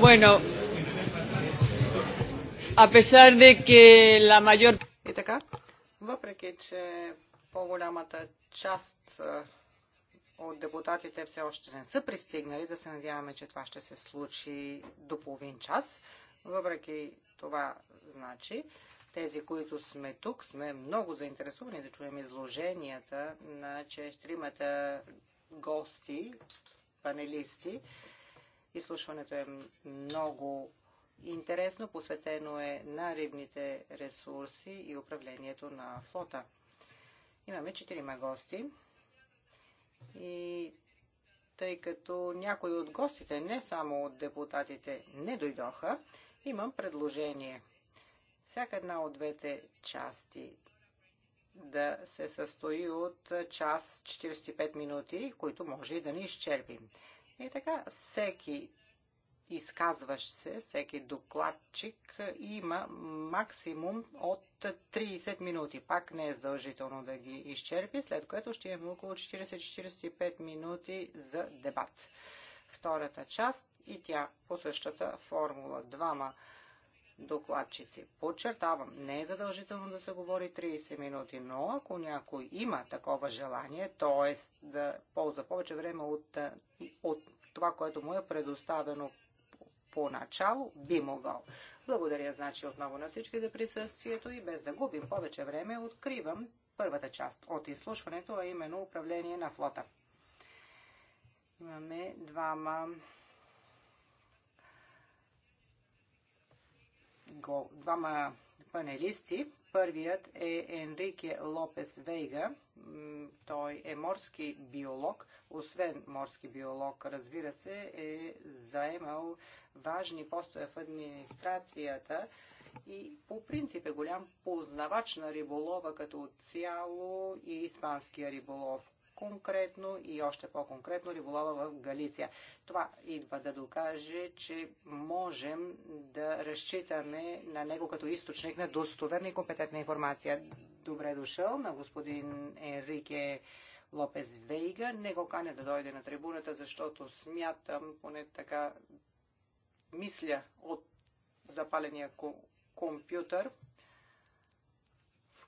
Bueno, a pesar de que la mayor... И така, въпреки, че по-голямата част от депутатите все още не са пристигнали, да се надяваме, че това ще се случи до половин час. Въпреки това, значи, тези, които сме тук, сме много заинтересовани да чуем изложенията на четиримата гости, панелисти. Изслушването е много интересно, посветено е на рибните ресурси и управлението на флота. Имаме четирима гости и тъй като някои от гостите, не само от депутатите, не дойдоха, имам предложение. Всяка една от двете части да се състои от час 45 минути, които може и да ни изчерпим. И така, всеки изказващ се, всеки докладчик има максимум от 30 минути. Пак не е задължително да ги изчерпи, след което ще имаме около 40-45 минути за дебат. Втората част и тя по същата формула. Двама докладчици. Подчертавам, не е задължително да се говори 30 минути, но ако някой има такова желание, т.е. да ползва повече време от, от това, което му е предоставено поначало, би могъл. Благодаря, значи, отново на всички за присъствието и без да губим повече време, откривам първата част от изслушването, а именно управление на флота. Имаме двама двама панелисти. Първият е Енрике Лопес Вейга. Той е морски биолог. Освен морски биолог, разбира се, е заемал важни постове в администрацията и по принцип е голям познавач на риболова като цяло и испанския риболов, конкретно и още по-конкретно риболова в Галиция. Това идва да докаже, че можем да разчитаме на него като източник на достоверна и компетентна информация. Добре дошъл на господин Енрике Лопес Вейга. Не го каня да дойде на трибуната, защото смятам, поне така мисля от запаления компютър,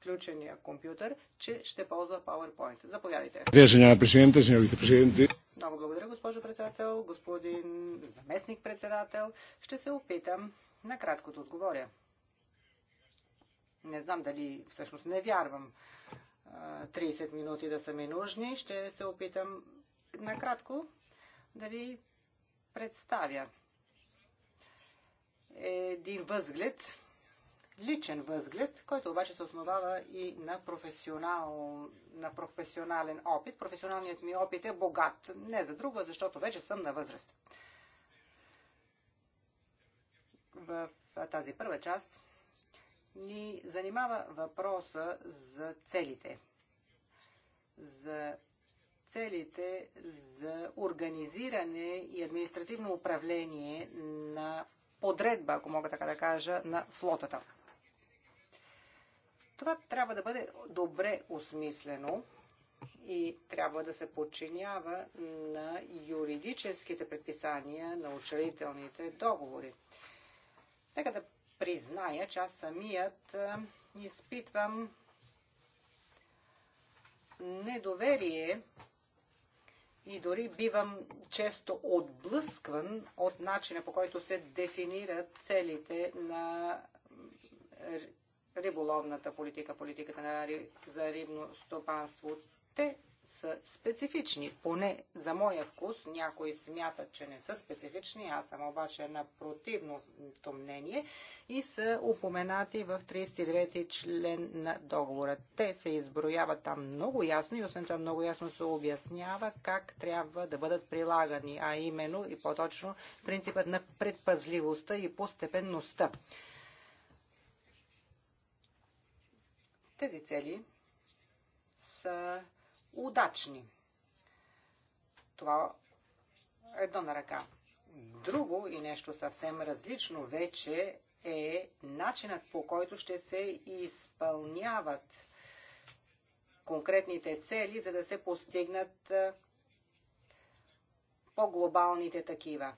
включения компютър, че ще ползва PowerPoint. Заповядайте. Много благодаря, госпожо председател, господин заместник председател. Ще се опитам накратко да отговоря. Не знам дали всъщност не вярвам 30 минути да са ми нужни. Ще се опитам накратко да ви представя един възглед личен възглед, който обаче се основава и на, професионал, на професионален опит. Професионалният ми опит е богат. Не за друго, защото вече съм на възраст. В тази първа част ни занимава въпроса за целите. За целите за организиране и административно управление на подредба, ако мога така да кажа, на флотата. Това трябва да бъде добре осмислено и трябва да се подчинява на юридическите предписания на учредителните договори. Нека да призная, че аз самият изпитвам недоверие и дори бивам често отблъскван от начина по който се дефинират целите на риболовната политика, политиката на, за рибно стопанство. Те са специфични, поне за моя вкус. Някои смятат, че не са специфични, аз съм обаче на противното мнение и са упоменати в 39-ти член на договора. Те се изброяват там много ясно и освен това много ясно се обяснява как трябва да бъдат прилагани, а именно и по-точно принципът на предпазливостта и постепенността. Тези цели са удачни. Това едно на ръка. Друго и нещо съвсем различно вече е начинът по който ще се изпълняват конкретните цели, за да се постигнат по-глобалните такива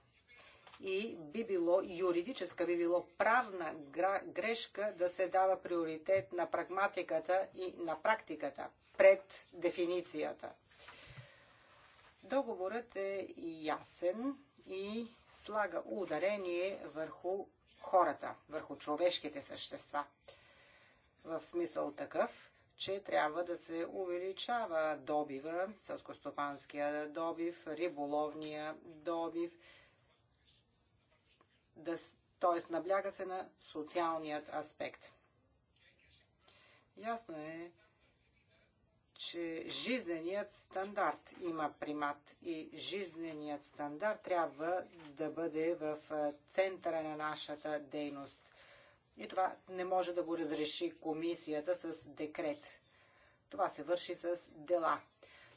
и би било юридическа, би било правна грешка да се дава приоритет на прагматиката и на практиката пред дефиницията. Договорът е ясен и слага ударение върху хората, върху човешките същества. В смисъл такъв, че трябва да се увеличава добива, сълскостопанския добив, риболовния добив, да, т.е. набляга се на социалният аспект. Ясно е, че жизненият стандарт има примат и жизненият стандарт трябва да бъде в центъра на нашата дейност. И това не може да го разреши комисията с декрет. Това се върши с дела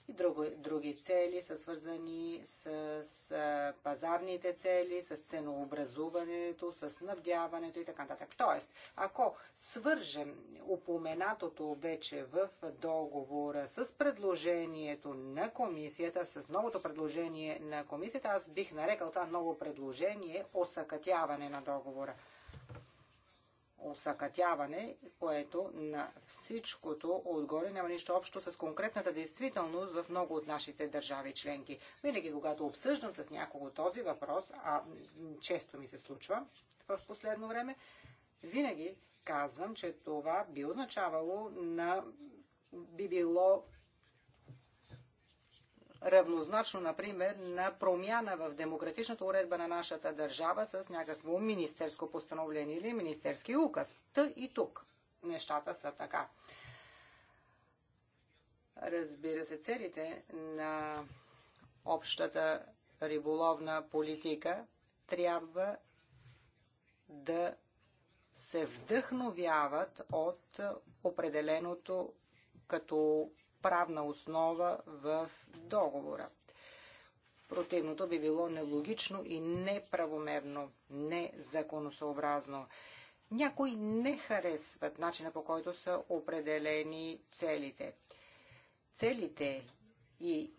и друго, други цели са свързани с, с пазарните цели, с ценообразуването, с снабдяването и така нататък. Тоест, ако свържем упоменатото вече в договора с предложението на комисията, с новото предложение на комисията, аз бих нарекал това ново предложение осъкътяване на договора осъкатяване, което на всичкото отгоре няма нищо общо с конкретната действителност в много от нашите държави членки. Винаги, когато обсъждам с някого този въпрос, а често ми се случва в последно време, винаги казвам, че това би означавало на би било равнозначно, например, на промяна в демократичната уредба на нашата държава с някакво министерско постановление или министерски указ. Та и тук нещата са така. Разбира се, целите на общата риболовна политика трябва да се вдъхновяват от определеното като правна основа в договора. Противното би било нелогично и неправомерно, незаконосообразно. Някои не харесват начина по който са определени целите. Целите и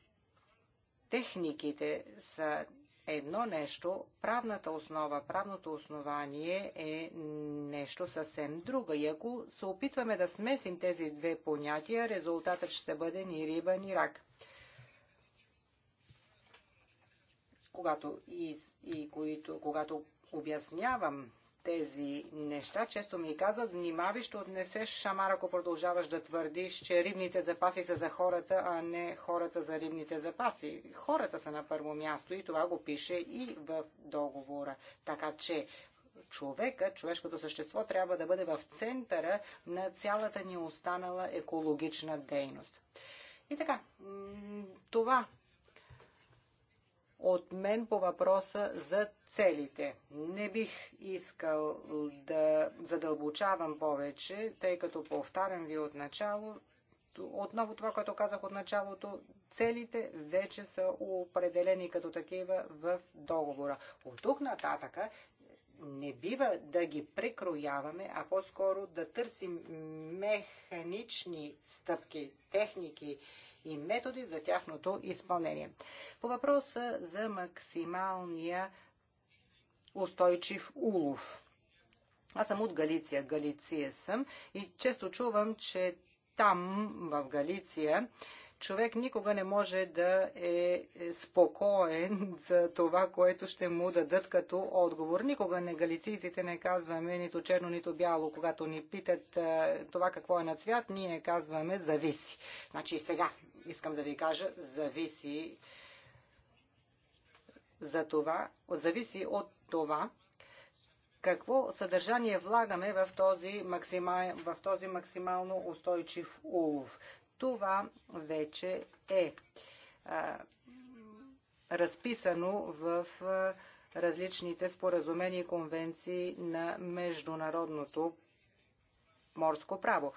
техниките са едно нещо, правната основа, правното основание е нещо съвсем друго. И ако се опитваме да смесим тези две понятия, резултатът ще бъде ни риба, ни рак. Когато, и, и които, когато обяснявам тези неща. Често ми казват, внимавай, ще отнесеш шамар, ако продължаваш да твърдиш, че рибните запаси са за хората, а не хората за рибните запаси. Хората са на първо място и това го пише и в договора. Така че човека, човешкото същество трябва да бъде в центъра на цялата ни останала екологична дейност. И така, това от мен по въпроса за целите. Не бих искал да задълбочавам повече, тъй като повтарям ви от начало, отново това, което казах от началото, целите вече са определени като такива в договора. От тук нататъка не бива да ги прекрояваме, а по-скоро да търсим механични стъпки, техники и методи за тяхното изпълнение. По въпроса за максималния устойчив улов. Аз съм от Галиция. Галиция съм и често чувам, че там, в Галиция, човек никога не може да е, е спокоен за това, което ще му дадат като отговор. Никога не галицийците не казваме нито черно, нито бяло. Когато ни питат е, това какво е на цвят, ние казваме зависи. Значи сега искам да ви кажа, зависи за това, зависи от това, какво съдържание влагаме в този, максимал, в този максимално устойчив улов. Това вече е а, разписано в а, различните споразумения и конвенции на международното морско право.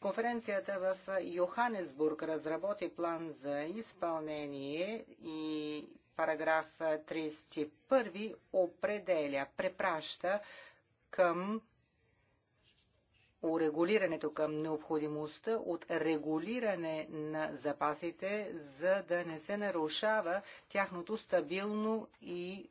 Конференцията в Йоханесбург разработи план за изпълнение и параграф 31 определя, препраща към урегулирането към необходимостта от регулиране на запасите, за да не се нарушава тяхното стабилно и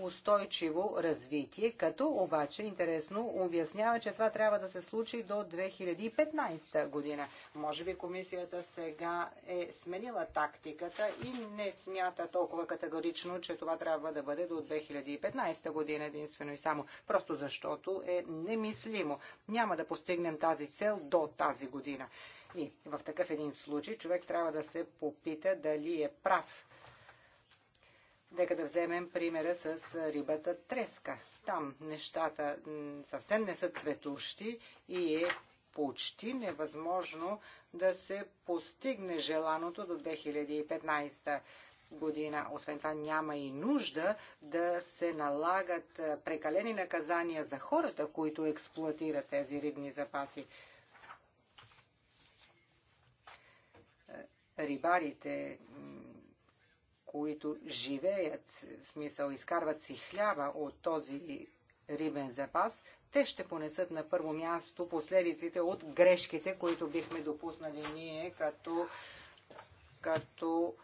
устойчиво развитие, като обаче интересно обяснява, че това трябва да се случи до 2015 година. Може би комисията сега е сменила тактиката и не смята толкова категорично, че това трябва да бъде до 2015 година единствено и само, просто защото е немислимо. Няма да постигнем тази цел до тази година. И в такъв един случай човек трябва да се попита дали е прав Нека да вземем примера с рибата треска. Там нещата съвсем не са цветущи и е почти невъзможно да се постигне желаното до 2015 година. Освен това няма и нужда да се налагат прекалени наказания за хората, които експлуатират тези рибни запаси. Рибарите, които живеят, в смисъл изкарват си хляба от този рибен запас, те ще понесат на първо място последиците от грешките, които бихме допуснали ние като, като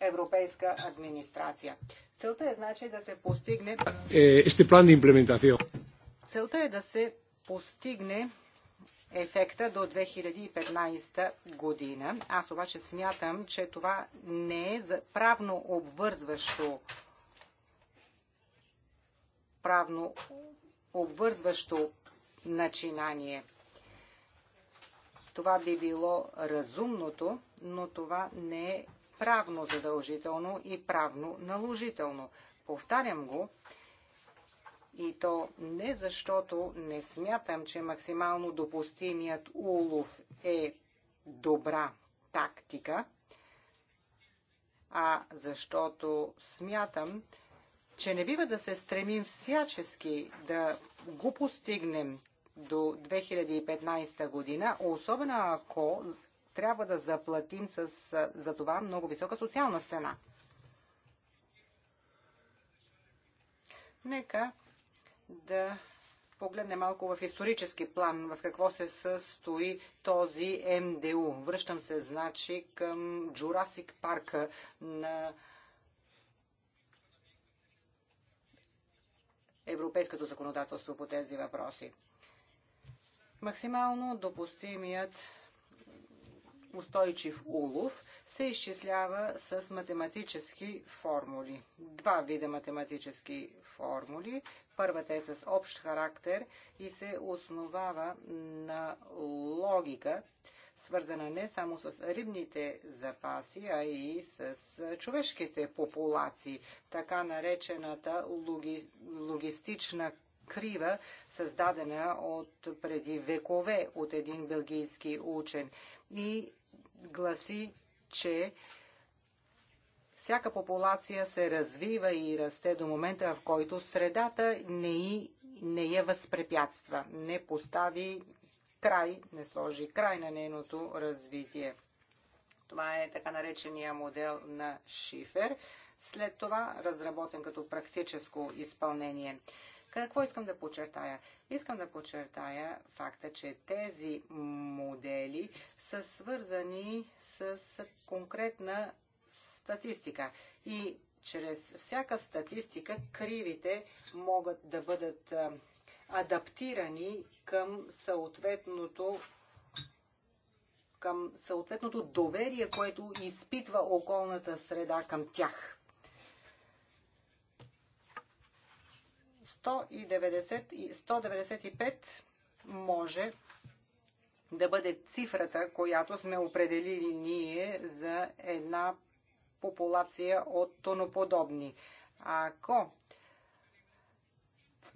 европейска администрация. Целта е значи да се постигне... Е, Целта е да се постигне ефекта до 2015 година. Аз обаче смятам, че това не е правно обвързващо правно обвързващо начинание. Това би било разумното, но това не е правно задължително и правно наложително. Повтарям го, и то не защото не смятам, че максимално допустимият улов е добра тактика, а защото смятам, че не бива да се стремим всячески да го постигнем до 2015 година, особено ако трябва да заплатим с, за това много висока социална цена. Нека да погледне малко в исторически план в какво се състои този МДУ. Връщам се, значи, към Джурасик парка на европейското законодателство по тези въпроси. Максимално допустимият устойчив улов се изчислява с математически формули. Два вида математически формули. Първата е с общ характер и се основава на логика, свързана не само с рибните запаси, а и с човешките популации, така наречената логи, логистична крива, създадена от преди векове от един белгийски учен и гласи, че всяка популация се развива и расте до момента, в който средата не, и, не я възпрепятства, не постави край, не сложи край на нейното развитие. Това е така наречения модел на Шифер, след това разработен като практическо изпълнение. Какво искам да подчертая? Искам да подчертая факта, че тези модели са свързани с конкретна статистика и чрез всяка статистика кривите могат да бъдат адаптирани към съответното към съответното доверие, което изпитва околната среда към тях. 195 може да бъде цифрата, която сме определили ние за една популация от тоноподобни. Ако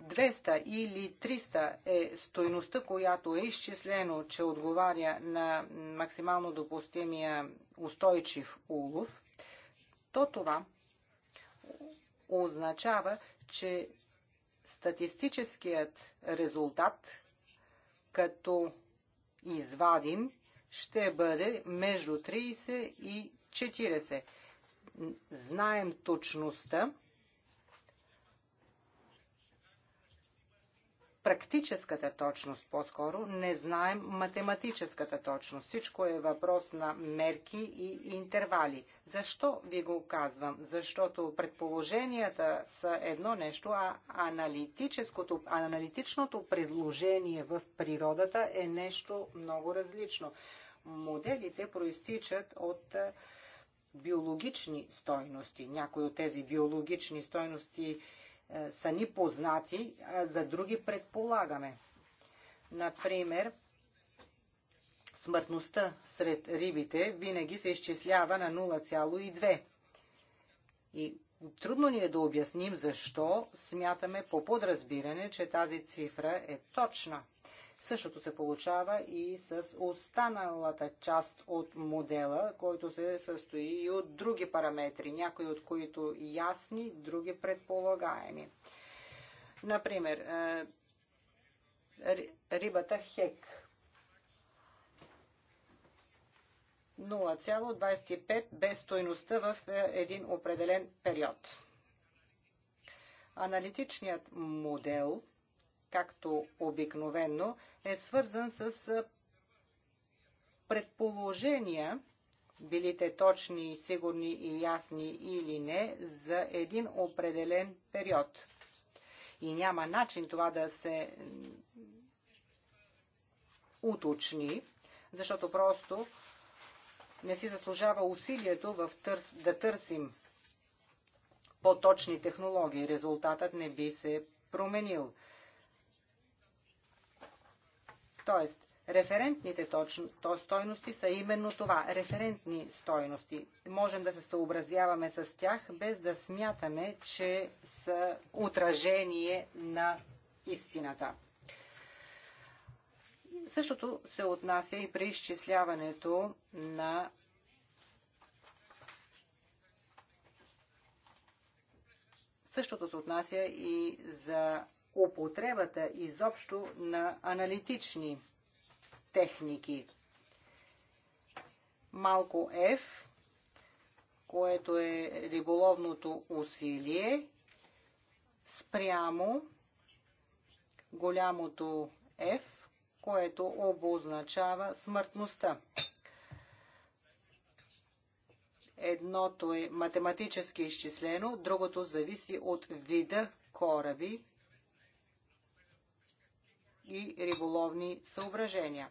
200 или 300 е стойността, която е изчислено, че отговаря на максимално допустимия устойчив улов, то това означава, че статистическият резултат, като извадим, ще бъде между 30 и 40. Знаем точността практическата точност по-скоро, не знаем математическата точност. Всичко е въпрос на мерки и интервали. Защо ви го казвам? Защото предположенията са едно нещо, а аналитическото, аналитичното предложение в природата е нещо много различно. Моделите проистичат от биологични стойности. Някои от тези биологични стойности е, са ни познати, а за други предполагаме. Например, смъртността сред рибите винаги се изчислява на 0,2. И трудно ни е да обясним защо смятаме по подразбиране, че тази цифра е точна. Същото се получава и с останалата част от модела, който се състои и от други параметри, някои от които ясни, други предполагаеми. Например, е, рибата хек. 0,25 без стойността в е, един определен период. Аналитичният модел – както обикновено, е свързан с предположения, били те точни, сигурни и ясни или не, за един определен период. И няма начин това да се уточни, защото просто не си заслужава усилието в търс, да търсим по-точни технологии. Резултатът не би се променил. Тоест, референтните точно, то стойности са именно това – референтни стойности. Можем да се съобразяваме с тях, без да смятаме, че са отражение на истината. Същото се отнася и при изчисляването на Същото се отнася и за употребата изобщо на аналитични техники. Малко F, което е риболовното усилие, спрямо голямото F, което обозначава смъртността. Едното е математически изчислено, другото зависи от вида кораби, и риболовни съображения.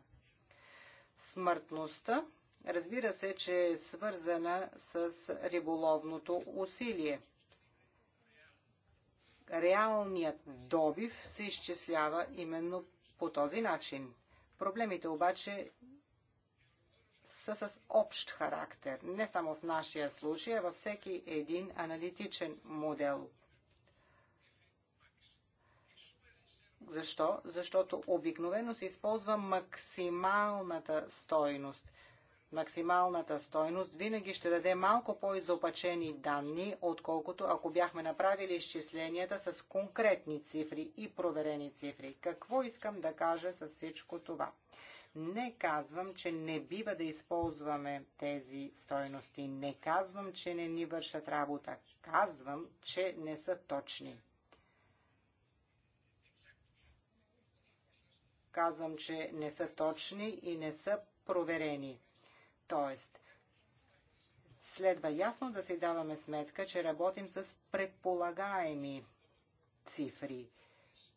Смъртността, разбира се, че е свързана с риболовното усилие. Реалният добив се изчислява именно по този начин. Проблемите обаче са с общ характер, не само в нашия случай, а във всеки един аналитичен модел. Защо? Защото обикновено се използва максималната стойност. Максималната стойност винаги ще даде малко по-изопачени данни, отколкото ако бяхме направили изчисленията с конкретни цифри и проверени цифри. Какво искам да кажа с всичко това? Не казвам, че не бива да използваме тези стойности. Не казвам, че не ни вършат работа. Казвам, че не са точни. казвам, че не са точни и не са проверени. Тоест, следва ясно да си даваме сметка, че работим с предполагаеми цифри.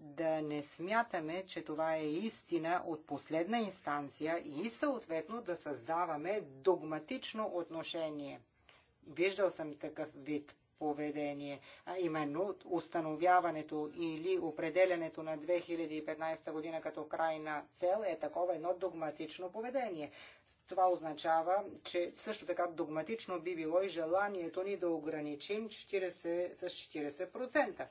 Да не смятаме, че това е истина от последна инстанция и съответно да създаваме догматично отношение. Виждал съм такъв вид поведение, а именно установяването или определянето на 2015 година като крайна цел е такова едно догматично поведение. Това означава, че също така догматично би било и желанието ни да ограничим 40, с 40%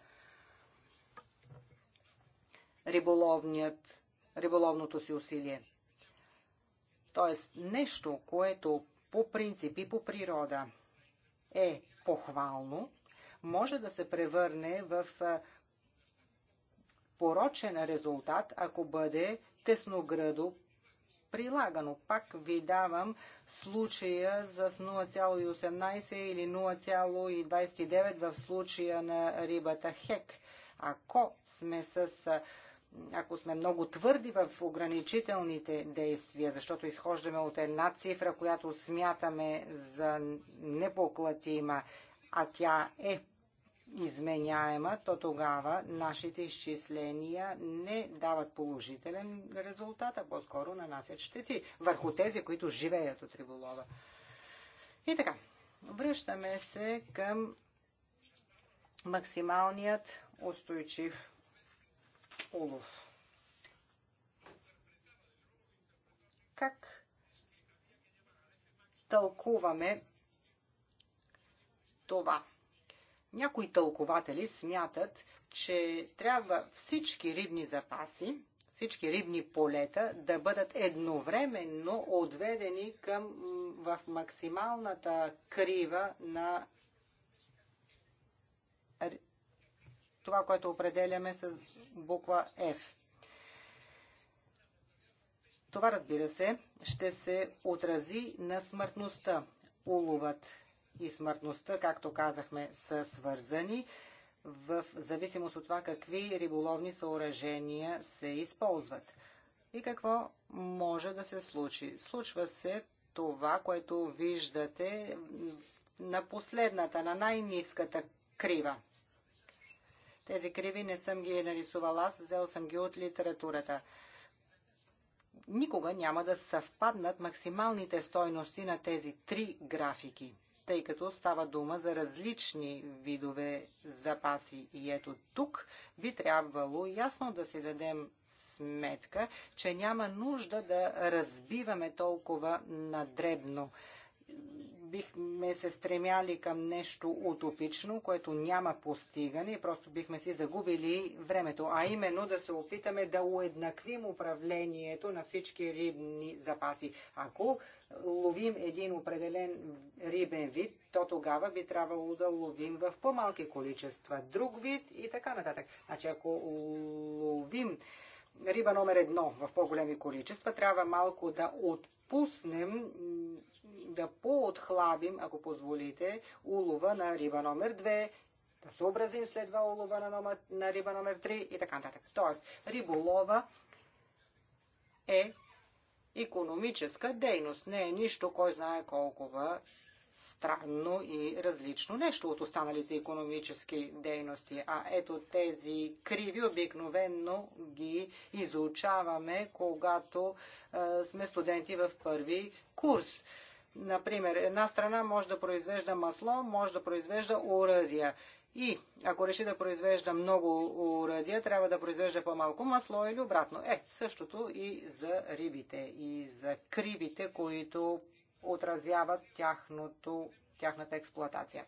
риболовният, риболовното си усилие. Тоест нещо, което по принцип и по природа е похвално, може да се превърне в порочен резултат, ако бъде тесноградо прилагано. Пак ви давам случая с 0,18 или 0,29 в случая на рибата хек. Ако сме с ако сме много твърди в ограничителните действия, защото изхождаме от една цифра, която смятаме за непоклатима, а тя е изменяема, то тогава нашите изчисления не дават положителен резултат, а по-скоро нанасят щети върху тези, които живеят от риболова. И така, връщаме се към максималният устойчив улов. Как тълкуваме това? Някои тълкователи смятат, че трябва всички рибни запаси, всички рибни полета да бъдат едновременно отведени към, в максималната крива на това, което определяме с буква F. Това, разбира се, ще се отрази на смъртността. Уловът и смъртността, както казахме, са свързани в зависимост от това какви риболовни съоръжения се използват. И какво може да се случи? Случва се това, което виждате на последната, на най-низката крива. Тези криви не съм ги нарисувал аз, взел съм ги от литературата. Никога няма да съвпаднат максималните стойности на тези три графики, тъй като става дума за различни видове запаси. И ето тук би трябвало ясно да си дадем сметка, че няма нужда да разбиваме толкова надребно бихме се стремяли към нещо утопично, което няма постигане и просто бихме си загубили времето, а именно да се опитаме да уеднаквим управлението на всички рибни запаси. Ако ловим един определен рибен вид, то тогава би трябвало да ловим в по-малки количества друг вид и така нататък. Значи ако ловим риба номер едно в по-големи количества, трябва малко да отпочваме Пуснем да поотхлабим, ако позволите, улова на риба номер 2, да съобразим след това улова на, номер, на риба номер 3 и така нататък. Тоест, риболова е економическа дейност. Не е нищо, кой знае колкова странно и различно нещо от останалите економически дейности. А ето тези криви обикновенно ги изучаваме, когато е, сме студенти в първи курс. Например, една страна може да произвежда масло, може да произвежда оръдия. И ако реши да произвежда много уръдия, трябва да произвежда по-малко масло или обратно. Е, същото и за рибите, и за кривите, които отразяват тяхното, тяхната експлоатация.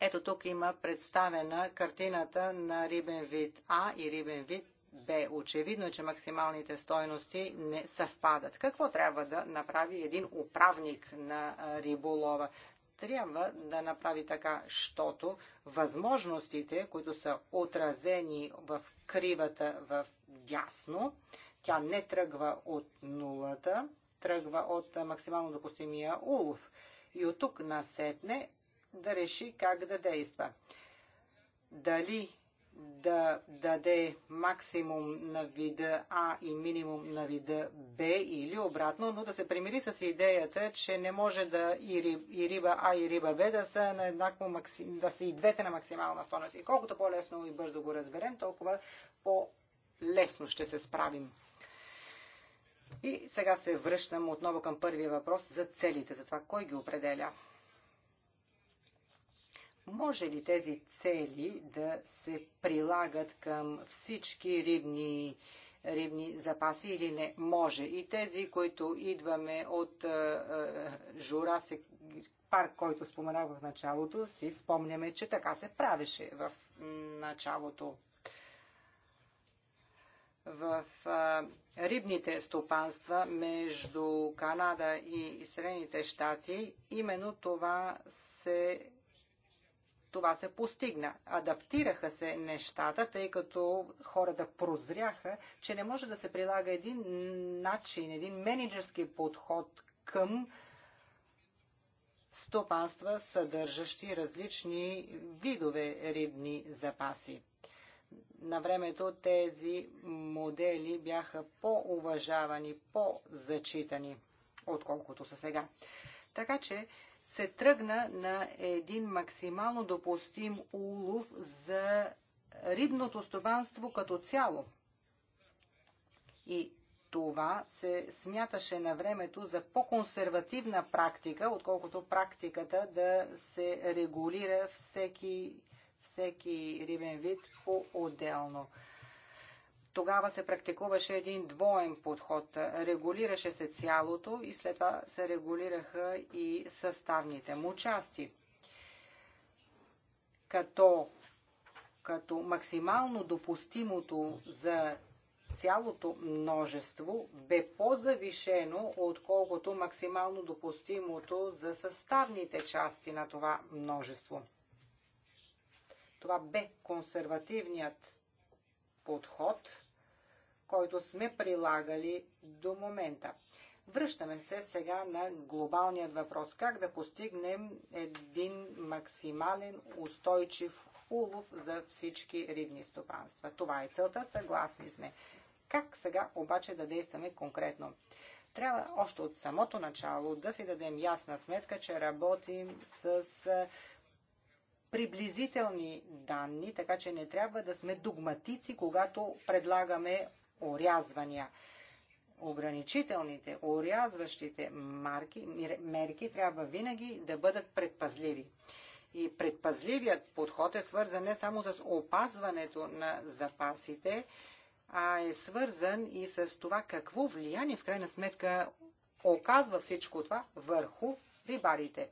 Ето тук има представена картината на рибен вид А и рибен вид Б. Очевидно е, че максималните стойности не съвпадат. Какво трябва да направи един управник на риболова? Трябва да направи така, щото възможностите, които са отразени в кривата в дясно, тя не тръгва от нулата, тръгва от максимално допустимия улов. И от тук насетне да реши как да действа. Дали да даде максимум на вида А и минимум на вида Б или обратно, но да се примири с идеята, че не може да и, риб, и риба А и риба Б да са, на еднакво, да са и двете на максимална стойност. И колкото по-лесно и бързо го разберем, толкова по-лесно ще се справим. И сега се връщам отново към първия въпрос за целите, за това кой ги определя. Може ли тези цели да се прилагат към всички рибни, рибни запаси или не? Може. И тези, които идваме от Журасик е, парк, е, който споменах в началото, си спомняме, че така се правеше в началото в рибните стопанства между Канада и Средните щати, именно това се това се постигна. Адаптираха се нещата, тъй като хората прозряха, че не може да се прилага един начин, един менеджерски подход към стопанства, съдържащи различни видове рибни запаси на времето тези модели бяха по-уважавани, по-зачитани, отколкото са сега. Така че се тръгна на един максимално допустим улов за рибното стопанство като цяло. И това се смяташе на времето за по-консервативна практика, отколкото практиката да се регулира всеки всеки рибен вид по-отделно. Тогава се практикуваше един двоен подход. Регулираше се цялото и след това се регулираха и съставните му части. Като, като максимално допустимото за цялото множество бе по-завишено, отколкото максимално допустимото за съставните части на това множество. Това бе консервативният подход, който сме прилагали до момента. Връщаме се сега на глобалният въпрос. Как да постигнем един максимален устойчив улов за всички рибни стопанства? Това е целта, съгласни сме. Как сега обаче да действаме конкретно? Трябва още от самото начало да си дадем ясна сметка, че работим с приблизителни данни, така че не трябва да сме догматици, когато предлагаме орязвания. Ограничителните, орязващите марки, мерки трябва винаги да бъдат предпазливи. И предпазливият подход е свързан не само с опазването на запасите, а е свързан и с това какво влияние в крайна сметка оказва всичко това върху рибарите.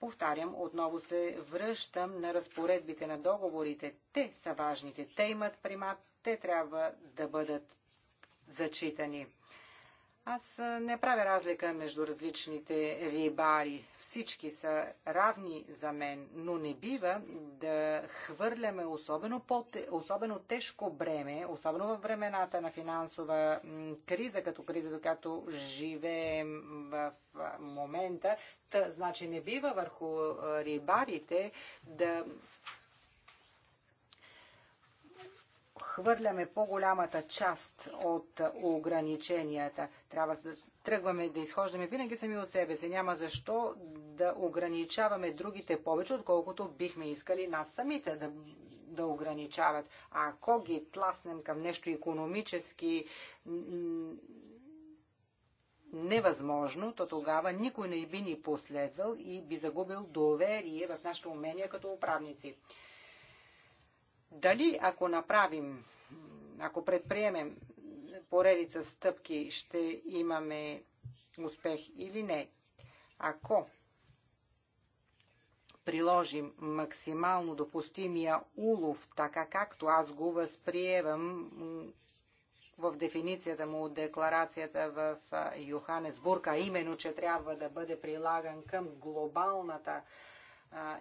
Повтарям, отново се връщам на разпоредбите на договорите. Те са важните. Те имат примат. Те трябва да бъдат зачитани. Аз не правя разлика между различните рибари. Всички са равни за мен, но не бива да хвърляме особено, по, особено тежко бреме, особено в времената на финансова криза, като криза, която живеем в момента. Та, значи не бива върху рибарите да хвърляме по-голямата част от ограниченията. Трябва да тръгваме да изхождаме винаги сами от себе си. Няма защо да ограничаваме другите повече, отколкото бихме искали нас самите да, да ограничават. А ако ги тласнем към нещо економически невъзможно, то тогава никой не би ни последвал и би загубил доверие в нашите умения като управници. Дали ако направим, ако предприемем поредица стъпки, ще имаме успех или не? Ако приложим максимално допустимия улов, така както аз го възприемам в дефиницията му от декларацията в Йоханесбург, а именно, че трябва да бъде прилаган към глобалната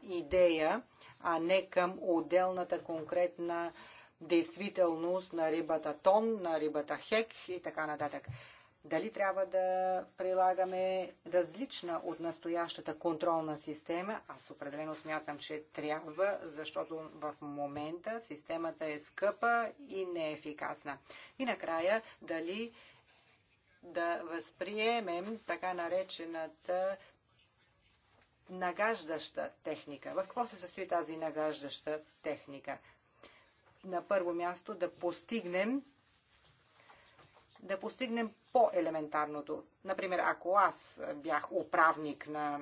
идея, а не към отделната конкретна действителност на рибата тон, на рибата хек и така нататък. Дали трябва да прилагаме различна от настоящата контролна система? Аз определено смятам, че трябва, защото в момента системата е скъпа и неефикасна. И накрая, дали да възприемем така наречената нагаждаща техника. В какво се състои тази нагаждаща техника? На първо място да постигнем да постигнем по-елементарното. Например, ако аз бях управник на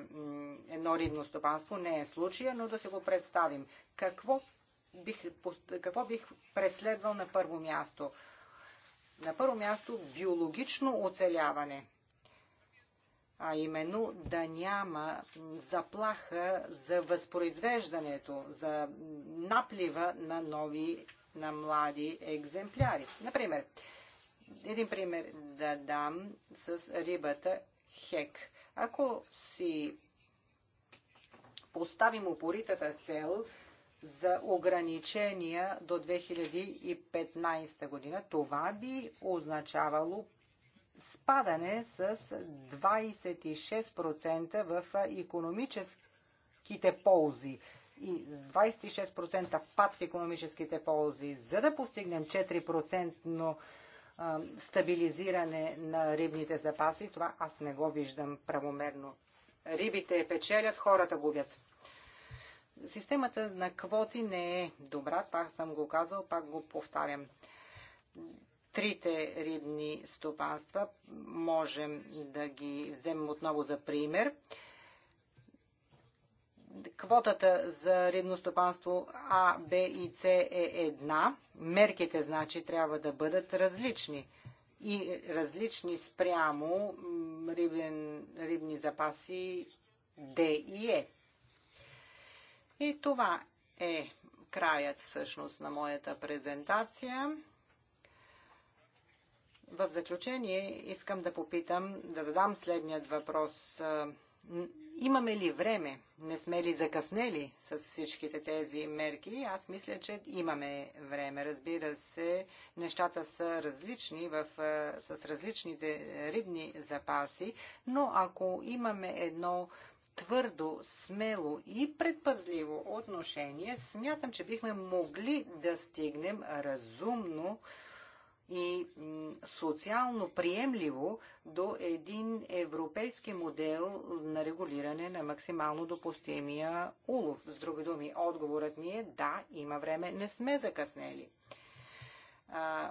едно рибно стопанство, не е случая, но да се го представим. Какво бих, какво бих преследвал на първо място? На първо място биологично оцеляване а именно да няма заплаха за възпроизвеждането, за наплива на нови, на млади екземпляри. Например, един пример да дам с рибата хек. Ако си поставим упоритата цел за ограничения до 2015 година, това би означавало спадане с 26% в економическите ползи и с 26% пад в економическите ползи, за да постигнем 4% стабилизиране на рибните запаси, това аз не го виждам правомерно. Рибите печелят, хората губят. Системата на квоти не е добра, пак съм го казал, пак го повтарям трите рибни стопанства. Можем да ги вземем отново за пример. Квотата за рибно стопанство А, Б и С е една. Мерките, значи, трябва да бъдат различни и различни спрямо рибен, рибни запаси Д и Е. И това е краят всъщност на моята презентация. В заключение искам да попитам, да задам следният въпрос. Имаме ли време? Не сме ли закъснели с всичките тези мерки? Аз мисля, че имаме време. Разбира се, нещата са различни в, с различните рибни запаси, но ако имаме едно твърдо, смело и предпазливо отношение, смятам, че бихме могли да стигнем разумно и социално приемливо до един европейски модел на регулиране на максимално допустимия улов. С други думи, отговорът ни е да, има време, не сме закъснели. А,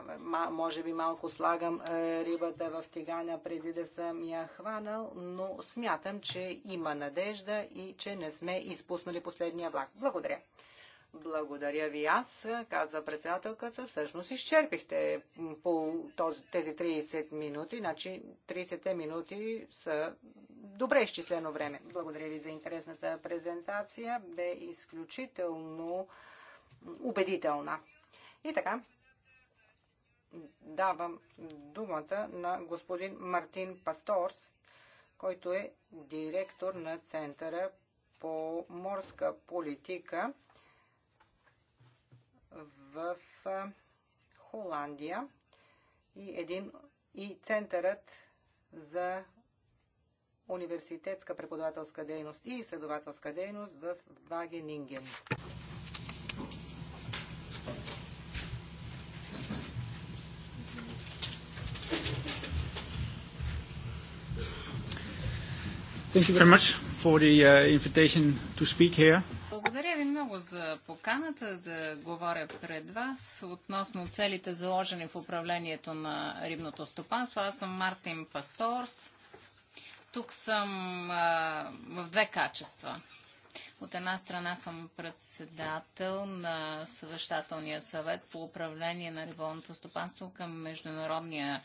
може би малко слагам е, рибата в тигана преди да съм я хванал, но смятам, че има надежда и че не сме изпуснали последния влак. Благодаря. Благодаря ви аз, казва председателката. Всъщност изчерпихте по този, тези 30 минути, значи 30 минути са добре изчислено време. Благодаря ви за интересната презентация. Бе изключително убедителна. И така, давам думата на господин Мартин Пасторс, който е директор на Центъра по морска политика в Холандия и, един, и Центърът за университетска преподавателска дейност и изследователска дейност в Вагенинген. Thank you very much for the uh, invitation to speak here много за поканата да говоря пред вас относно целите заложени в управлението на рибното стопанство. Аз съм Мартин Пасторс. Тук съм а, в две качества. От една страна съм председател на съвещателния съвет по управление на риболното стопанство към Международния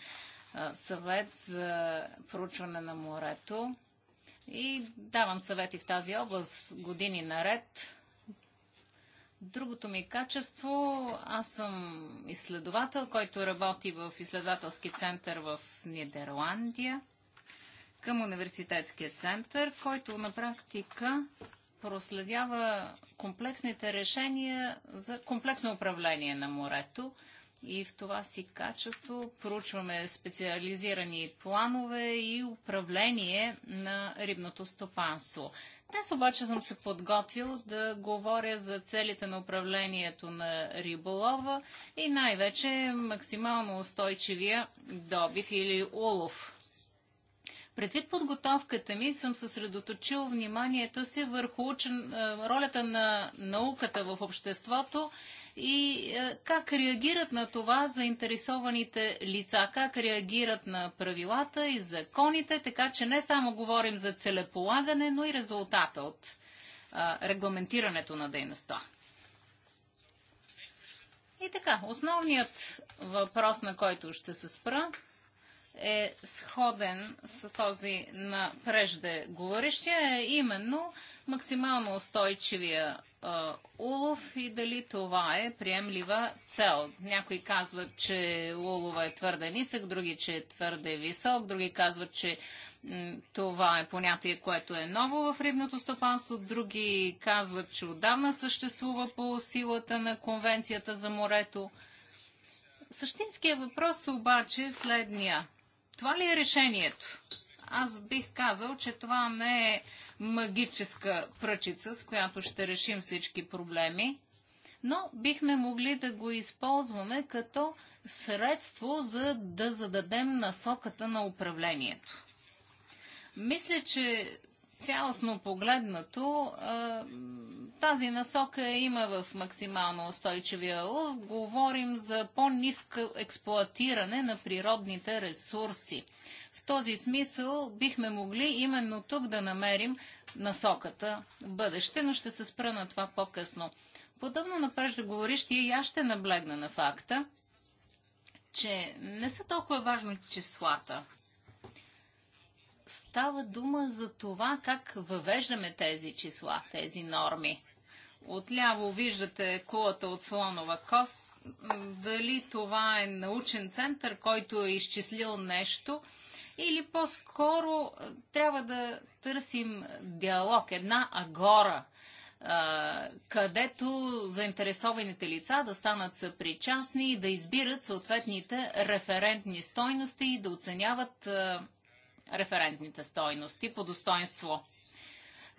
а, съвет за проучване на морето и давам съвети в тази област години наред. Другото ми качество, аз съм изследовател, който работи в изследователски център в Нидерландия, към университетския център, който на практика проследява комплексните решения за комплексно управление на морето и в това си качество проучваме специализирани планове и управление на рибното стопанство. Днес обаче съм се подготвил да говоря за целите на управлението на риболова и най-вече максимално устойчивия добив или улов Предвид подготовката ми съм съсредоточил вниманието си върху учен, е, ролята на науката в обществото и е, как реагират на това заинтересованите лица, как реагират на правилата и законите, така че не само говорим за целеполагане, но и резултата от е, регламентирането на дейността. И така, основният въпрос, на който ще се спра, е сходен с този на преждеговорещия, е именно максимално устойчивия е, улов и дали това е приемлива цел. Някои казват, че улова е твърде нисък, други, че е твърде висок, други казват, че това е понятие, което е ново в рибното стопанство. Други казват, че отдавна съществува по силата на Конвенцията за морето. Същинският въпрос обаче е следния. Това ли е решението? Аз бих казал, че това не е магическа пръчица, с която ще решим всички проблеми, но бихме могли да го използваме като средство за да зададем насоката на управлението. Мисля, че цялостно погледнато, тази насока има в максимално устойчивия лъв. Говорим за по-низко експлоатиране на природните ресурси. В този смисъл бихме могли именно тук да намерим насоката в бъдеще, но ще се спра на това по-късно. Подобно на преждеговорищия и аз ще наблегна на факта, че не са толкова важни числата – става дума за това как въвеждаме тези числа, тези норми. Отляво виждате кулата от слонова кост. Дали това е научен център, който е изчислил нещо, или по-скоро е, трябва да търсим диалог, една агора, е, където заинтересованите лица да станат съпричастни и да избират съответните референтни стойности и да оценяват е, референтните стойности по достоинство.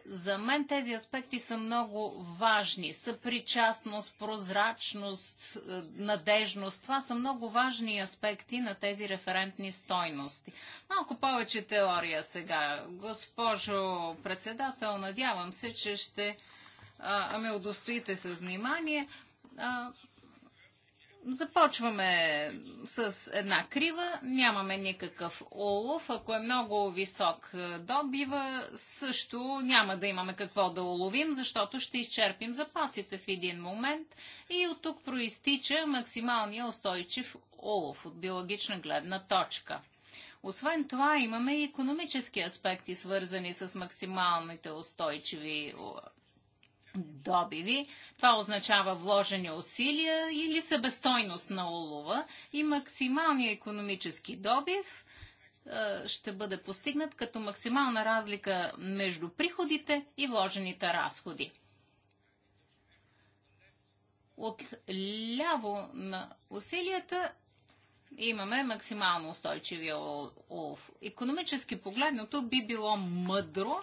За мен тези аспекти са много важни. Съпричастност, прозрачност, е, надежност. Това са много важни аспекти на тези референтни стойности. Малко повече теория сега. Госпожо председател, надявам се, че ще а, ме ами удостоите с внимание. А, Започваме с една крива, нямаме никакъв олов. Ако е много висок е, добива, също няма да имаме какво да уловим, защото ще изчерпим запасите в един момент и от тук проистича максималния устойчив олов от биологична гледна точка. Освен това имаме и економически аспекти, свързани с максималните устойчиви добиви. Това означава вложени усилия или себестойност на улова и максималния економически добив ще бъде постигнат като максимална разлика между приходите и вложените разходи. От ляво на усилията имаме максимално устойчивия улов. Економически погледното би било мъдро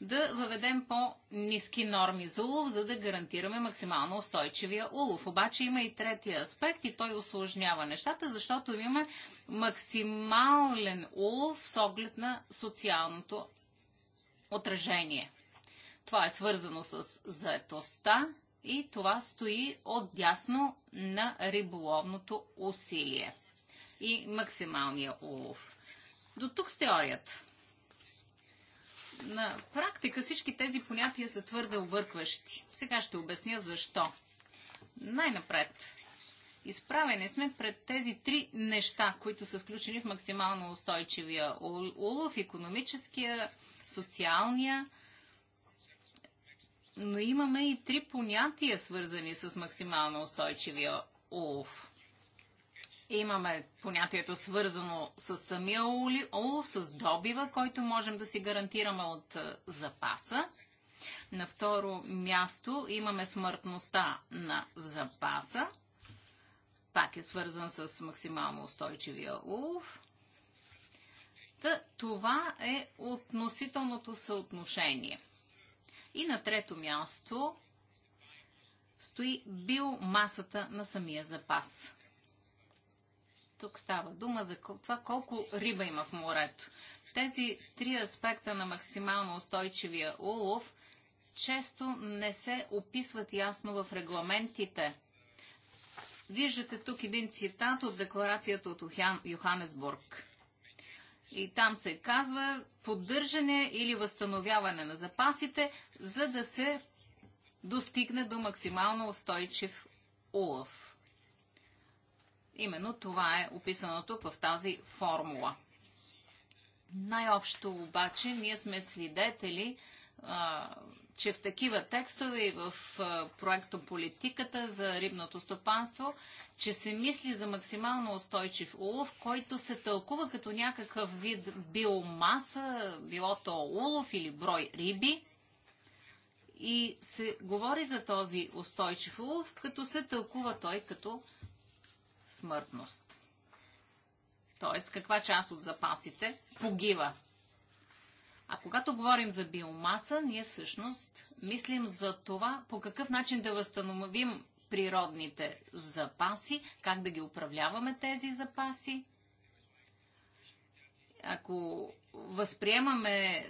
да въведем по-низки норми за улов, за да гарантираме максимално устойчивия улов. Обаче има и третия аспект и той осложнява нещата, защото имаме максимален улов с оглед на социалното отражение. Това е свързано с заетостта и това стои отдясно на риболовното усилие и максималния улов. До тук с теорията. На практика всички тези понятия са твърде объркващи. Сега ще обясня защо. Най-напред, изправени сме пред тези три неща, които са включени в максимално устойчивия улов, економическия, социалния, но имаме и три понятия, свързани с максимално устойчивия улов. Имаме понятието свързано с самия олов, с добива, който можем да си гарантираме от е, запаса. На второ място имаме смъртността на запаса. Пак е свързан с максимално устойчивия улов. Та, това е относителното съотношение. И на трето място стои биомасата на самия запас. Тук става дума за това колко риба има в морето. Тези три аспекта на максимално устойчивия улов често не се описват ясно в регламентите. Виждате тук един цитат от декларацията от Йоханесбург. И там се казва поддържане или възстановяване на запасите, за да се достигне до максимално устойчив улов. Именно това е описаното в тази формула. Най-общо обаче ние сме свидетели, че в такива текстове и в проекто политиката за рибното стопанство, че се мисли за максимално устойчив улов, който се тълкува като някакъв вид биомаса, било то улов или брой риби. И се говори за този устойчив улов, като се тълкува той като смъртност. Тоест, каква част от запасите погива. А когато говорим за биомаса, ние всъщност мислим за това по какъв начин да възстановим природните запаси, как да ги управляваме тези запаси. Ако възприемаме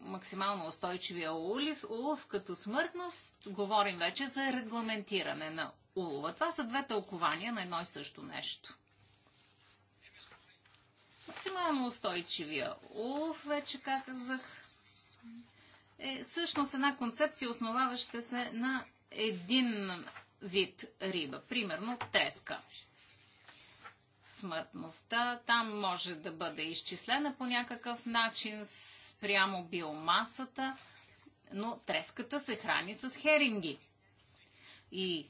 максимално устойчивия улов, улов като смъртност, говорим вече за регламентиране на улова. Това са две тълкования на едно и също нещо. Максимално устойчивия улов, вече казах, е всъщност една концепция, основаваща се на един вид риба, примерно треска. Смъртността там може да бъде изчислена по някакъв начин спрямо биомасата, но треската се храни с херинги. И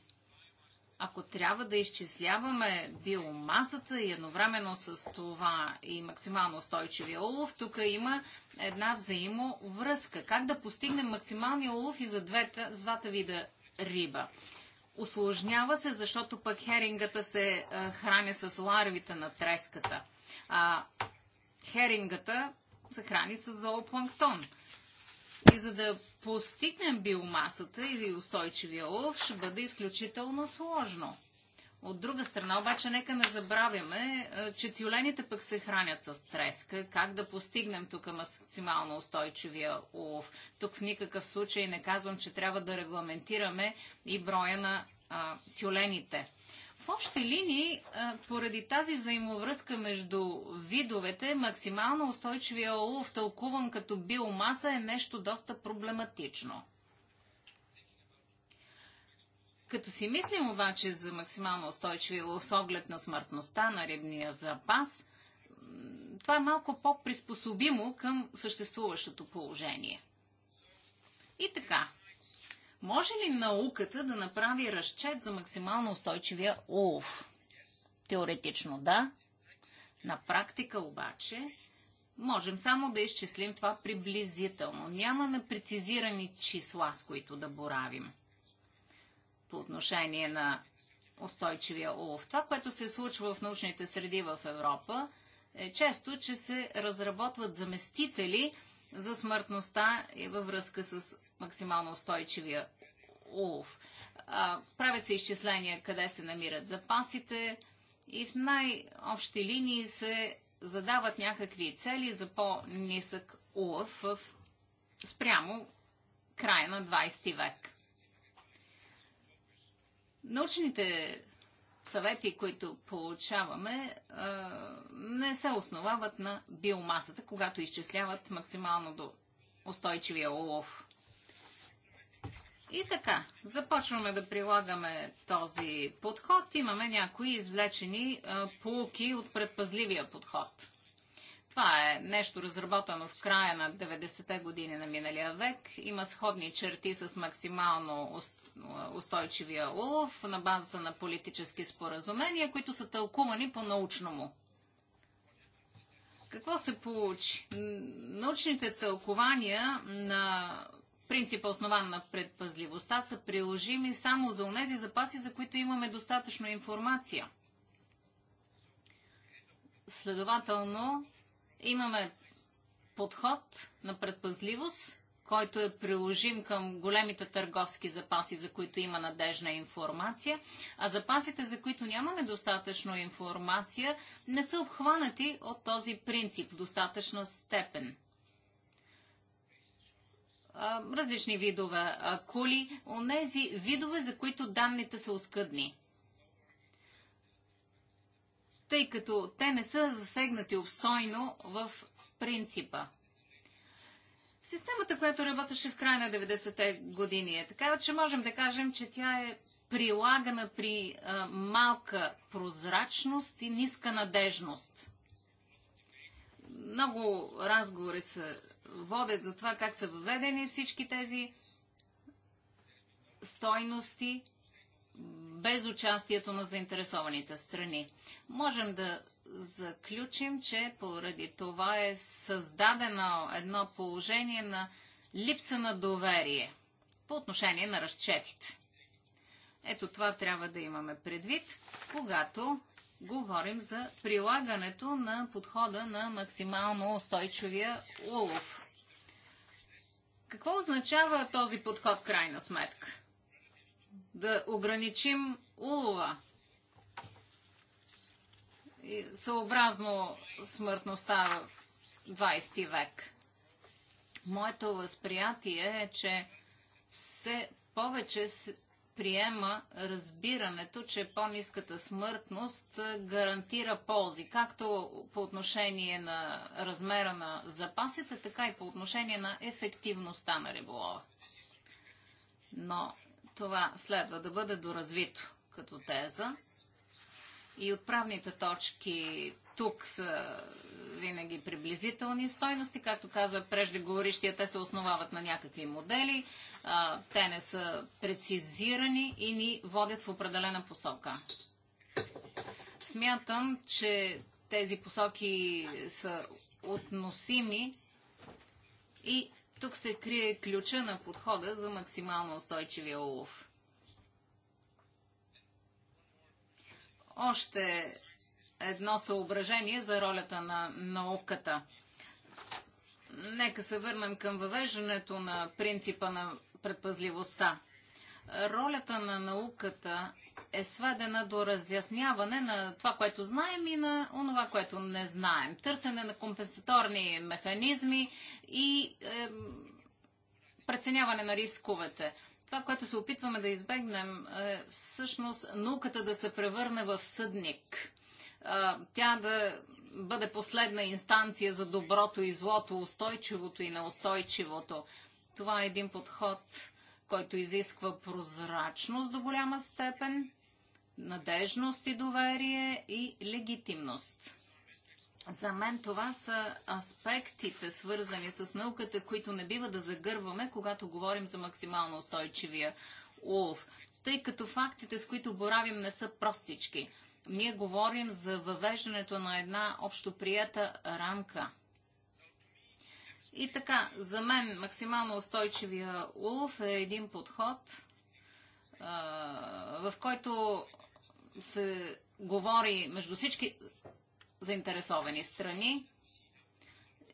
ако трябва да изчисляваме биомасата и едновременно с това и максимално устойчивия улов, тук има една взаимовръзка. Как да постигнем максималния улов и за двете, двата вида риба? Осложнява се, защото пък херингата се а, с ларвите на треската. А, херингата се храни с зоопланктон. И за да постигнем биомасата или устойчивия лъв, ще бъде изключително сложно. От друга страна, обаче, нека не забравяме, че тюлените пък се хранят с треска. Как да постигнем тук максимално устойчивия улов? Тук в никакъв случай не казвам, че трябва да регламентираме и броя на а, тюлените. В общи линии, е, поради тази взаимовръзка между видовете, максимално устойчивия олов, тълкуван като биомаса, е нещо доста проблематично. Като си мислим обаче за максимално устойчивия олов с оглед на смъртността на рибния запас, това е малко по-приспособимо към съществуващото положение. И така, може ли науката да направи разчет за максимално устойчивия улов? Теоретично да. На практика обаче можем само да изчислим това приблизително. Нямаме прецизирани числа, с които да боравим по отношение на устойчивия улов. Това, което се случва в научните среди в Европа, е често, че се разработват заместители за смъртността и във връзка с максимално устойчивия улов. правят се изчисления къде се намират запасите и в най-общи линии се задават някакви цели за по-нисък улов в спрямо края на 20 век. Научните съвети, които получаваме, не се основават на биомасата, когато изчисляват максимално до устойчивия улов. И така, започваме да прилагаме този подход. Имаме някои извлечени полуки от предпазливия подход. Това е нещо разработено в края на 90-те години на миналия век. Има сходни черти с максимално устойчивия улов на базата на политически споразумения, които са тълкувани по-научно му. Какво се получи? Научните тълкования на принципа основан на предпазливостта са приложими само за онези запаси, за които имаме достатъчно информация. Следователно, имаме подход на предпазливост, който е приложим към големите търговски запаси, за които има надежна информация, а запасите, за които нямаме достатъчно информация, не са обхванати от този принцип в достатъчна степен различни видове кули, онези видове, за които данните са оскъдни. Тъй като те не са засегнати обстойно в принципа. Системата, която работеше в края на 90-те години е така, че можем да кажем, че тя е прилагана при а, малка прозрачност и ниска надежност. Много разговори са водят за това как са въведени всички тези стойности без участието на заинтересованите страни. Можем да заключим, че поради това е създадено едно положение на липса на доверие по отношение на разчетите. Ето това трябва да имаме предвид, когато говорим за прилагането на подхода на максимално устойчивия улов. Какво означава този подход в крайна сметка? Да ограничим улова И съобразно смъртността в 20 век. Моето възприятие е, че все повече приема разбирането, че по-ниската смъртност гарантира ползи, както по отношение на размера на запасите, така и по отношение на ефективността на риболова. Но това следва да бъде доразвито като теза. И отправните точки тук са винаги приблизителни стойности. Както каза преждеговорищия, те се основават на някакви модели, а, те не са прецизирани и ни водят в определена посока. Смятам, че тези посоки са относими и тук се крие ключа на подхода за максимално устойчивия улов. Още едно съображение за ролята на науката. Нека се върнем към въвеждането на принципа на предпазливостта. Ролята на науката е сведена до разясняване на това, което знаем и на онова, което не знаем. Търсене на компенсаторни механизми и е, преценяване на рисковете. Това, което се опитваме да избегнем, е всъщност науката да се превърне в съдник а, тя да бъде последна инстанция за доброто и злото, устойчивото и неустойчивото. Това е един подход, който изисква прозрачност до голяма степен, надежност и доверие и легитимност. За мен това са аспектите, свързани с науката, които не бива да загърваме, когато говорим за максимално устойчивия улов. Тъй като фактите, с които боравим, не са простички. Ние говорим за въвеждането на една общоприета рамка. И така, за мен максимално устойчивия улов е един подход, в който се говори между всички заинтересовани страни,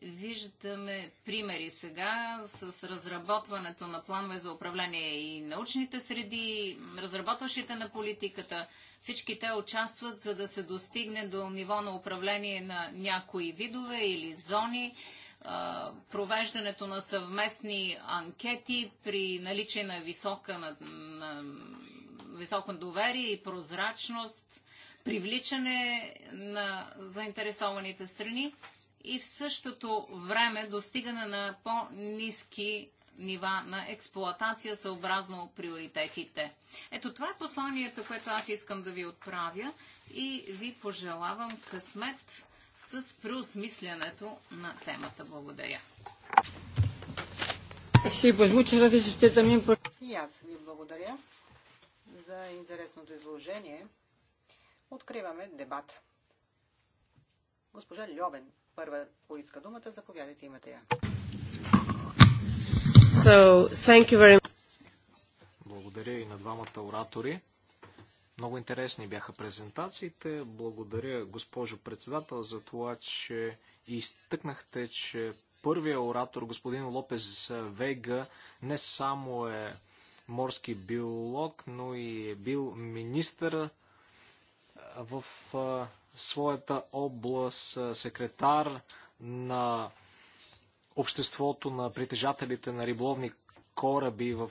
виждаме примери сега с разработването на планове за управление и научните среди, разработващите на политиката. Всички те участват, за да се достигне до ниво на управление на някои видове или зони провеждането на съвместни анкети при наличие на, висока, на, на високо доверие и прозрачност, привличане на заинтересованите страни и в същото време достигане на по-низки нива на експлоатация съобразно приоритетите. Ето това е посланието, което аз искам да ви отправя и ви пожелавам късмет с преосмислянето на темата. Благодаря. И аз ви благодаря за интересното изложение. Откриваме дебат. Госпожа Льовен първа поиска думата. Заповядайте, имате я. So, thank you very much. Благодаря и на двамата оратори. Много интересни бяха презентациите. Благодаря, госпожо председател, за това, че изтъкнахте, че първия оратор, господин Лопес Вега, не само е морски биолог, но и е бил министър в в своята област, секретар на обществото на притежателите на риболовни кораби в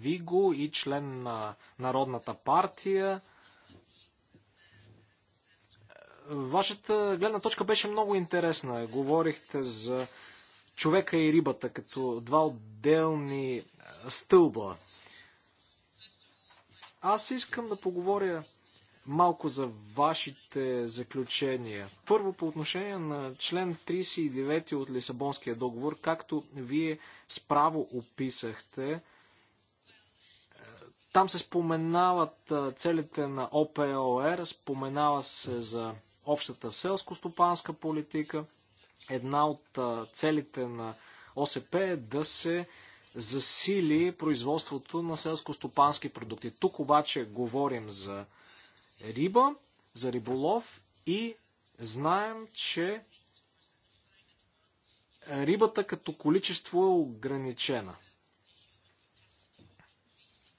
Виго и член на Народната партия. Вашата гледна точка беше много интересна. Говорихте за човека и рибата като два отделни стълба. Аз искам да поговоря малко за вашите заключения. Първо, по отношение на член 39 от Лисабонския договор, както вие справо описахте, е, там се споменават е, целите на ОПОР, споменава се за общата селско-стопанска политика. Една от е, целите на ОСП е да се засили производството на селско-стопански продукти. Тук обаче говорим за риба, за риболов и знаем, че рибата като количество е ограничена.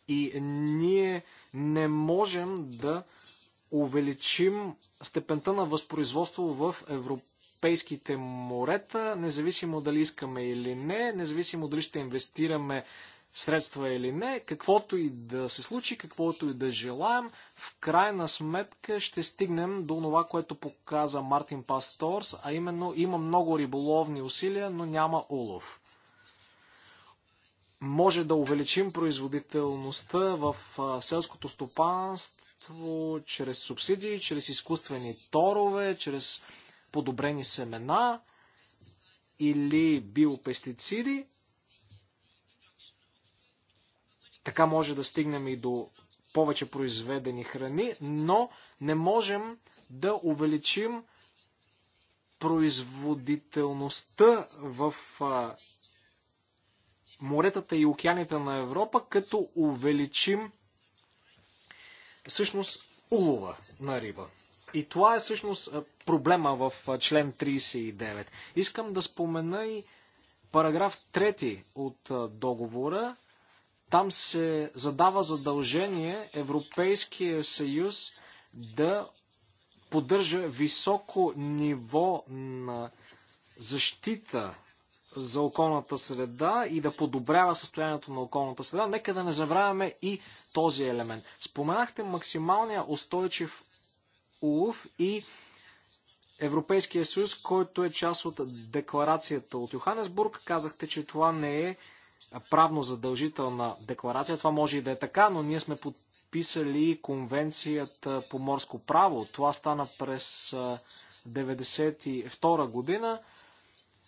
И ние не можем да увеличим степента на възпроизводство в европейските морета, независимо дали искаме или не, независимо дали ще инвестираме средства или не, каквото и да се случи, каквото и да желаем, в крайна сметка ще стигнем до това, което показа Мартин Пасторс, а именно има много риболовни усилия, но няма улов. Може да увеличим производителността в селското стопанство чрез субсидии, чрез изкуствени торове, чрез подобрени семена или биопестициди – Така може да стигнем и до повече произведени храни, но не можем да увеличим производителността в моретата и океаните на Европа, като увеличим всъщност улова на риба. И това е всъщност проблема в член 39. Искам да спомена и параграф 3 от договора, там се задава задължение Европейския съюз да поддържа високо ниво на защита за околната среда и да подобрява състоянието на околната среда. Нека да не забравяме и този елемент. Споменахте максималния устойчив улов и Европейския съюз, който е част от декларацията от Йоханесбург. Казахте, че това не е правно задължителна декларация. Това може и да е така, но ние сме подписали конвенцията по морско право. Това стана през 1992 година.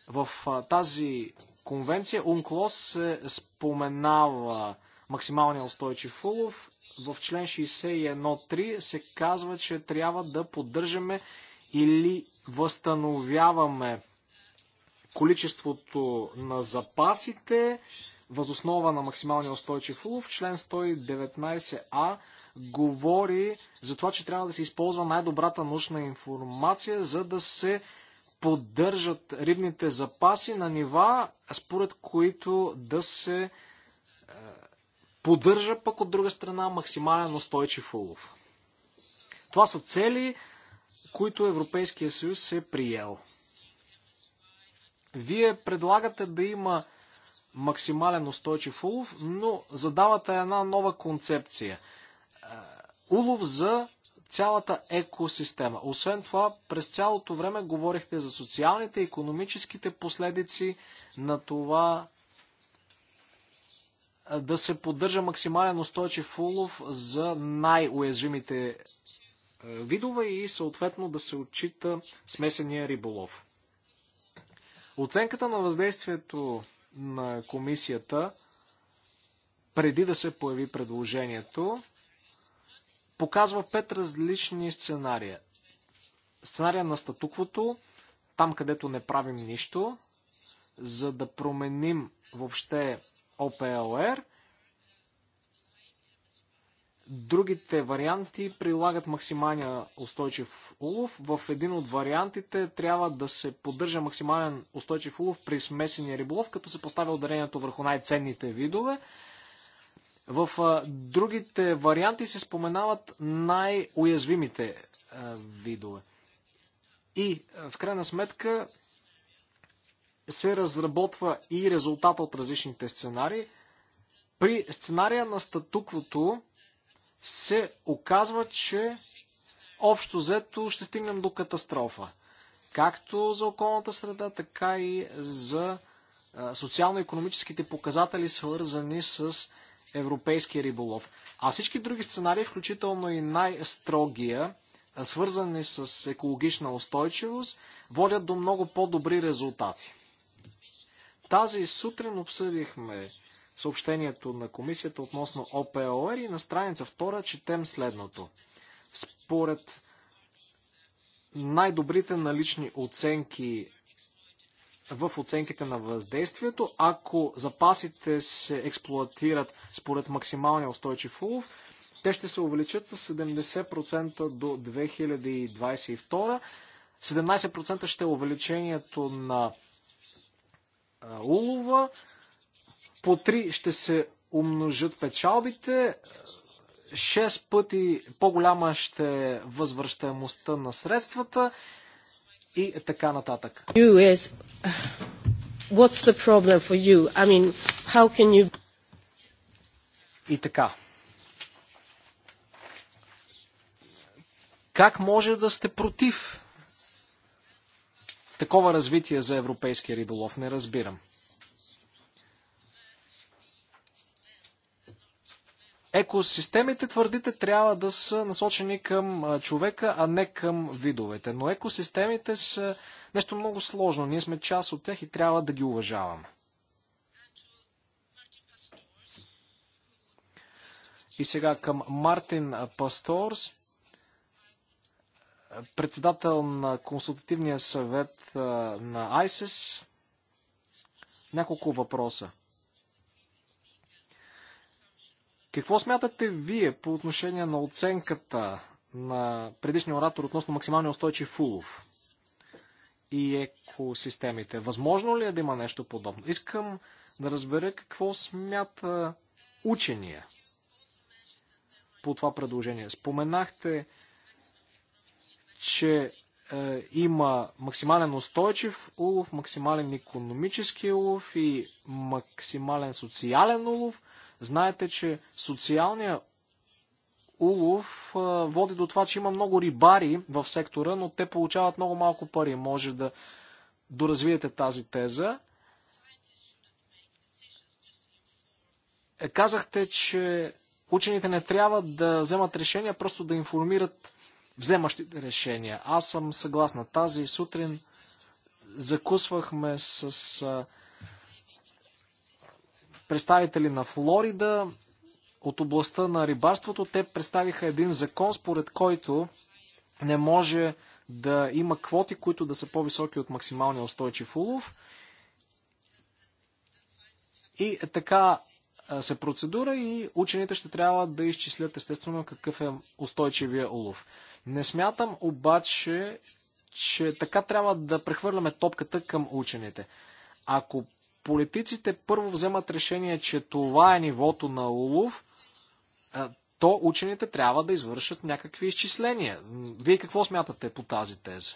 В тази конвенция УНКЛОС се споменава максималния устойчив улов. В член 61.3 се казва, че трябва да поддържаме или възстановяваме количеството на запасите възоснова на максималния устойчив улов. Член 119а говори за това, че трябва да се използва най-добрата научна информация, за да се поддържат рибните запаси на нива, според които да се е, поддържа пък от друга страна максимален устойчив улов. Това са цели, които Европейския съюз се е приел. Вие предлагате да има максимален устойчив улов, но задавате една нова концепция. Е, улов за цялата екосистема. Освен това, през цялото време говорихте за социалните, и економическите последици на това е, да се поддържа максимален устойчив улов за най-уязвимите е, видове и съответно да се отчита смесения риболов. Оценката на въздействието на комисията преди да се появи предложението показва пет различни сценария. Сценария на статуквото, там където не правим нищо, за да променим въобще ОПЛР Другите варианти прилагат максималния устойчив улов. В един от вариантите трябва да се поддържа максимален устойчив улов при смесения риболов, като се поставя ударението върху най-ценните видове. В другите варианти се споменават най-уязвимите видове. И в крайна сметка се разработва и резултата от различните сценари. При сценария на статуквото се оказва, че общо взето ще стигнем до катастрофа. Както за околната среда, така и за социално-економическите показатели, свързани с европейския риболов. А всички други сценарии, включително и най-строгия, свързани с екологична устойчивост, водят до много по-добри резултати. Тази сутрин обсъдихме съобщението на комисията относно ОПОР и на страница 2 четем следното. Според най-добрите налични оценки в оценките на въздействието, ако запасите се експлуатират според максималния устойчив улов, те ще се увеличат с 70% до 2022. 17% ще е увеличението на улова, по 3 ще се умножат печалбите, 6 пъти по-голяма ще е възвръщаемостта на средствата и така нататък. what's the problem for you? you... I mean, how can И така. Как може да сте против такова развитие за европейския риболов? Не разбирам. екосистемите, твърдите, трябва да са насочени към човека, а не към видовете. Но екосистемите са нещо много сложно. Ние сме част от тях и трябва да ги уважаваме. И сега към Мартин Пасторс, председател на консултативния съвет на ISIS. Няколко въпроса. Какво смятате вие по отношение на оценката на предишния оратор относно максималния устойчив улов и екосистемите? Възможно ли е да има нещо подобно? Искам да разбера какво смята учения по това предложение. Споменахте, че е, има максимален устойчив улов, максимален економически улов и максимален социален улов. Знаете, че социалният улов води до това, че има много рибари в сектора, но те получават много малко пари. Може да доразвиете тази теза. Е, казахте, че учените не трябва да вземат решения, просто да информират вземащите решения. Аз съм съгласна. Тази сутрин закусвахме с представители на Флорида от областта на рибарството. Те представиха един закон, според който не може да има квоти, които да са по-високи от максималния устойчив улов. И така се процедура и учените ще трябва да изчислят естествено какъв е устойчивия улов. Не смятам обаче, че така трябва да прехвърляме топката към учените. Ако политиците първо вземат решение, че това е нивото на улов, то учените трябва да извършат някакви изчисления. Вие какво смятате по тази теза?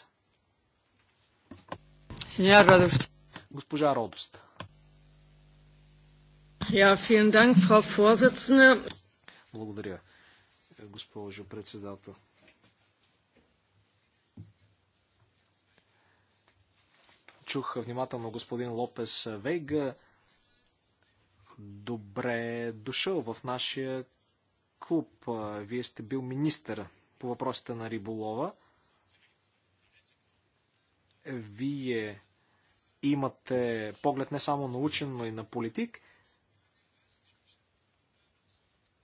Сеньор Родост. Госпожа Родост. Ja, vielen Dank, Frau Vorsitzende. Благодаря, госпожо председател. Чух внимателно господин Лопес Вейга. Добре е дошъл в нашия клуб. Вие сте бил министър по въпросите на риболова. Вие имате поглед не само научен, но и на политик.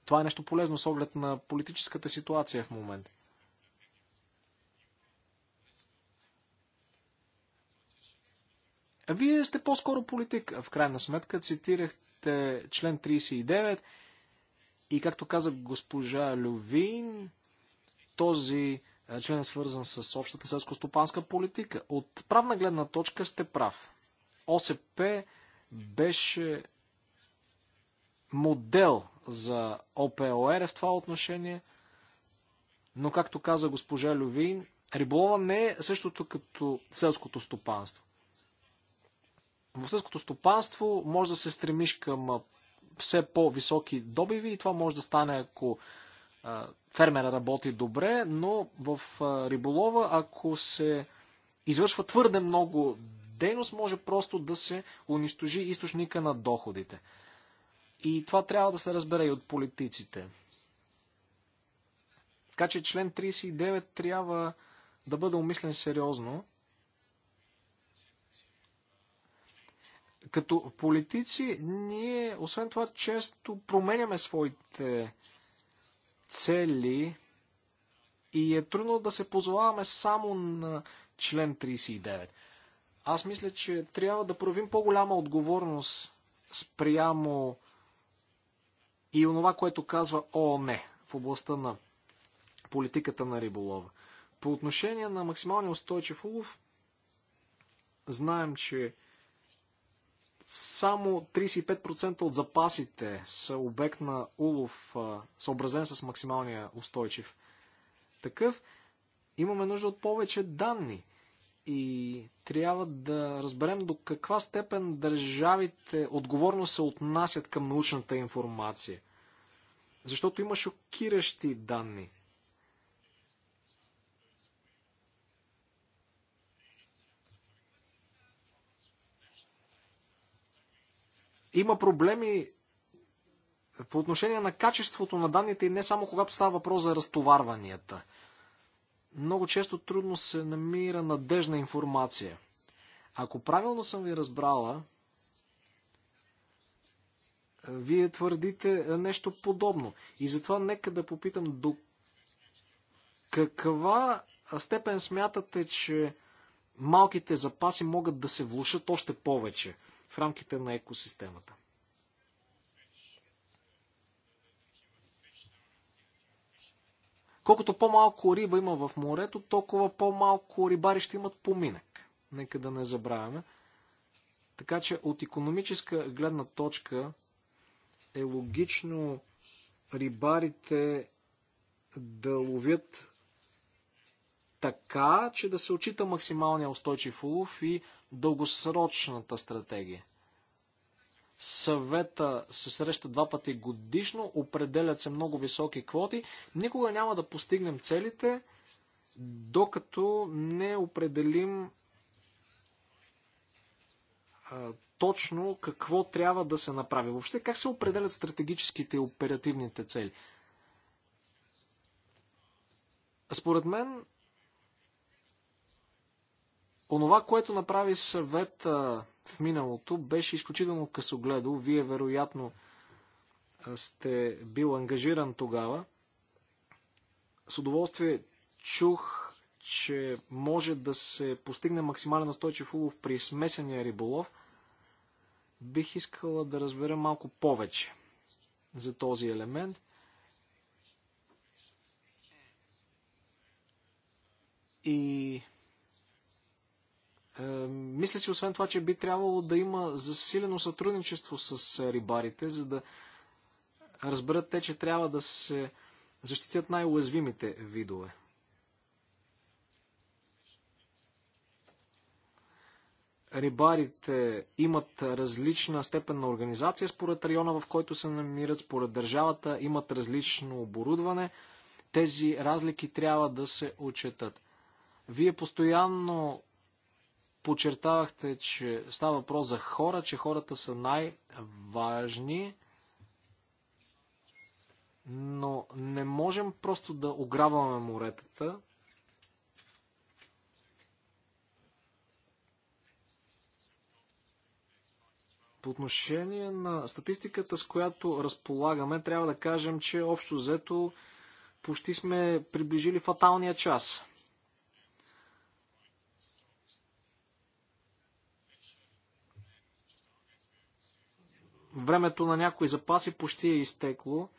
Това е нещо полезно с оглед на политическата ситуация в момента. Вие сте по-скоро политик. В крайна сметка цитирахте член 39 и както каза госпожа Лювин, този член е свързан с общата селско-стопанска политика. От правна гледна точка сте прав. ОСП беше модел за ОПОР в това отношение, но както каза госпожа Лювин, риболова не е същото като селското стопанство. В сърското стопанство може да се стремиш към все по-високи добиви и това може да стане, ако фермера работи добре, но в риболова, ако се извършва твърде много дейност, може просто да се унищожи източника на доходите. И това трябва да се разбере и от политиците. Така че член 39 трябва да бъде умислен сериозно. Като политици, ние, освен това, често променяме своите цели и е трудно да се позоваваме само на член 39. Аз мисля, че трябва да проявим по-голяма отговорност спрямо и онова, което казва ООН в областта на политиката на риболова. По отношение на максималния устойчив улов, знаем, че само 35% от запасите са обект на улов, съобразен с максималния устойчив такъв. Имаме нужда от повече данни и трябва да разберем до каква степен държавите отговорно се отнасят към научната информация. Защото има шокиращи данни – Има проблеми по отношение на качеството на данните и не само когато става въпрос за разтоварванията. Много често трудно се намира надежна информация. Ако правилно съм ви разбрала, вие твърдите нещо подобно. И затова нека да попитам до каква степен смятате, че малките запаси могат да се влушат още повече в рамките на екосистемата. Колкото по-малко риба има в морето, толкова по-малко рибари ще имат поминък. Нека да не забравяме. Така че от економическа гледна точка е логично рибарите да ловят така, че да се очита максималния устойчив улов и дългосрочната стратегия. Съвета се среща два пъти годишно, определят се много високи квоти. Никога няма да постигнем целите, докато не определим а, точно какво трябва да се направи. Въобще как се определят стратегическите и оперативните цели? Според мен Онова, което направи съвет в миналото, беше изключително късогледо. Вие вероятно сте бил ангажиран тогава. С удоволствие чух, че може да се постигне максимален устойчив улов при смесения риболов. Бих искала да разбера малко повече за този елемент. И е, мисля си освен това, че би трябвало да има засилено сътрудничество с е, рибарите, за да разберат те, че трябва да се защитят най-уязвимите видове. рибарите имат различна степен на организация според района, в който се намират, според държавата имат различно оборудване. Тези разлики трябва да се отчетат. Вие постоянно Подчертавахте, че става въпрос за хора, че хората са най-важни, но не можем просто да ограбваме моретата. По отношение на статистиката, с която разполагаме, трябва да кажем, че общо взето почти сме приближили фаталния час. времето на някои запаси почти е изтекло.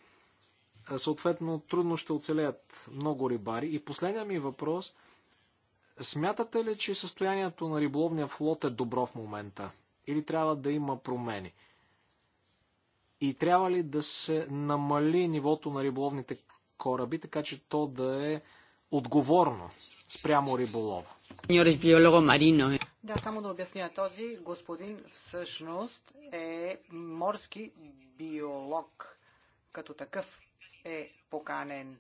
Съответно, трудно ще оцелеят много рибари. И последният ми въпрос. Смятате ли, че състоянието на риболовния флот е добро в момента? Или трябва да има промени? И трябва ли да се намали нивото на риболовните кораби, така че то да е отговорно спрямо риболова? Сеньор биолого марино. Да, само да обясня. Този господин всъщност е морски биолог. Като такъв е поканен.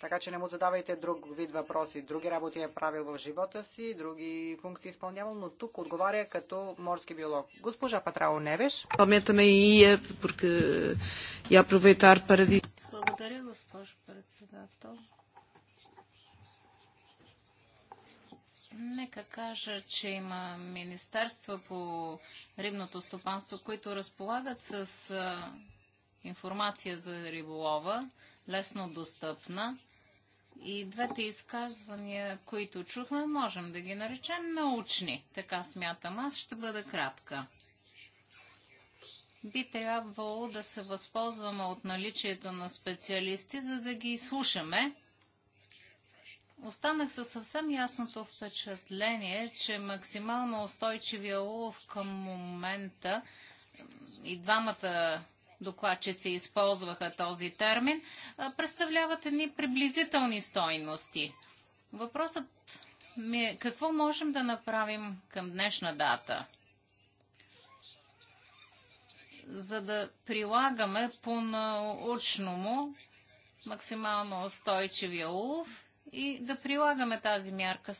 Така че не му задавайте друг вид въпроси. Други работи е правил в живота си, други функции изпълнявал, но тук отговаря като морски биолог. Госпожа Патрао Невеш. Паметаме и е, я и aproveitar нека кажа, че има министерства по рибното стопанство, които разполагат с информация за риболова, лесно достъпна. И двете изказвания, които чухме, можем да ги наречем научни. Така смятам аз, ще бъда кратка. Би трябвало да се възползваме от наличието на специалисти, за да ги изслушаме Останах със съвсем ясното впечатление, че максимално устойчивия улов към момента и двамата докладчици използваха този термин, представляват едни приблизителни стойности. Въпросът ми е какво можем да направим към днешна дата, за да прилагаме по-научно му максимално устойчивия улов – и да прилагаме тази мярка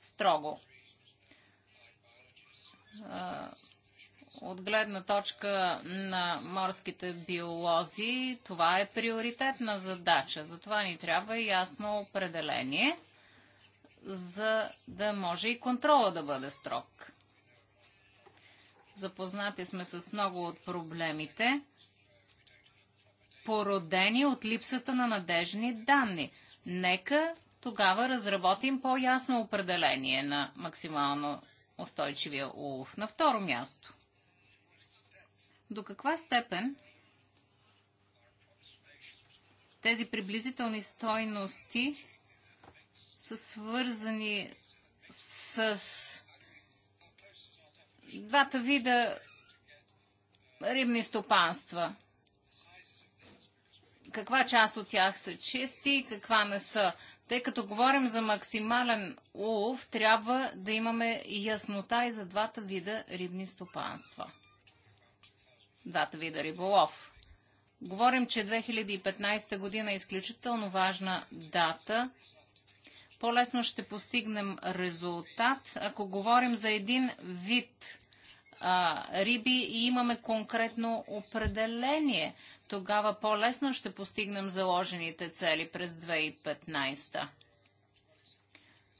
строго. От гледна точка на морските биолози, това е приоритетна задача. Затова ни трябва ясно определение, за да може и контрола да бъде строг. Запознати сме с много от проблемите, породени от липсата на надежни данни – Нека тогава разработим по-ясно определение на максимално устойчивия улов. На второ място. До каква степен тези приблизителни стойности са свързани с двата вида рибни стопанства – каква част от тях са чисти, каква не са. Тъй като говорим за максимален улов, трябва да имаме яснота и за двата вида рибни стопанства. Двата вида риболов. Говорим, че 2015 година е изключително важна дата. По-лесно ще постигнем резултат, ако говорим за един вид а, риби и имаме конкретно определение тогава по-лесно ще постигнем заложените цели през 2015.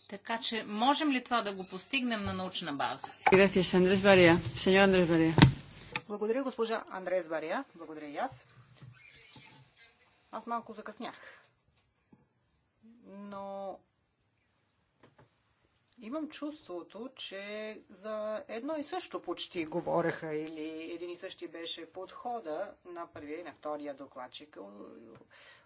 Така че можем ли това да го постигнем на научна база? Благодаря, госпожа Андрес Бария. Благодаря и аз. Аз малко закъснях. Но Имам чувството, че за едно и също почти говореха или един и същи беше подхода на първия и на втория докладчик.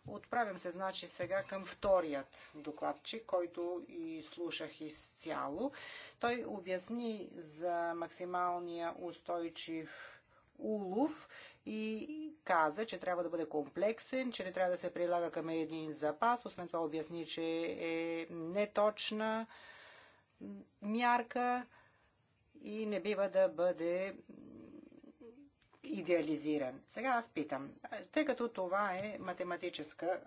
Отправям се, значи, сега към вторият докладчик, който и слушах изцяло. Той обясни за максималния устойчив улов и каза, че трябва да бъде комплексен, че не трябва да се прилага към един запас. Освен това обясни, че е неточна мярка и не бива да бъде идеализиран. Сега аз питам, тъй като това е математическа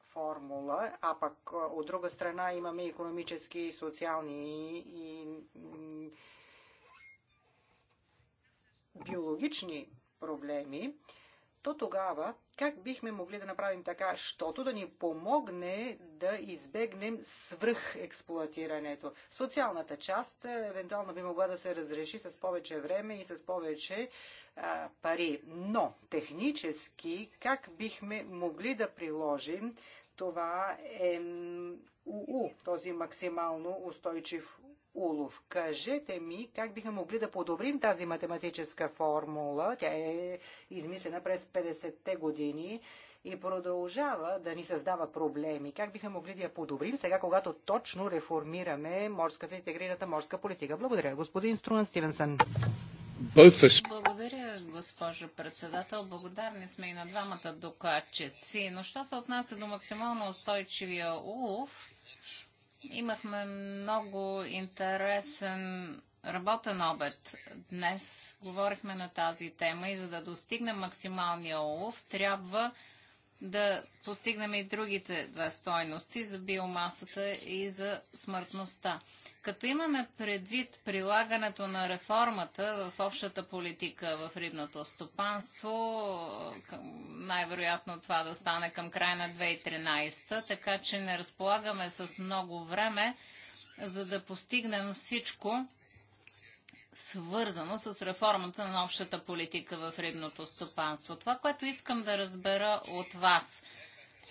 формула, а пък от друга страна имаме економически, социални и, и биологични проблеми, то тогава как бихме могли да направим така, щото да ни помогне да избегнем свръхексплуатирането? Социалната част е, евентуално би могла да се разреши с повече време и с повече а, пари. Но технически как бихме могли да приложим това е УУ, този максимално устойчив улов. Кажете ми как биха могли да подобрим тази математическа формула. Тя е измислена през 50-те години и продължава да ни създава проблеми. Как биха могли да я подобрим сега, когато точно реформираме морската интегрираната морска политика? Благодаря. Господин Струан Стивенсън. Благодаря, госпожо председател. Благодарни сме и на двамата докладчици. Но що се отнася до максимално устойчивия улов, имахме много интересен работен обед. Днес говорихме на тази тема и за да достигнем максималния улов, трябва да постигнем и другите две стойности за биомасата и за смъртността. Като имаме предвид прилагането на реформата в общата политика в рибното стопанство, най-вероятно това да стане към края на 2013, така че не разполагаме с много време, за да постигнем всичко, свързано с реформата на общата политика в рибното стопанство. Това, което искам да разбера от вас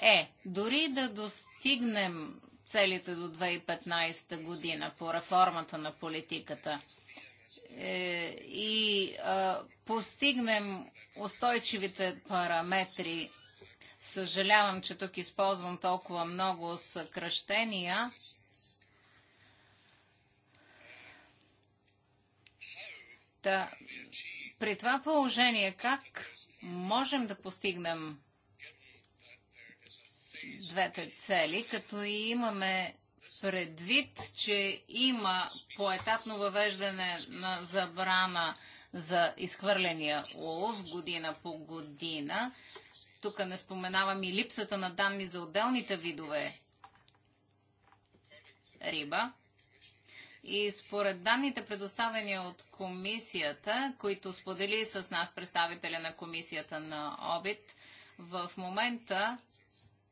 е, дори да достигнем целите до 2015 година по реформата на политиката е, и постигнем устойчивите параметри, съжалявам, че тук използвам толкова много съкръщения, Та, при това положение как можем да постигнем двете цели, като и имаме предвид, че има поетапно въвеждане на забрана за изхвърления улов година по година. Тук не споменавам и липсата на данни за отделните видове риба. И според данните, предоставени от комисията, които сподели с нас представителя на комисията на ОБИТ, в момента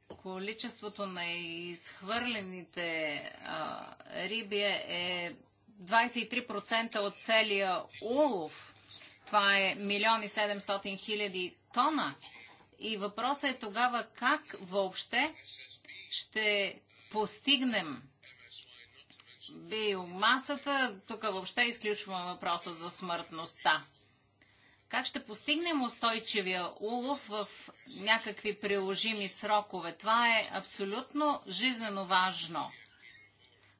количеството на изхвърлените а, риби е 23% от целия улов. Това е 1 700 хиляди тона. И въпросът е тогава как въобще ще постигнем биомасата, тук въобще изключваме въпроса за смъртността. Как ще постигнем устойчивия улов в някакви приложими срокове? Това е абсолютно жизнено важно,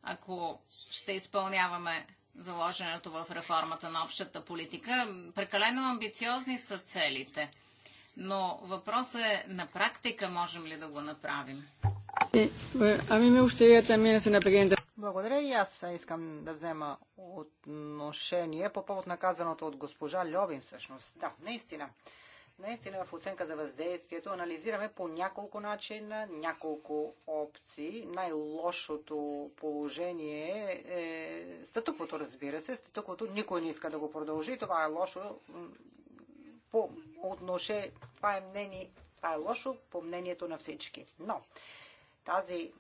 ако ще изпълняваме заложеното в реформата на общата политика. Прекалено амбициозни са целите. Но въпросът е на практика можем ли да го направим? Ами, ми още mí me gustaría благодаря и аз искам да взема отношение по повод на казаното от госпожа Льовин всъщност. Да, наистина. Наистина в оценка за въздействието анализираме по няколко начина, няколко опции. Най-лошото положение е статуквото, разбира се. Статуквото никой не иска да го продължи. Това е лошо по отношение. Това е мнение. Това е лошо по мнението на всички. Но тази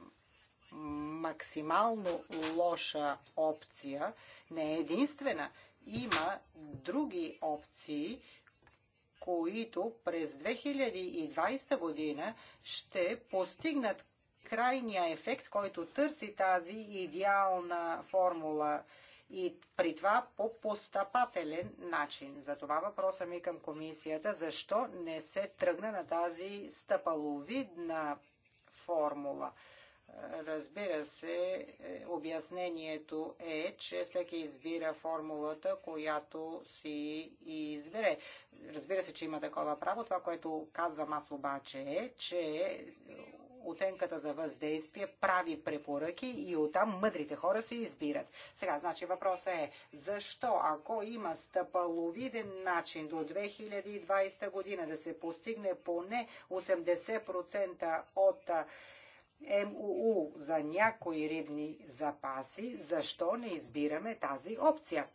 максимално лоша опция, не е единствена. Има други опции, които през 2020 година ще постигнат крайния ефект, който търси тази идеална формула и при това по постъпателен начин. Затова въпроса ми към комисията, защо не се тръгна на тази стъпаловидна формула. Разбира се, е, обяснението е, че всеки избира формулата, която си избере. Разбира се, че има такова право. Това, което казвам аз обаче е, че оценката за въздействие прави препоръки и оттам мъдрите хора се избират. Сега, значи въпросът е, защо ако има стъпаловиден начин до 2020 година да се постигне поне 80% от МУУ за някои рибни запаси, защо не избираме тази опция?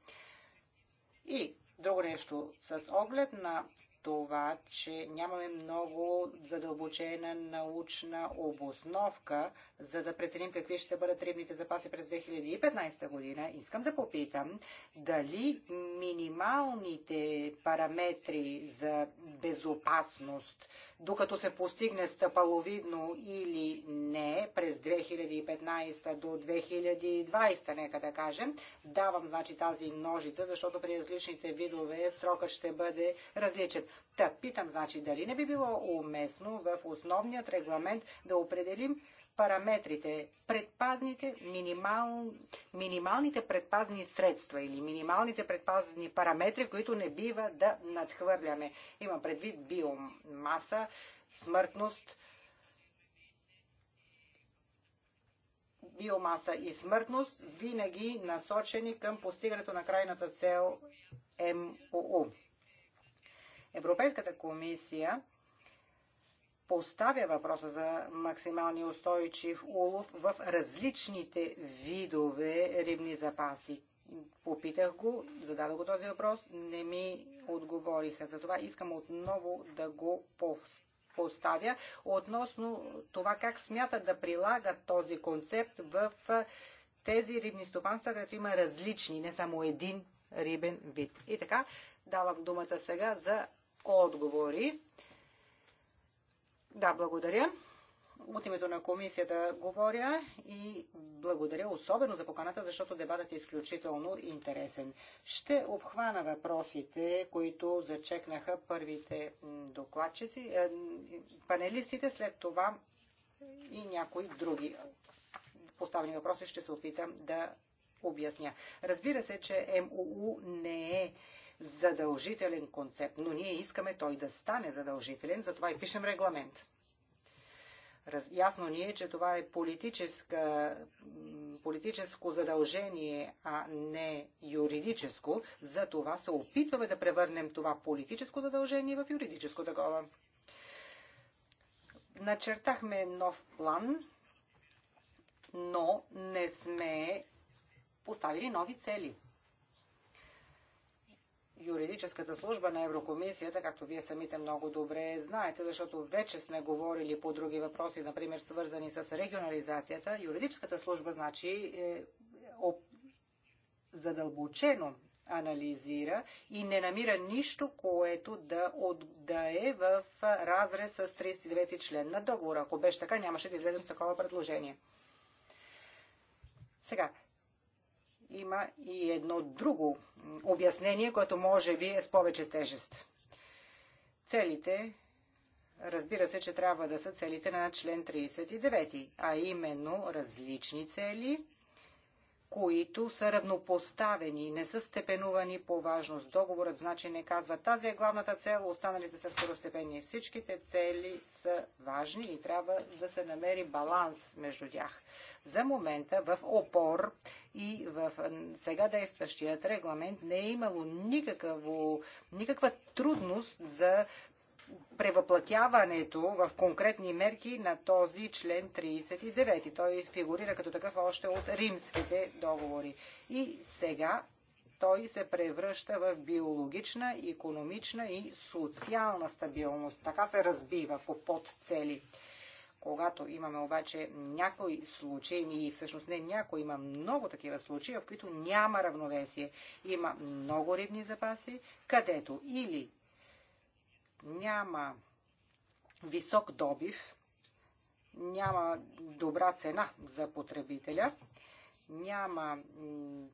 И друго нещо, с оглед на това, че нямаме много задълбочена научна обосновка, за да преценим какви ще бъдат рибните запаси през 2015 година, искам да попитам дали минималните параметри за безопасност докато се постигне стъпаловидно или не през 2015 до 2020, нека да кажем. Давам значи тази ножица, защото при различните видове срокът ще бъде различен. Та, питам значи дали не би било уместно в основният регламент да определим параметрите, предпазните, минимал, минималните предпазни средства или минималните предпазни параметри, които не бива да надхвърляме. Има предвид биомаса, смъртност, биомаса и смъртност, винаги насочени към постигането на крайната цел МОУ. Европейската комисия поставя въпроса за максимални устойчив улов в различните видове рибни запаси. Попитах го, зададох го този въпрос, не ми отговориха. Затова искам отново да го поставя относно това как смятат да прилагат този концепт в тези рибни стопанства, където има различни, не само един рибен вид. И така, давам думата сега за отговори. Да, благодаря. От името на комисията говоря и благодаря особено за поканата, защото дебатът е изключително интересен. Ще обхвана въпросите, които зачекнаха първите докладчици, е, панелистите, след това и някои други поставени въпроси ще се опитам да обясня. Разбира се, че МУУ не е задължителен концепт, но ние искаме той да стане задължителен, затова и пишем регламент. Раз, ясно ни е, че това е политическо задължение, а не юридическо. За това се опитваме да превърнем това политическо задължение в юридическо такова. Начертахме нов план, но не сме поставили нови цели юридическата служба на Еврокомисията, както вие самите много добре знаете, защото вече сме говорили по други въпроси, например свързани с регионализацията, юридическата служба значи е, об... задълбочено анализира и не намира нищо, което да, от, да е в разрез с 39 член на договора. Ако беше така, нямаше да излезем такова предложение. Сега, има и едно друго обяснение, което може би е с повече тежест. Целите, разбира се, че трябва да са целите на член 39, а именно различни цели, които са равнопоставени, и не са степенувани по важност. Договорът значи не казва тази е главната цел, останалите са второстепенни. Всичките цели са важни и трябва да се намери баланс между тях. За момента в опор и в сега действащият регламент не е имало никакво, никаква трудност за превъплатяването в конкретни мерки на този член 39. Той фигурира като такъв още от римските договори. И сега той се превръща в биологична, економична и социална стабилност. Така се разбива по подцели. Когато имаме обаче някои случаи, и всъщност не някои, има много такива случаи, в които няма равновесие. Има много рибни запаси, където или няма висок добив, няма добра цена за потребителя, няма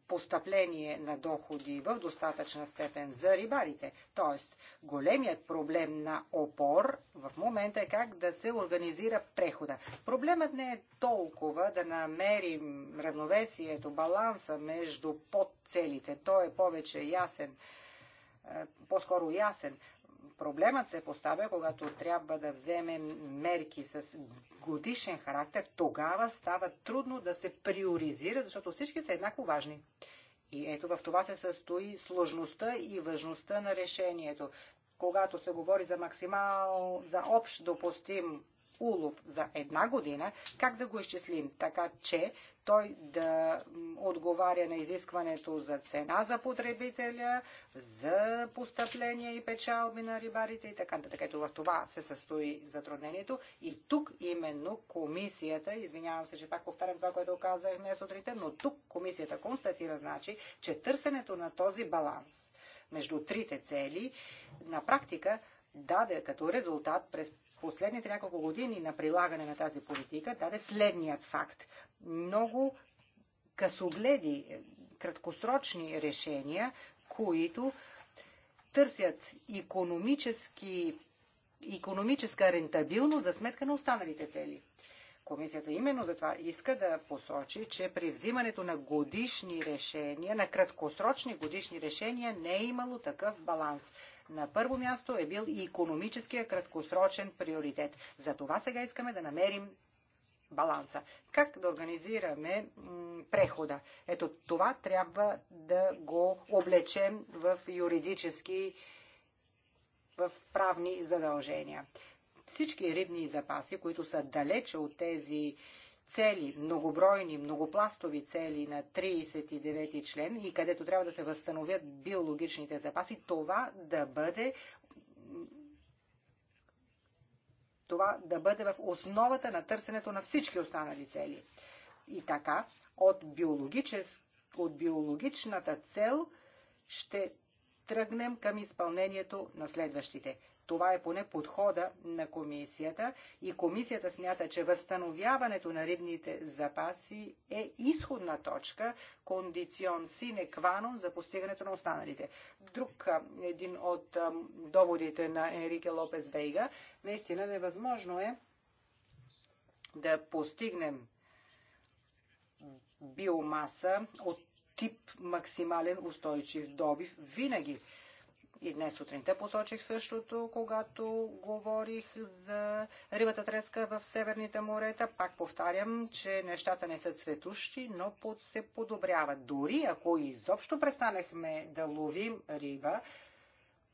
постъпление на доходи в достатъчна степен за рибарите. Тоест, големият проблем на опор в момента е как да се организира прехода. Проблемът не е толкова да намерим равновесието, баланса между подцелите. Той е повече ясен, е, по-скоро ясен проблемът се поставя, когато трябва да вземем мерки с годишен характер, тогава става трудно да се приоризират, защото всички са еднакво важни. И ето в това се състои сложността и важността на решението. Когато се говори за максимал, за общ допустим улов за една година, как да го изчислим така, че той да отговаря на изискването за цена за потребителя, за постъпления и печалби на рибарите и така нататък. Ето в това се състои затруднението. И тук именно комисията, извинявам се, че пак повтарям това, което казахме сутринта, но тук комисията констатира, значи, че търсенето на този баланс между трите цели на практика даде като резултат през последните няколко години на прилагане на тази политика даде следният факт. Много късогледи, е, краткосрочни решения, които търсят економически, економическа рентабилност за сметка на останалите цели. Комисията именно за това иска да посочи, че при взимането на годишни решения, на краткосрочни годишни решения не е имало такъв баланс на първо място е бил и економическия краткосрочен приоритет. За това сега искаме да намерим баланса. Как да организираме прехода? Ето това трябва да го облечем в юридически, в правни задължения. Всички рибни запаси, които са далече от тези цели, многобройни, многопластови цели на 39 член и където трябва да се възстановят биологичните запаси, това да бъде това да бъде в основата на търсенето на всички останали цели. И така, от, от биологичната цел ще тръгнем към изпълнението на следващите. Това е поне подхода на комисията и комисията смята, че възстановяването на рибните запаси е изходна точка, кондицион сине кванон за постигането на останалите. Друг един от доводите на Енрике Лопес Вейга, наистина невъзможно е да постигнем биомаса от тип максимален устойчив добив винаги и днес сутринта посочих същото, когато говорих за рибата треска в северните морета. Пак повтарям, че нещата не са цветущи, но под се подобряват. Дори ако изобщо престанехме да ловим риба,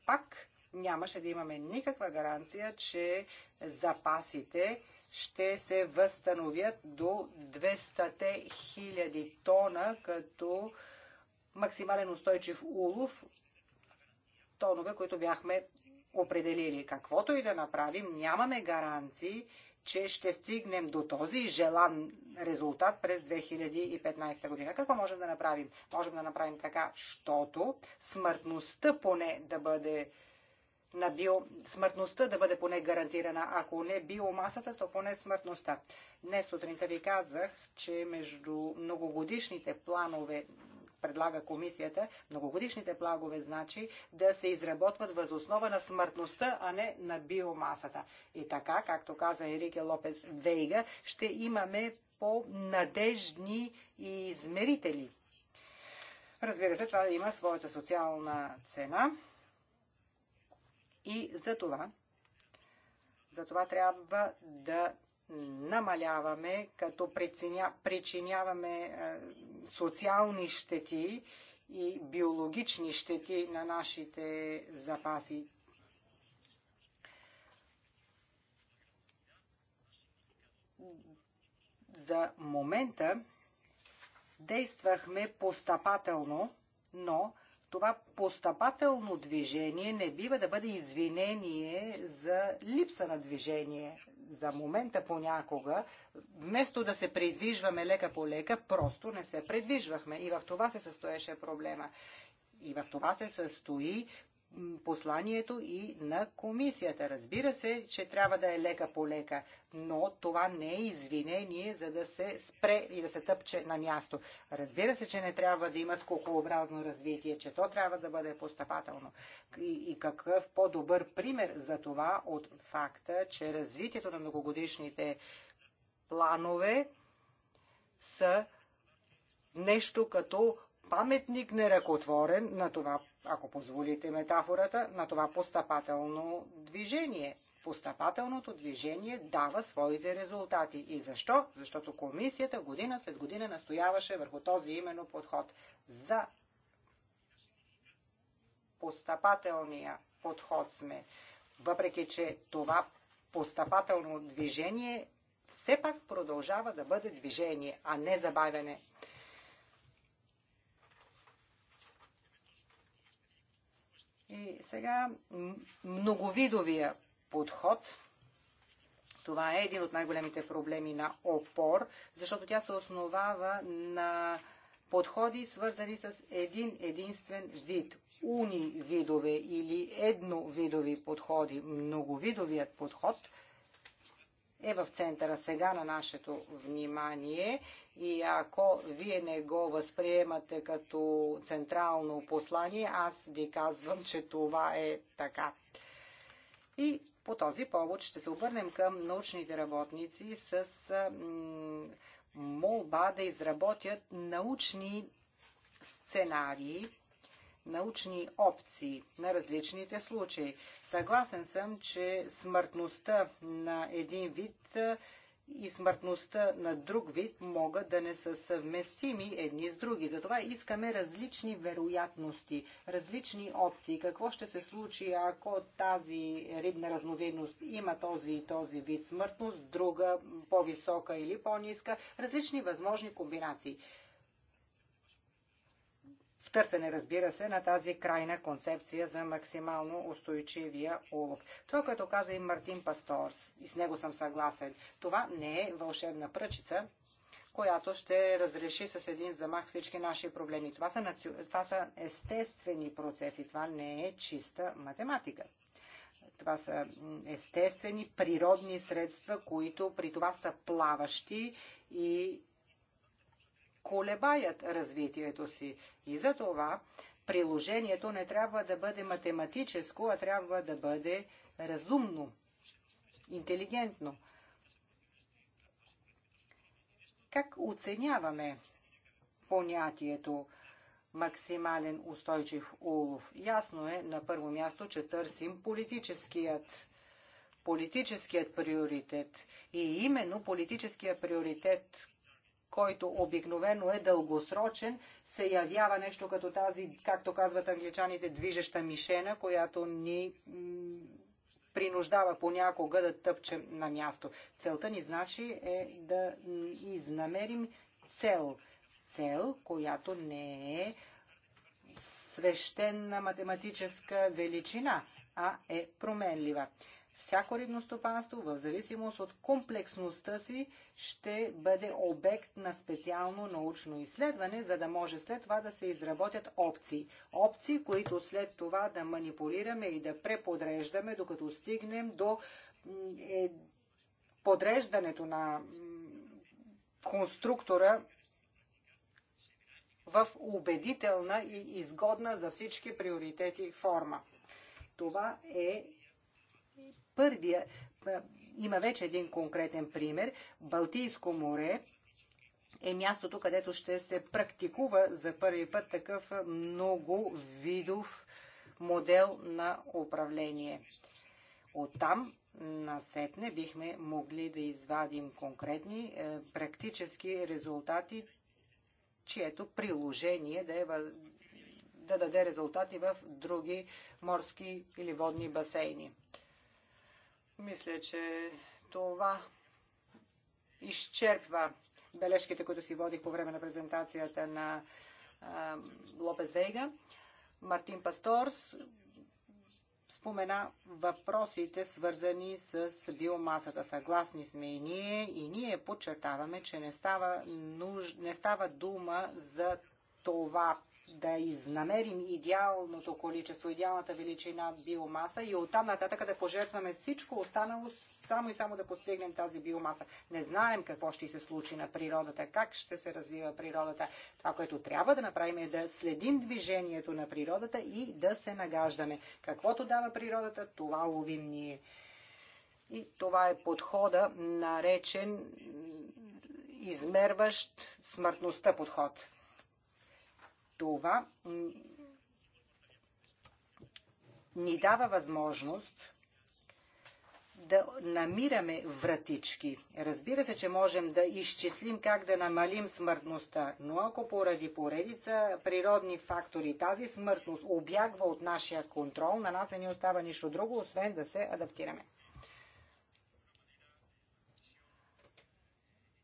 пак нямаше да имаме никаква гаранция, че запасите ще се възстановят до 200 хиляди тона като максимален устойчив улов тонове, които бяхме определили. Каквото и да направим, нямаме гаранции, че ще стигнем до този желан резултат през 2015 година. Какво можем да направим? Можем да направим така, щото смъртността поне да бъде на био... смъртността да бъде поне гарантирана. Ако не биомасата, то поне смъртността. Днес сутринта ви казвах, че между многогодишните планове предлага комисията, многогодишните плагове, значи, да се изработват възоснова на смъртността, а не на биомасата. И така, както каза Ерике Лопес Вейга, ще имаме по-надежни измерители. Разбира се, това има своята социална цена и за това, за това трябва да намаляваме, като причиняваме е, социални щети и биологични щети на нашите запаси. За момента действахме постъпателно, но това постъпателно движение не бива да бъде извинение за липса на движение. За момента понякога, вместо да се придвижваме лека по лека, просто не се придвижвахме. И в това се състоеше проблема. И в това се състои посланието и на комисията. Разбира се, че трябва да е лека по лека, но това не е извинение за да се спре и да се тъпче на място. Разбира се, че не трябва да има скокообразно развитие, че то трябва да бъде постъпателно. И, и какъв по-добър пример за това от факта, че развитието на многогодишните планове са нещо като паметник неръкотворен на това ако позволите метафората, на това постъпателно движение. Постъпателното движение дава своите резултати. И защо? Защото комисията година след година настояваше върху този именно подход за постъпателния подход сме. Въпреки, че това постъпателно движение все пак продължава да бъде движение, а не забавяне. И сега многовидовия подход. Това е един от най-големите проблеми на ОПОР, защото тя се основава на подходи, свързани с един единствен вид. Унивидове или едновидови подходи. Многовидовият подход – е в центъра сега на нашето внимание и ако вие не го възприемате като централно послание, аз ви казвам, че това е така. И по този повод ще се обърнем към научните работници с молба да изработят научни сценарии научни опции на различните случаи. Съгласен съм, че смъртността на един вид и смъртността на друг вид могат да не са съвместими едни с други. Затова искаме различни вероятности, различни опции. Какво ще се случи, ако тази рибна разновидност има този и този вид смъртност, друга по-висока или по-ниска, различни възможни комбинации търсене, разбира се, на тази крайна концепция за максимално устойчивия улов. Това, което каза и Мартин Пасторс, и с него съм съгласен, това не е вълшебна пръчица, която ще разреши с един замах всички наши проблеми. Това са, наци... това са естествени процеси, това не е чиста математика. Това са естествени природни средства, които при това са плаващи и колебаят развитието си. И за това приложението не трябва да бъде математическо, а трябва да бъде разумно, интелигентно. Как оценяваме понятието максимален устойчив улов? Ясно е на първо място, че търсим политическият политическият приоритет. И именно политическия приоритет, който обикновено е дългосрочен, се явява нещо като тази, както казват англичаните, движеща мишена, която ни принуждава понякога да тъпчем на място. Целта ни значи е да изнамерим цел. Цел, която не е свещена математическа величина, а е променлива всяко рибно стопанство, в зависимост от комплексността си, ще бъде обект на специално научно изследване, за да може след това да се изработят опции. Опции, които след това да манипулираме и да преподреждаме, докато стигнем до е, подреждането на конструктора в убедителна и изгодна за всички приоритети форма. Това е първия, има вече един конкретен пример. Балтийско море е мястото, където ще се практикува за първи път такъв много видов модел на управление. Оттам насетне бихме могли да извадим конкретни е, практически резултати, чието приложение да, е, да даде резултати в други морски или водни басейни. Мисля, че това изчерпва бележките, които си водих по време на презентацията на а, Лопес Вейга. Мартин Пасторс спомена въпросите, свързани с биомасата. Съгласни сме и ние, и ние подчертаваме, че не става, нуж... не става дума за това да изнамерим идеалното количество, идеалната величина биомаса и оттам нататък да пожертваме всичко останало, само и само да постигнем тази биомаса. Не знаем какво ще се случи на природата, как ще се развива природата. Това, което трябва да направим е да следим движението на природата и да се нагаждаме. Каквото дава природата, това ловим ние. И това е подхода, наречен измерващ смъртността подход. Това ни дава възможност да намираме вратички. Разбира се, че можем да изчислим как да намалим смъртността, но ако поради поредица природни фактори тази смъртност обягва от нашия контрол, на нас не ни остава нищо друго, освен да се адаптираме.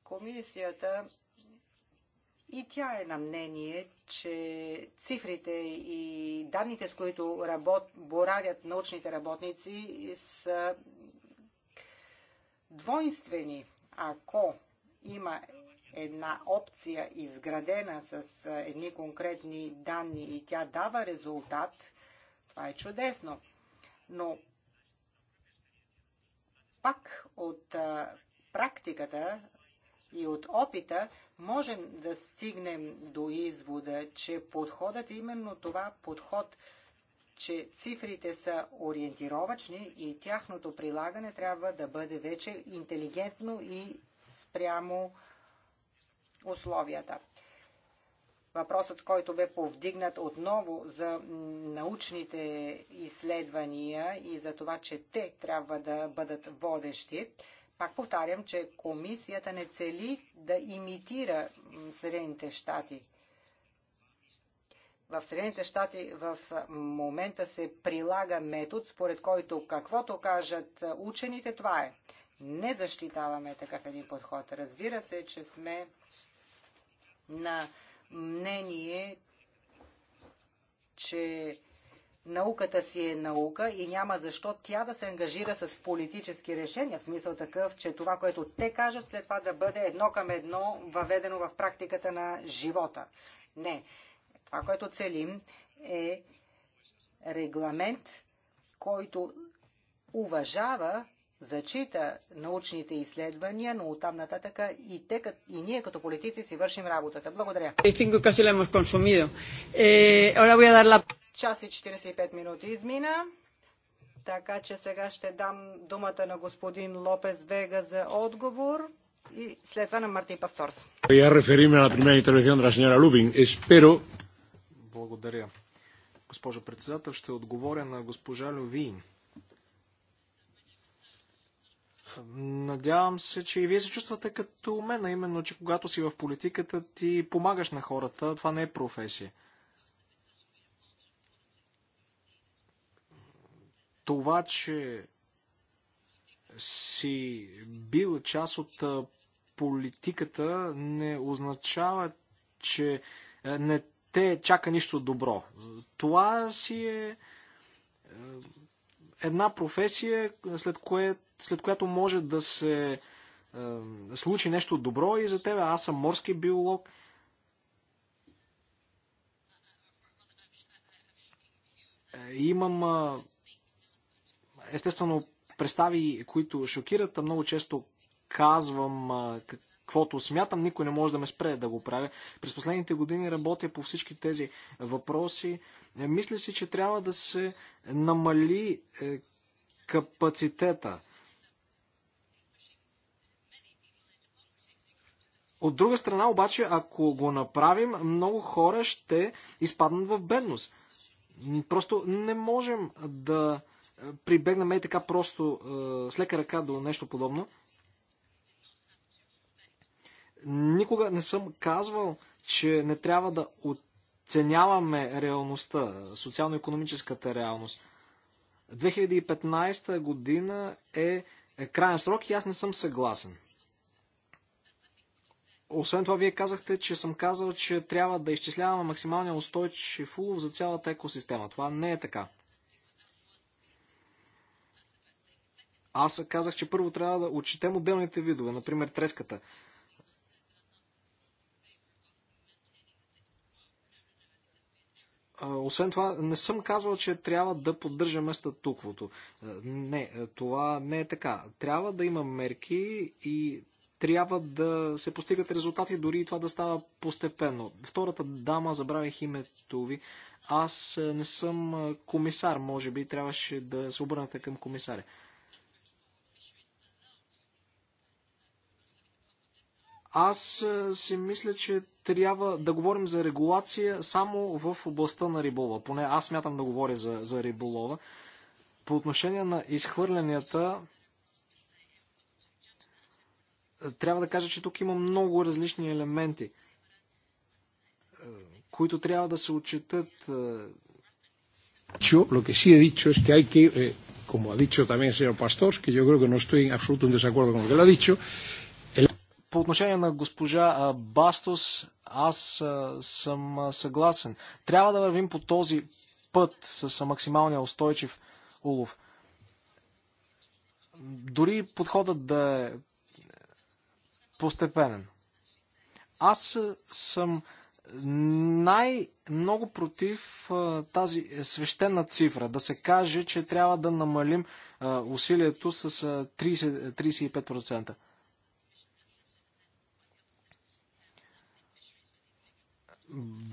Комисията и тя е на мнение, че цифрите и данните, с които работ... боравят научните работници, са двойствени. Ако има една опция, изградена с едни конкретни данни и тя дава резултат, това е чудесно. Но пак от практиката и от опита можем да стигнем до извода, че подходът е именно това подход, че цифрите са ориентировачни и тяхното прилагане трябва да бъде вече интелигентно и спрямо условията. Въпросът, който бе повдигнат отново за научните изследвания и за това, че те трябва да бъдат водещи, пак повтарям, че комисията не цели да имитира Съединените щати. В Съединените щати в момента се прилага метод, според който каквото кажат учените, това е. Не защитаваме такъв един подход. Разбира се, че сме на мнение, че науката си е наука и няма защо тя да се ангажира с политически решения, в смисъл такъв, че това, което те кажат, след това да бъде едно към едно въведено в практиката на живота. Не. Това, което целим е регламент, който уважава, зачита научните изследвания, но оттам нататък и, те, и ние като политици си вършим работата. Благодаря. Час и 45 минути измина. Така че сега ще дам думата на господин Лопес Вега за отговор и след това на Мартин Пасторс. Благодаря. Госпожо председател, ще отговоря на госпожа Лювин. Надявам се, че и вие се чувствате като мен, именно, че когато си в политиката, ти помагаш на хората. Това не е професия. Това, че си бил част от политиката, не означава, че не те чака нищо добро. Това си е една професия, след, кое, след която може да се е, случи нещо добро и за тебе. Аз съм морски биолог. Имам естествено представи, които шокират, много често казвам каквото смятам, никой не може да ме спре да го правя. През последните години работя по всички тези въпроси. Е, мисля си, че трябва да се намали е, капацитета. От друга страна обаче, ако го направим, много хора ще изпаднат в бедност. Просто не можем да прибегнаме и така просто с лека ръка до нещо подобно. Никога не съм казвал, че не трябва да оценяваме реалността, социално-економическата реалност. 2015 година е крайен срок и аз не съм съгласен. Освен това, вие казахте, че съм казал, че трябва да изчисляваме максималния устойчив улов за цялата екосистема. Това не е така. Аз казах, че първо трябва да отчетем отделните видове, например треската. Освен това, не съм казвал, че трябва да поддържаме статуквото. Не, това не е така. Трябва да има мерки и трябва да се постигат резултати, дори и това да става постепенно. Втората дама, забравих името ви, аз не съм комисар, може би трябваше да се обърнете към комисаря. Аз е, си мисля, че трябва да говорим за регулация само в областта на риболова. Поне аз мятам да говоря за, за риболова. По отношение на изхвърлянията, е, трябва да кажа, че тук има много различни елементи, е, които трябва да се отчитат. Yo lo que sí he dicho es que hay que, eh, como ha dicho también el señor Pastor, que yo creo que no estoy en absoluto en desacuerdo con lo que él ha dicho, по отношение на госпожа Бастос, аз съм съгласен. Трябва да вървим по този път с максималния устойчив улов. Дори подходът да е постепенен. Аз съм най-много против тази свещена цифра. Да се каже, че трябва да намалим усилието с 30, 35%.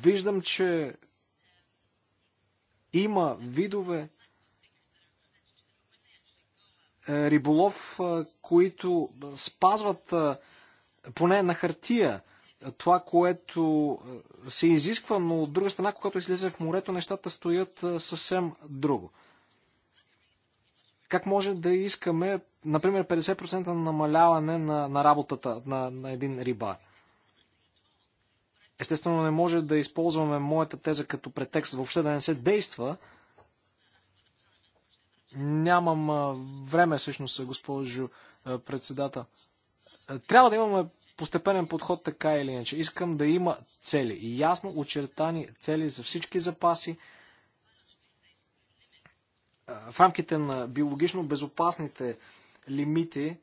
Виждам, че има видове е, риболов, е, които спазват е, поне на хартия това, което се изисква, но от друга страна, когато излезе в морето, нещата стоят съвсем друго. Как може да искаме, например, 50% намаляване на, на работата на, на един рибар? Естествено не може да използваме моята теза като претекст въобще да не се действа. Нямам време всъщност, госпожо председател. Трябва да имаме постепенен подход така или иначе. Искам да има цели. И ясно очертани цели за всички запаси в рамките на биологично безопасните лимити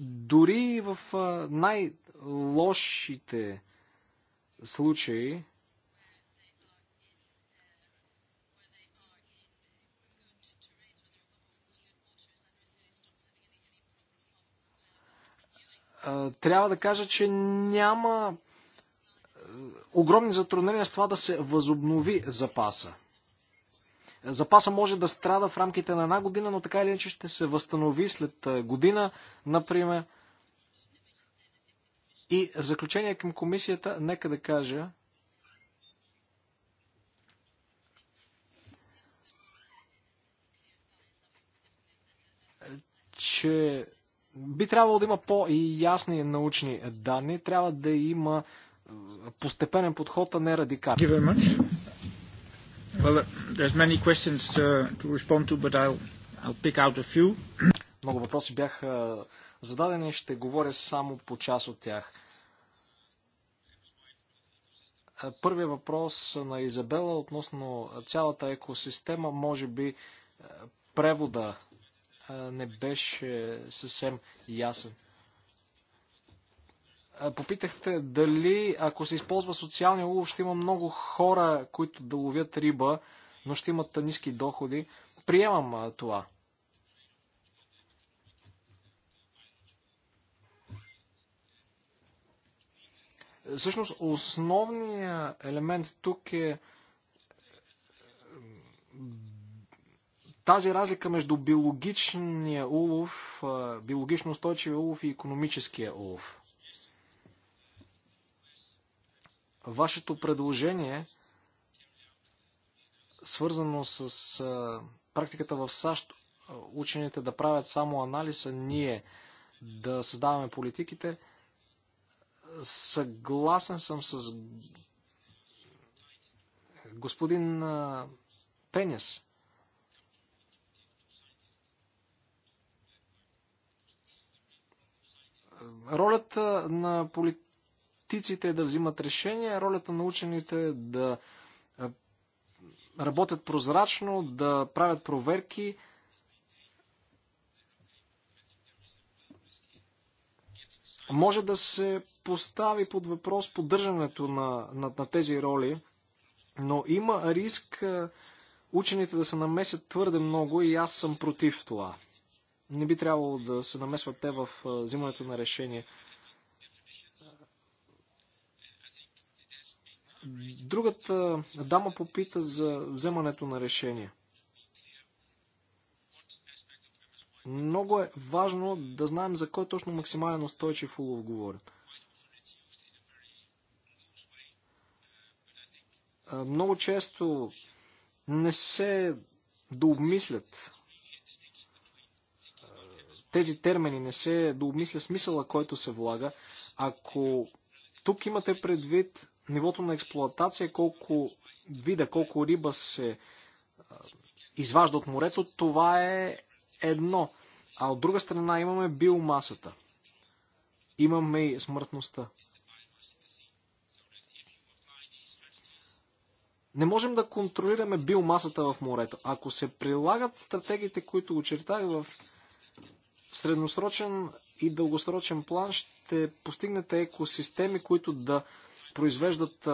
Дори в най-лошите случаи, трябва да кажа, че няма огромни затруднения с това да се възобнови запаса. Запаса може да страда в рамките на една година, но така или иначе ще се възстанови след година, например. И в заключение към комисията, нека да кажа, че би трябвало да има по-ясни научни данни, трябва да има постепенен подход, а не радикален. Uh, there's many questions to, uh, to respond to, but I'll, I'll pick out a few. Много въпроси бяха uh, зададени, ще говоря само по част от тях. Е, първият въпрос на Изабела относно цялата екосистема, може би е, превода е, не беше съвсем ясен попитахте дали ако се използва социалния улов, ще има много хора, които да ловят риба, но ще имат ниски доходи. Приемам това. Всъщност, основният елемент тук е тази разлика между биологичния улов, биологично устойчивия улов и економическия улов. Вашето предложение, свързано с практиката в САЩ, учените да правят само анализа, ние да създаваме политиките, съгласен съм с господин Пенес. Ролята на политиката политиците да взимат решения, ролята на учените да работят прозрачно, да правят проверки. Може да се постави под въпрос поддържането на, на, на тези роли, но има риск учените да се намесят твърде много и аз съм против това. Не би трябвало да се намесват те в взимането на решение. Другата дама попита за вземането на решение. Много е важно да знаем за кой точно максимален устойчив улов говорим. Много често не се дообмислят тези термини, не се дообмисля смисъла, който се влага. Ако тук имате предвид нивото на експлоатация, колко вида, колко риба се изважда от морето, това е едно. А от друга страна имаме биомасата. Имаме и смъртността. Не можем да контролираме биомасата в морето. Ако се прилагат стратегиите, които очертах в средносрочен и дългосрочен план, ще постигнете екосистеми, които да произвеждат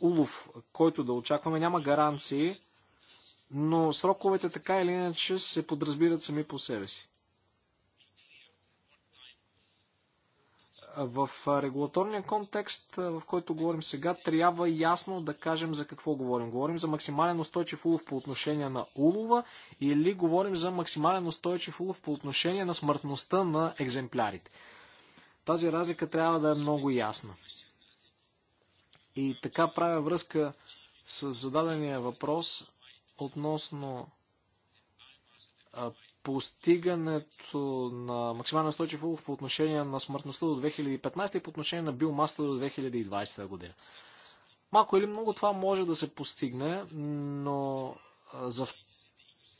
улов, който да очакваме. Няма гаранции, но сроковете така или иначе се подразбират сами по себе си. В регулаторния контекст, в който говорим сега, трябва ясно да кажем за какво говорим. Говорим за максимален устойчив улов по отношение на улова или говорим за максимален устойчив улов по отношение на смъртността на екземплярите. Тази разлика трябва да е много ясна. И така правя връзка с зададения въпрос относно постигането на максимален устойчив по отношение на смъртността до 2015 и по отношение на биомаста до 2020 година. Малко или много това може да се постигне, но за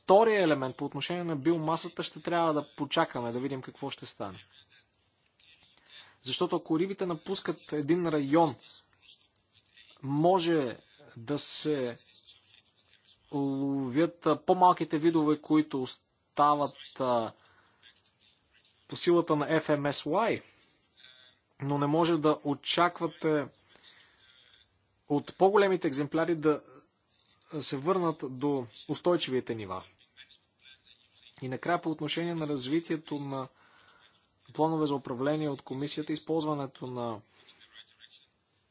втория елемент по отношение на биомасата ще трябва да почакаме, да видим какво ще стане. Защото ако рибите напускат един район може да се ловят по-малките видове, които остават по силата на FMSY, но не може да очаквате от по-големите екземпляри да се върнат до устойчивите нива. И накрая по отношение на развитието на планове за управление от комисията, използването на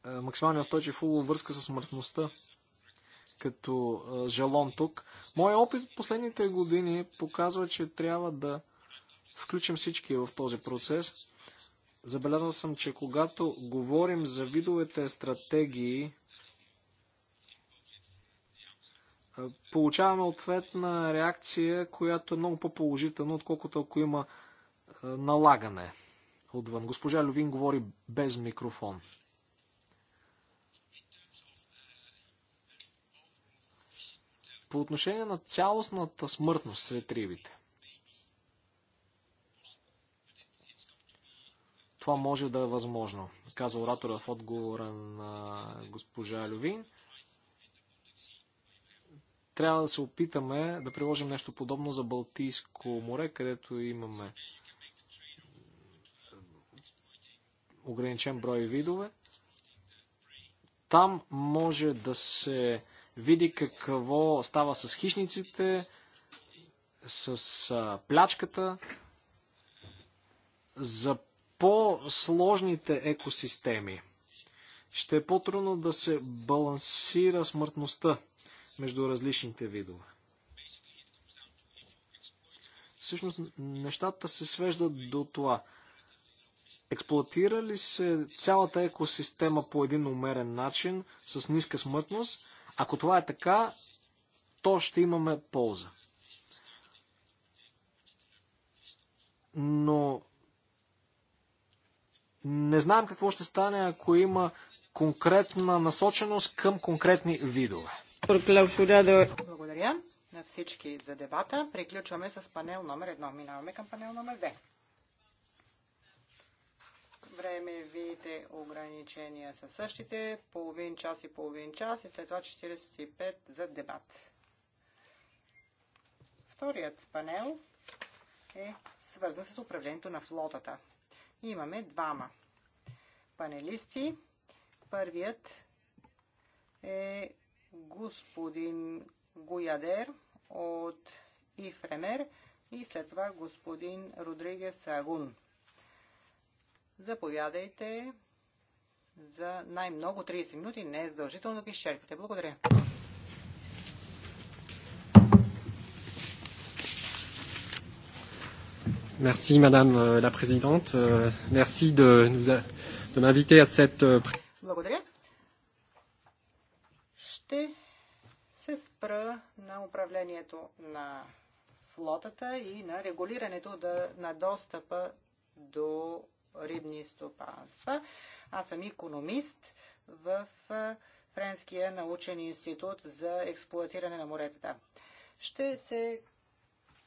е, максималния устойчив улов връзка с смъртността като е, жалон тук. Моя опит в последните години показва, че трябва да включим всички в този процес. Забелязал съм, че когато говорим за видовете стратегии, е, получаваме ответна реакция, която е много по-положителна, отколкото ако има налагане отвън. Госпожа Лювин говори без микрофон. По отношение на цялостната смъртност сред рибите. Това може да е възможно, каза оратора в отговора на госпожа Лювин. Трябва да се опитаме да приложим нещо подобно за Балтийско море, където имаме ограничен брой видове. Там може да се види какво става с хищниците, с а, плячката. За по-сложните екосистеми ще е по-трудно да се балансира смъртността между различните видове. Всъщност нещата се свеждат до това. Експлуатира ли се цялата екосистема по един умерен начин, с ниска смъртност, ако това е така, то ще имаме полза. Но не знаем какво ще стане, ако има конкретна насоченост към конкретни видове. Благодаря на всички за дебата. Приключваме с панел номер едно. Минаваме към панел номер две. Време видите ограничения са същите, половин час и половин час и след това 45 за дебат. Вторият панел е свързан с управлението на флотата. Имаме двама панелисти. Първият е господин Гуядер от Ифремер и след това господин Родригес Агун. Заповядайте за най-много 30 минути. Не е задължително да ги изчерпите. Благодаря. Merci Madame euh, la Présidente. Euh, merci de, de m'inviter à cette. Euh, Благодаря. Ще се спра на управлението на флотата и на регулирането да, на достъпа до рибни стопанства. Аз съм економист в Френския научен институт за експлуатиране на моретата. Ще се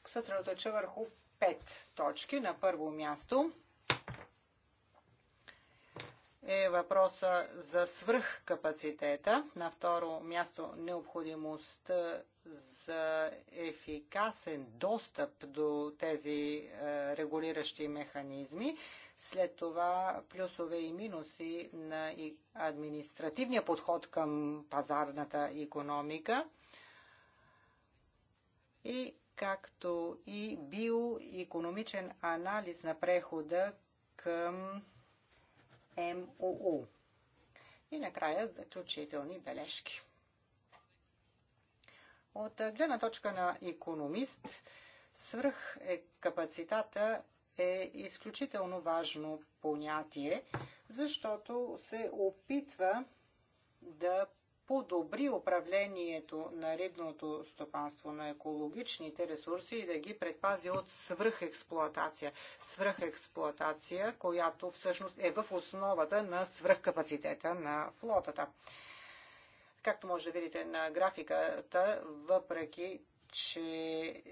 съсредоточа върху пет точки. На първо място е въпроса за свръхкапацитета. На второ място необходимост за ефикасен достъп до тези е, регулиращи механизми, след това плюсове и минуси на административния подход към пазарната економика и както и биоекономичен анализ на прехода към МОУ. И накрая заключителни бележки. От гледна точка на економист, свръх е капацитата е изключително важно понятие, защото се опитва да подобри управлението на рибното стопанство на екологичните ресурси и да ги предпази от свръхексплоатация. Свръхексплоатация, която всъщност е в основата на свръхкапацитета на флотата. Както може да видите на графиката, въпреки че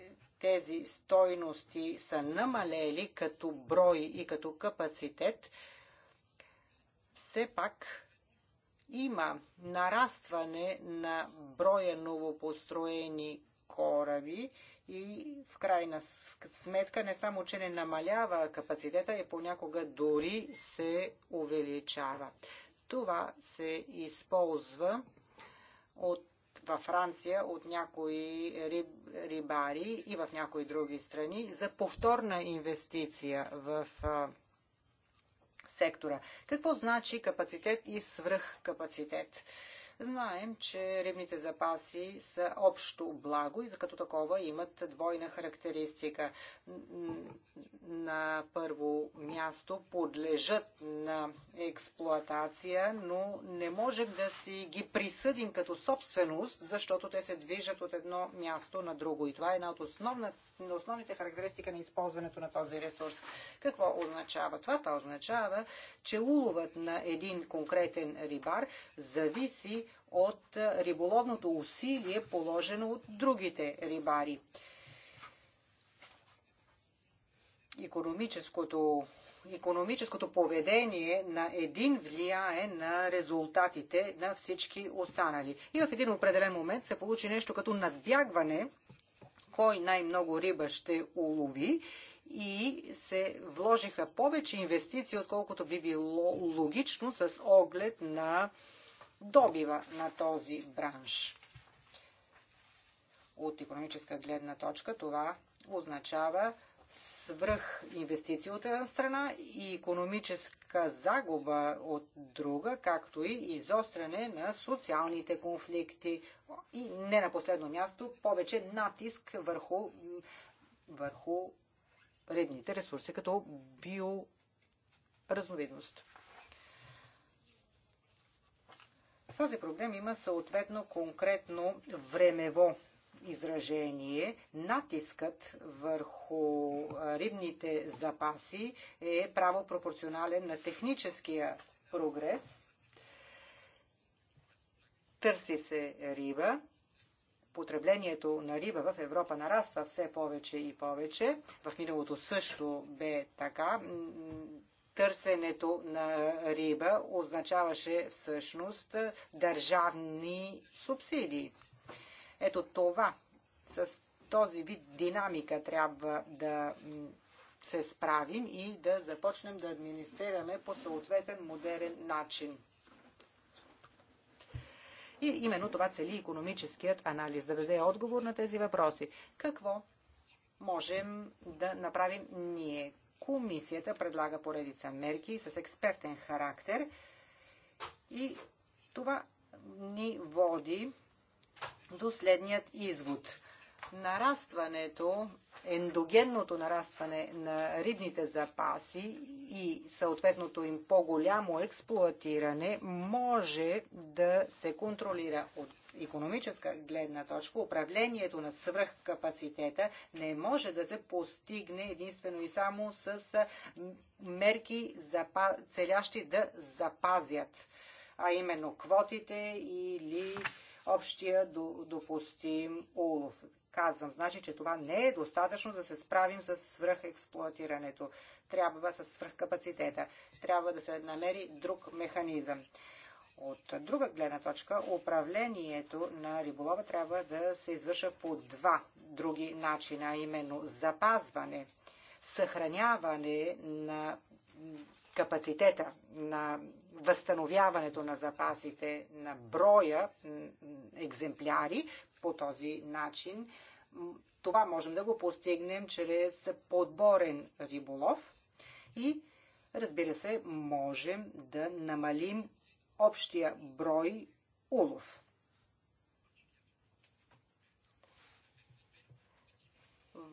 тези стойности са намалели като брой и като капацитет, все пак има нарастване на броя новопостроени кораби и в крайна сметка не само, че не намалява капацитета, и понякога дори се увеличава. Това се използва от, във Франция от някои риб, рибари и в някои други страни за повторна инвестиция в а, сектора. Какво значи капацитет и свръхкапацитет? капацитет? Знаем, че рибните запаси са общо благо и като такова имат двойна характеристика. На първо място подлежат на експлоатация, но не можем да си ги присъдим като собственост, защото те се движат от едно място на друго. И това е една от основна, основните характеристики на използването на този ресурс. Какво означава това? Това означава, че уловът на един конкретен рибар зависи от риболовното усилие, положено от другите рибари. Економическото економическото поведение на един влияе на резултатите на всички останали. И в един определен момент се получи нещо като надбягване, кой най-много риба ще улови и се вложиха повече инвестиции, отколкото би било логично с оглед на добива на този бранш. От економическа гледна точка това означава свръх инвестиции от една страна и економическа загуба от друга, както и изостряне на социалните конфликти и не на последно място повече натиск върху, върху редните ресурси, като биоразновидност. Този проблем има съответно конкретно времево изражение, натискът върху рибните запаси е право пропорционален на техническия прогрес. Търси се риба. Потреблението на риба в Европа нараства все повече и повече. В миналото също бе така търсенето на риба означаваше всъщност държавни субсидии. Ето това, с този вид динамика трябва да се справим и да започнем да администрираме по съответен модерен начин. И именно това цели економическият анализ, да даде отговор на тези въпроси. Какво можем да направим ние? комисията предлага поредица мерки с експертен характер и това ни води до следният извод. Нарастването, ендогенното нарастване на рибните запаси и съответното им по-голямо експлуатиране може да се контролира от економическа гледна точка управлението на свръхкапацитета не може да се постигне единствено и само с мерки, целящи да запазят, а именно квотите или общия допустим улов. Казвам, значи, че това не е достатъчно да се справим с свръхексплуатирането. Трябва с свръхкапацитета. Трябва да се намери друг механизъм. От друга гледна точка, управлението на риболова трябва да се извърша по два други начина, а именно запазване, съхраняване на капацитета, на възстановяването на запасите, на броя екземпляри по този начин. Това можем да го постигнем чрез подборен риболов и Разбира се, можем да намалим общия брой улов.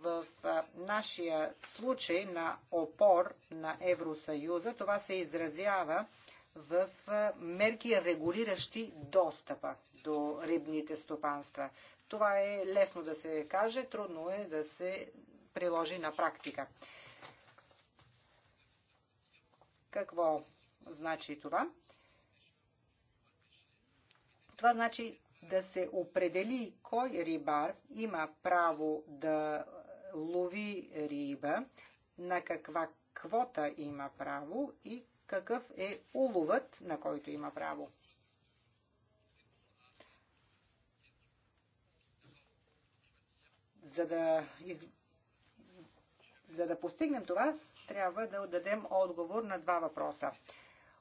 в нашия случай на опор на Евросъюза, това се изразява в мерки регулиращи достъпа до рибните стопанства. Това е лесно да се каже, трудно е да се приложи на практика. Какво значи това? Това значи да се определи кой рибар има право да лови риба, на каква квота има право и какъв е уловът, на който има право. За да, из... За да постигнем това, трябва да дадем отговор на два въпроса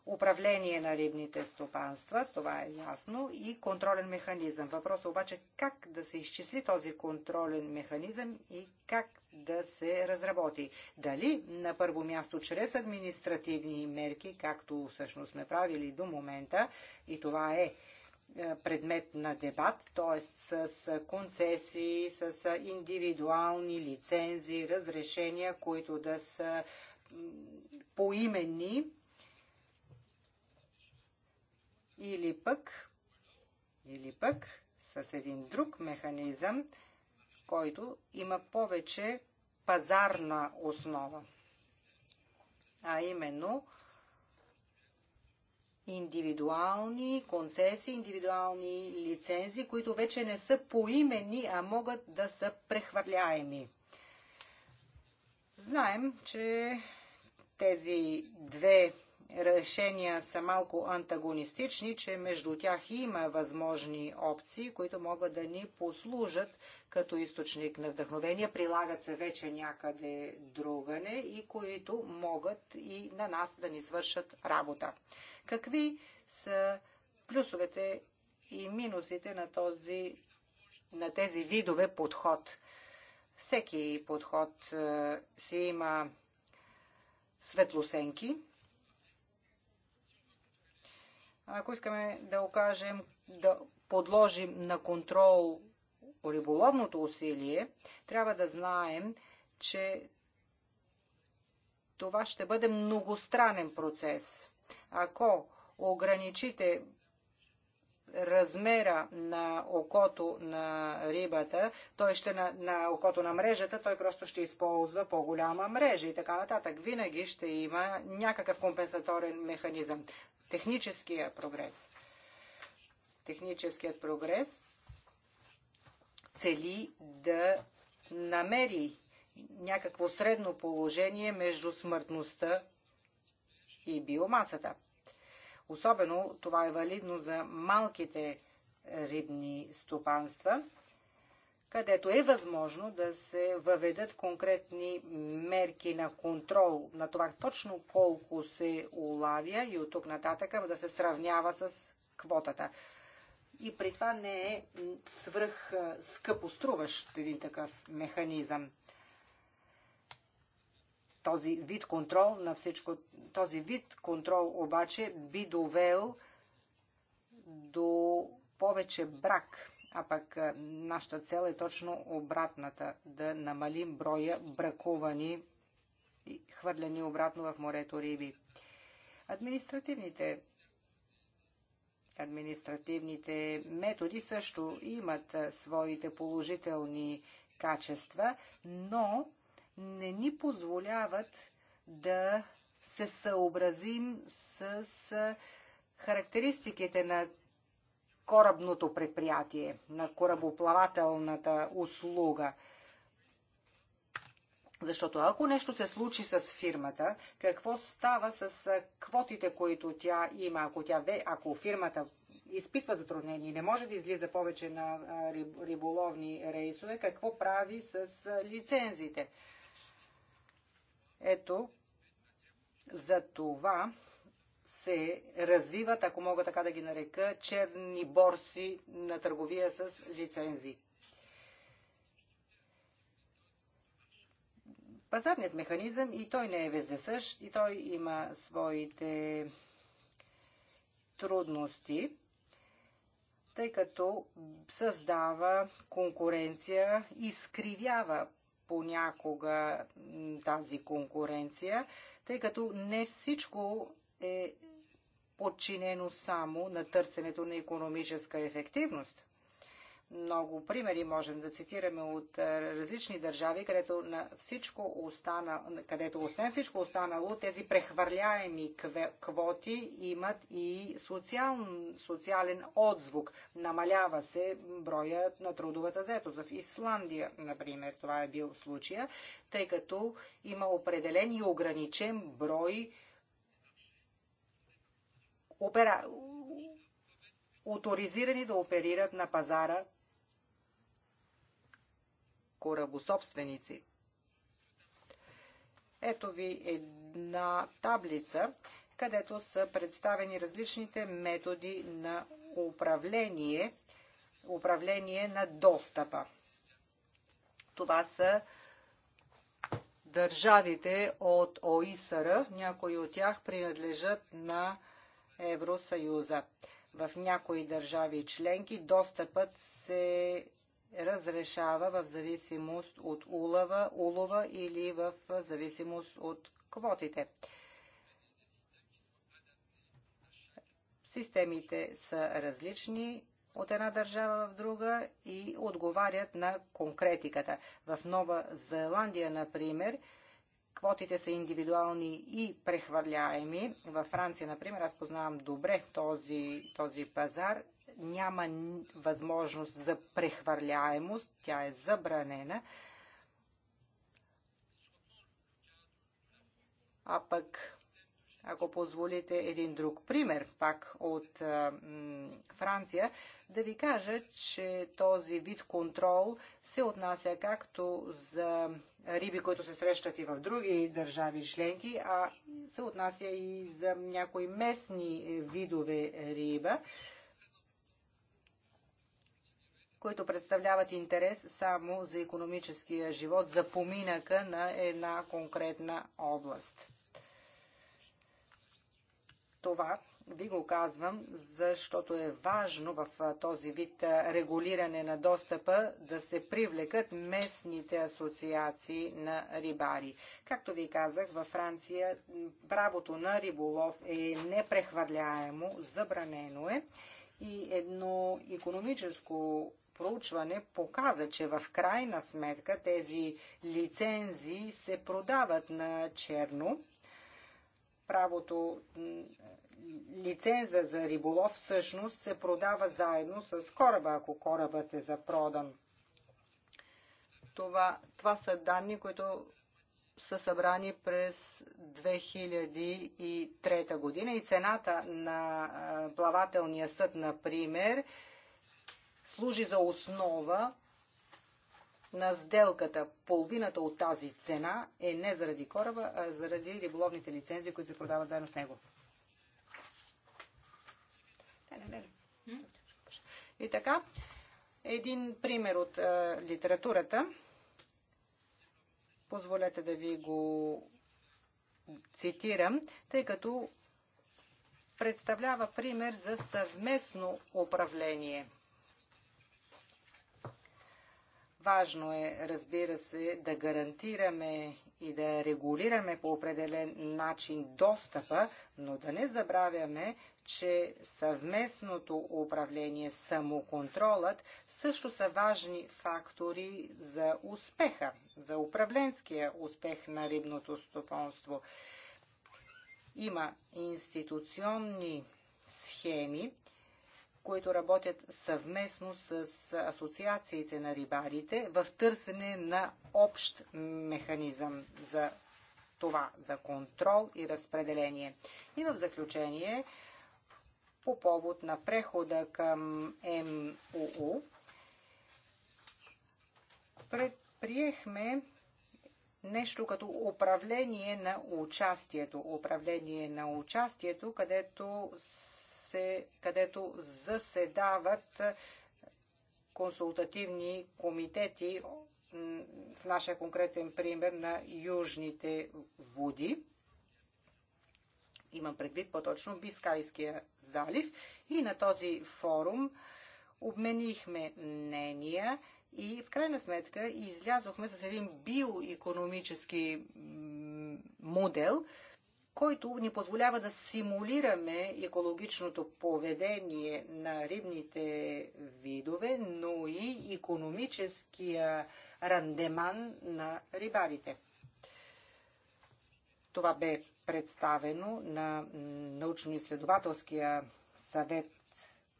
управление на рибните стопанства, това е ясно, и контролен механизъм. Въпросът обаче е как да се изчисли този контролен механизъм и как да се разработи. Дали на първо място чрез административни мерки, както всъщност сме правили до момента, и това е, е предмет на дебат, т.е. с концесии, с индивидуални лицензии, разрешения, които да са поименни или пък, или пък с един друг механизъм, който има повече пазарна основа, а именно индивидуални концесии, индивидуални лицензии, които вече не са поимени, а могат да са прехвърляеми. Знаем, че тези две решения са малко антагонистични, че между тях има възможни опции, които могат да ни послужат като източник на вдъхновение, прилагат се вече някъде другане и които могат и на нас да ни свършат работа. Какви са плюсовете и минусите на, този, на тези видове подход? Всеки подход е, си има светлосенки – ако искаме да окажем, да подложим на контрол риболовното усилие, трябва да знаем, че това ще бъде многостранен процес. Ако ограничите размера на окото на рибата, той ще на, на окото на мрежата, той просто ще използва по-голяма мрежа и така нататък. Винаги ще има някакъв компенсаторен механизъм. Техническия прогрес. Техническият прогрес цели да намери някакво средно положение между смъртността и биомасата. Особено това е валидно за малките рибни стопанства, където е възможно да се въведат конкретни мерки на контрол на това точно колко се улавя и от тук нататък да се сравнява с квотата. И при това не е свръх скъпоструващ един такъв механизъм. Този вид контрол на всичко, този вид контрол обаче би довел до повече брак. А пък нашата цел е точно обратната да намалим броя бракувани и хвърляни обратно в морето риби. Административните административните методи също имат своите положителни качества, но не ни позволяват да се съобразим с характеристиките на корабното предприятие, на корабоплавателната услуга. Защото ако нещо се случи с фирмата, какво става с квотите, които тя има? Ако, тя, ако фирмата изпитва затруднение и не може да излиза повече на риболовни рейсове, какво прави с лицензите? Ето, за това се развиват, ако мога така да ги нарека, черни борси на търговия с лицензи. Пазарният механизъм и той не е вездесъщ, и той има своите трудности, тъй като създава конкуренция, изкривява понякога тази конкуренция, тъй като не всичко е подчинено само на търсенето на економическа ефективност. Много примери можем да цитираме от различни държави, където, на всичко остана, където освен всичко останало, тези прехвърляеми квоти имат и социал, социален отзвук. Намалява се броят на трудовата заетост. В Исландия, например, това е бил случая, тъй като има определен и ограничен брой опера... Оторизирани да оперират на пазара корабособственици. Ето ви една таблица, където са представени различните методи на управление, управление на достъпа. Това са държавите от ОИСР, някои от тях принадлежат на Евросъюза. В някои държави членки достъпът се разрешава в зависимост от улова, улова или в зависимост от квотите. Системите са различни от една държава в друга и отговарят на конкретиката. В Нова Зеландия, например, квотите са индивидуални и прехвърляеми. Във Франция, например, аз познавам добре този, този пазар няма възможност за прехвърляемост, тя е забранена. А пък, ако позволите един друг пример, пак от а, Франция, да ви кажа, че този вид контрол се отнася както за риби, които се срещат и в други държави членки, а се отнася и за някои местни видове риба които представляват интерес само за економическия живот, за поминъка на една конкретна област. Това ви го казвам, защото е важно в този вид регулиране на достъпа да се привлекат местните асоциации на рибари. Както ви казах, във Франция правото на риболов е непрехвърляемо, забранено е и едно економическо проучване показа, че в крайна сметка тези лицензии се продават на черно. Правото лиценза за риболов всъщност се продава заедно с кораба, ако корабът е запродан. Това, това са данни, които са събрани през 2003 година и цената на плавателния съд, например, служи за основа на сделката. Половината от тази цена е не заради кораба, а заради риболовните лицензии, които се продават заедно с него. Е, И така, един пример от а, литературата. Позволете да ви го цитирам, тъй като представлява пример за съвместно управление – Важно е, разбира се, да гарантираме и да регулираме по определен начин достъпа, но да не забравяме, че съвместното управление, самоконтролът също са важни фактори за успеха, за управленския успех на рибното стопонство. Има институционни схеми, които работят съвместно с асоциациите на рибарите в търсене на общ механизъм за това, за контрол и разпределение. И в заключение, по повод на прехода към МУУ, предприехме нещо като управление на участието. Управление на участието, където се, където заседават консултативни комитети, в нашия конкретен пример на южните води. Имам предвид по-точно Бискайския залив и на този форум обменихме мнения и в крайна сметка излязохме с един биоекономически модел – който ни позволява да симулираме екологичното поведение на рибните видове, но и економическия рандеман на рибарите. Това бе представено на научно-изследователския съвет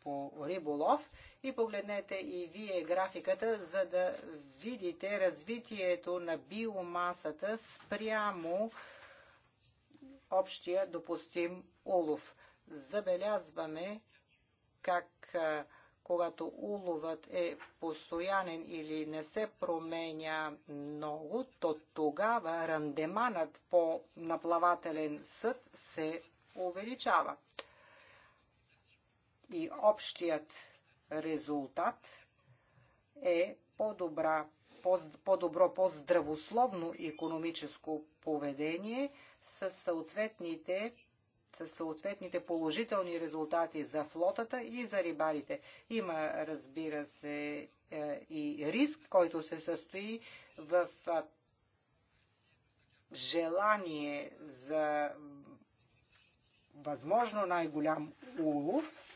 по риболов и погледнете и вие графиката, за да видите развитието на биомасата спрямо общия допустим улов. Забелязваме как когато уловът е постоянен или не се променя много, то тогава рандеманът по наплавателен съд се увеличава. И общият резултат е по-добра по-добро, по-здравословно економическо поведение с съответните със съответните положителни резултати за флотата и за рибарите. Има, разбира се, е, и риск, който се състои в желание за възможно най-голям улов,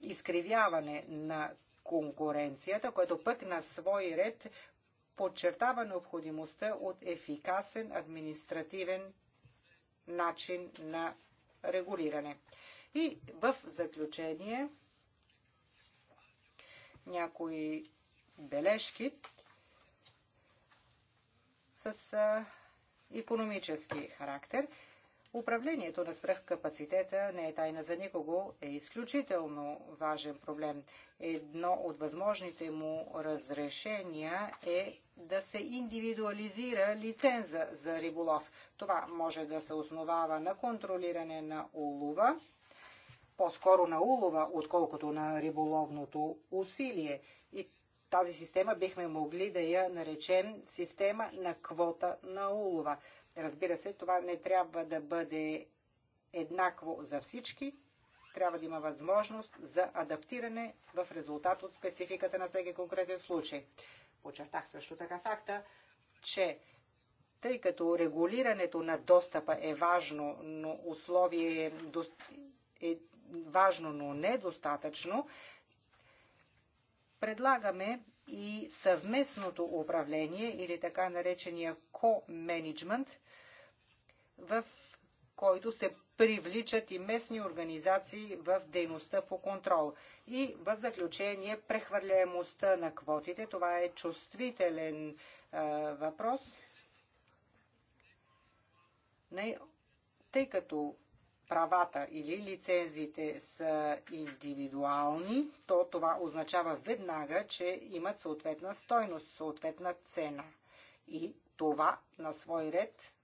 изкривяване на конкуренцията, което пък на свой ред подчертава необходимостта от ефикасен административен начин на регулиране. И в заключение някои бележки с а, економически характер. Управлението на свръхкапацитета не е тайна за никого, е изключително важен проблем. Едно от възможните му разрешения е да се индивидуализира лиценза за риболов. Това може да се основава на контролиране на улова, по-скоро на улова, отколкото на риболовното усилие. И тази система бихме могли да я наречем система на квота на улова. Разбира се, това не трябва да бъде еднакво за всички. Трябва да има възможност за адаптиране в резултат от спецификата на всеки конкретен случай. Очертах също така факта, че тъй като регулирането на достъпа е важно, но условие е, до... е важно, но недостатъчно, предлагаме и съвместното управление или така наречения ко-менеджмент, в който се привличат и местни организации в дейността по контрол. И в заключение прехвърляемостта на квотите. Това е чувствителен а, въпрос. Не, тъй като правата или лицензиите са индивидуални, то това означава веднага, че имат съответна стойност, съответна цена. И това на свой ред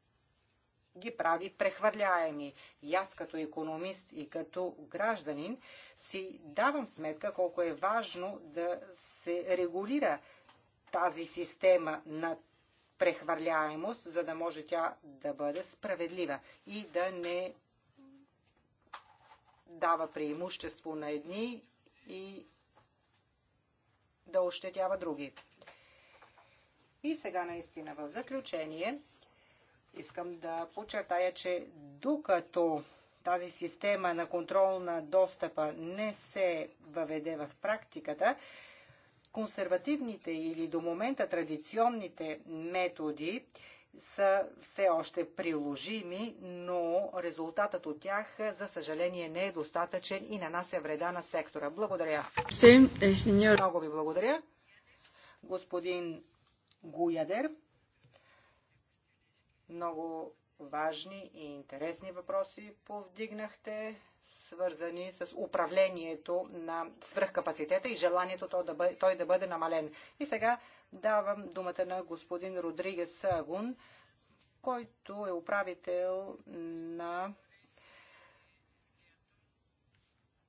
ги прави прехвърляеми. И аз като економист и като гражданин си давам сметка колко е важно да се регулира тази система на прехвърляемост, за да може тя да бъде справедлива и да не дава преимущество на едни и да ощетява други. И сега наистина в заключение Искам да подчертая, че докато тази система на контрол на достъпа не се въведе в практиката, консервативните или до момента традиционните методи са все още приложими, но резултатът от тях, за съжаление, не е достатъчен и на нас е вреда на сектора. Благодаря. Е, Много ви благодаря. Господин Гуядер. Много важни и интересни въпроси повдигнахте, свързани с управлението на свръхкапацитета и желанието той да бъде, той да бъде намален. И сега давам думата на господин Родригес Сагун, който е управител на,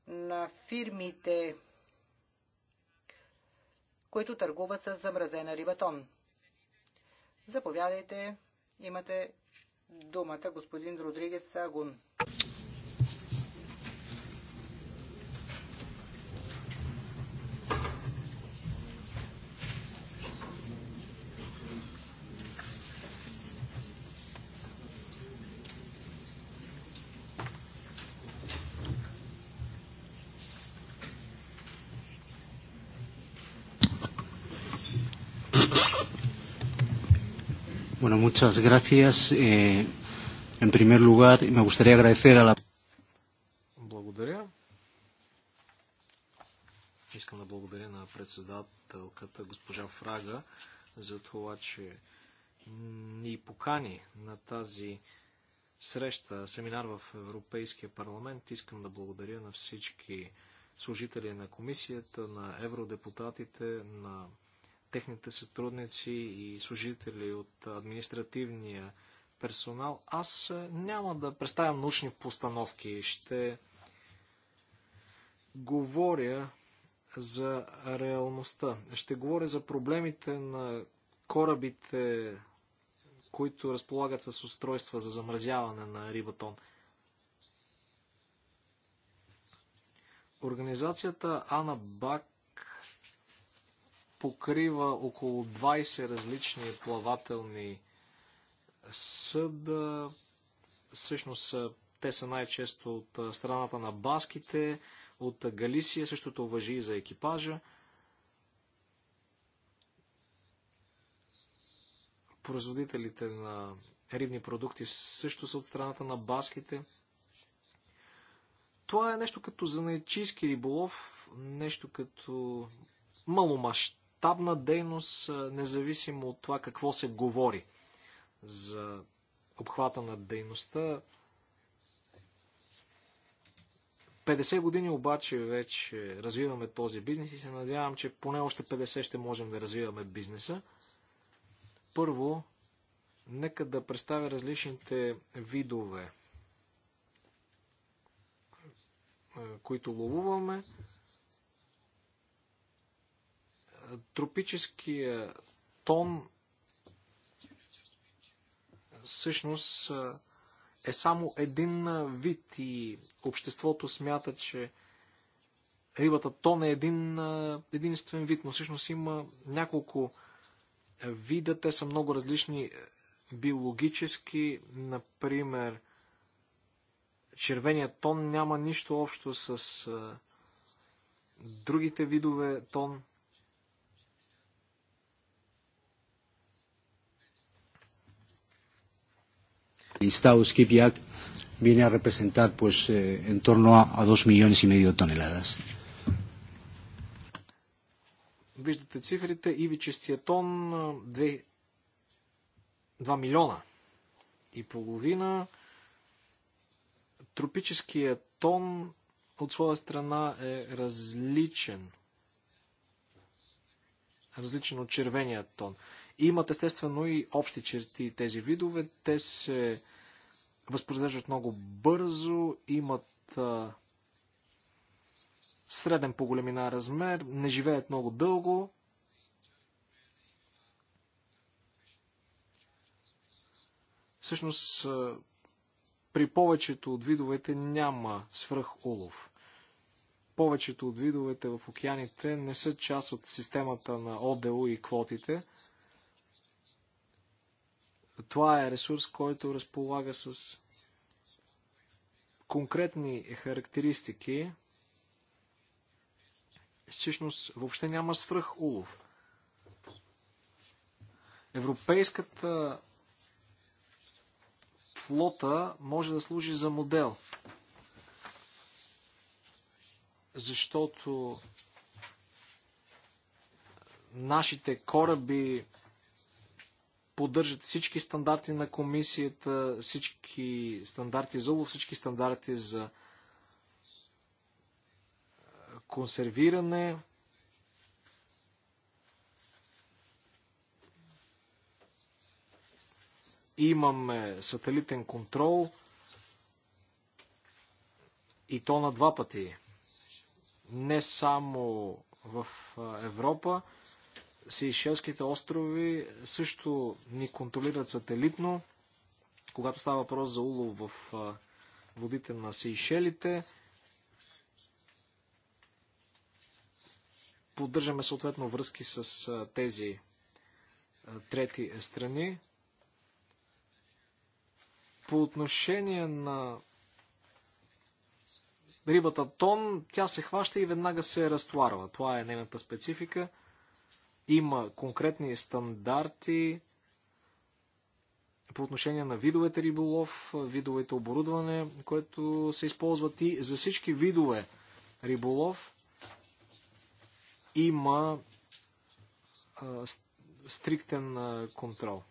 на фирмите, които търгуват с замразена рибатон. Заповядайте Имате думата, господин Родригес Сагун. Muchas gracias. Eh, en primer lugar, me gustaría agradecer a la. Благодаря. Искам да благодаря на председателката госпожа Фрага за това, че ни покани на тази среща, семинар в Европейския парламент. Искам да благодаря на всички служители на комисията, на евродепутатите, на техните сътрудници и служители от административния персонал. Аз е, няма да представям научни постановки. Ще говоря за реалността. Ще говоря за проблемите на корабите, които разполагат с устройства за замразяване на рибатон. Организацията Ана Бак покрива около 20 различни плавателни съда. Всъщност те са най-често от страната на Баските, от Галисия, същото въжи и за екипажа. Производителите на рибни продукти също са от страната на Баските. Това е нещо като занайчийски риболов, нещо като маломащ мащабна дейност, независимо от това какво се говори за обхвата на дейността. 50 години обаче вече развиваме този бизнес и се надявам, че поне още 50 ще можем да развиваме бизнеса. Първо, нека да представя различните видове, които ловуваме. Тропическия тон всъщност е само един вид и обществото смята, че рибата тон е един единствен вид, но всъщност има няколко вида, те са много различни биологически, например, червеният тон няма нищо общо с другите видове тон. listado Skipiac viene a representar pues eh, en torno a, a dos millones y medio de toneladas. Виждате цифрите, ивичестия тон 2, 2 милиона и половина. Тропическия тон от своя страна е различен. Различен от червения тон. Имат естествено и общи черти тези видове. Те се възпроизвеждат много бързо, имат а, среден по големина размер, не живеят много дълго. Всъщност, а, при повечето от видовете няма свръх улов. Повечето от видовете в океаните не са част от системата на ОДО и квотите – това е ресурс, който разполага с конкретни характеристики. Всъщност, въобще няма свръх улов. Европейската флота може да служи за модел. Защото нашите кораби поддържат всички стандарти на комисията, всички стандарти за улов, всички стандарти за консервиране. Имаме сателитен контрол и то на два пъти. Не само в Европа, Сейшелските острови също ни контролират сателитно, когато става въпрос за улов в водите на Сейшелите. Поддържаме съответно връзки с тези трети страни. По отношение на рибата тон, тя се хваща и веднага се разтварва. Това е нейната специфика – има конкретни стандарти по отношение на видовете риболов, видовете оборудване, което се използват и за всички видове риболов има а, стриктен а, контрол.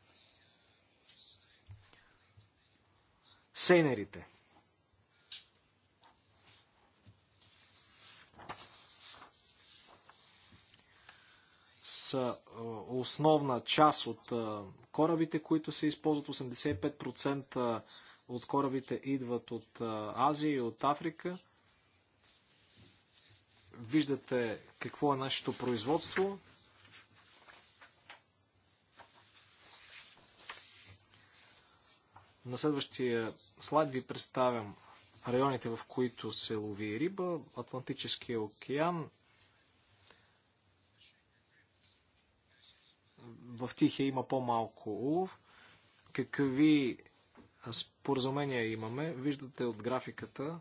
Сейнерите. са основна част от корабите, които се използват. 85% от корабите идват от Азия и от Африка. Виждате какво е нашето производство. На следващия слайд ви представям районите, в които се лови риба. Атлантическия океан, в Тихия има по-малко улов. Какви споразумения имаме? Виждате от графиката,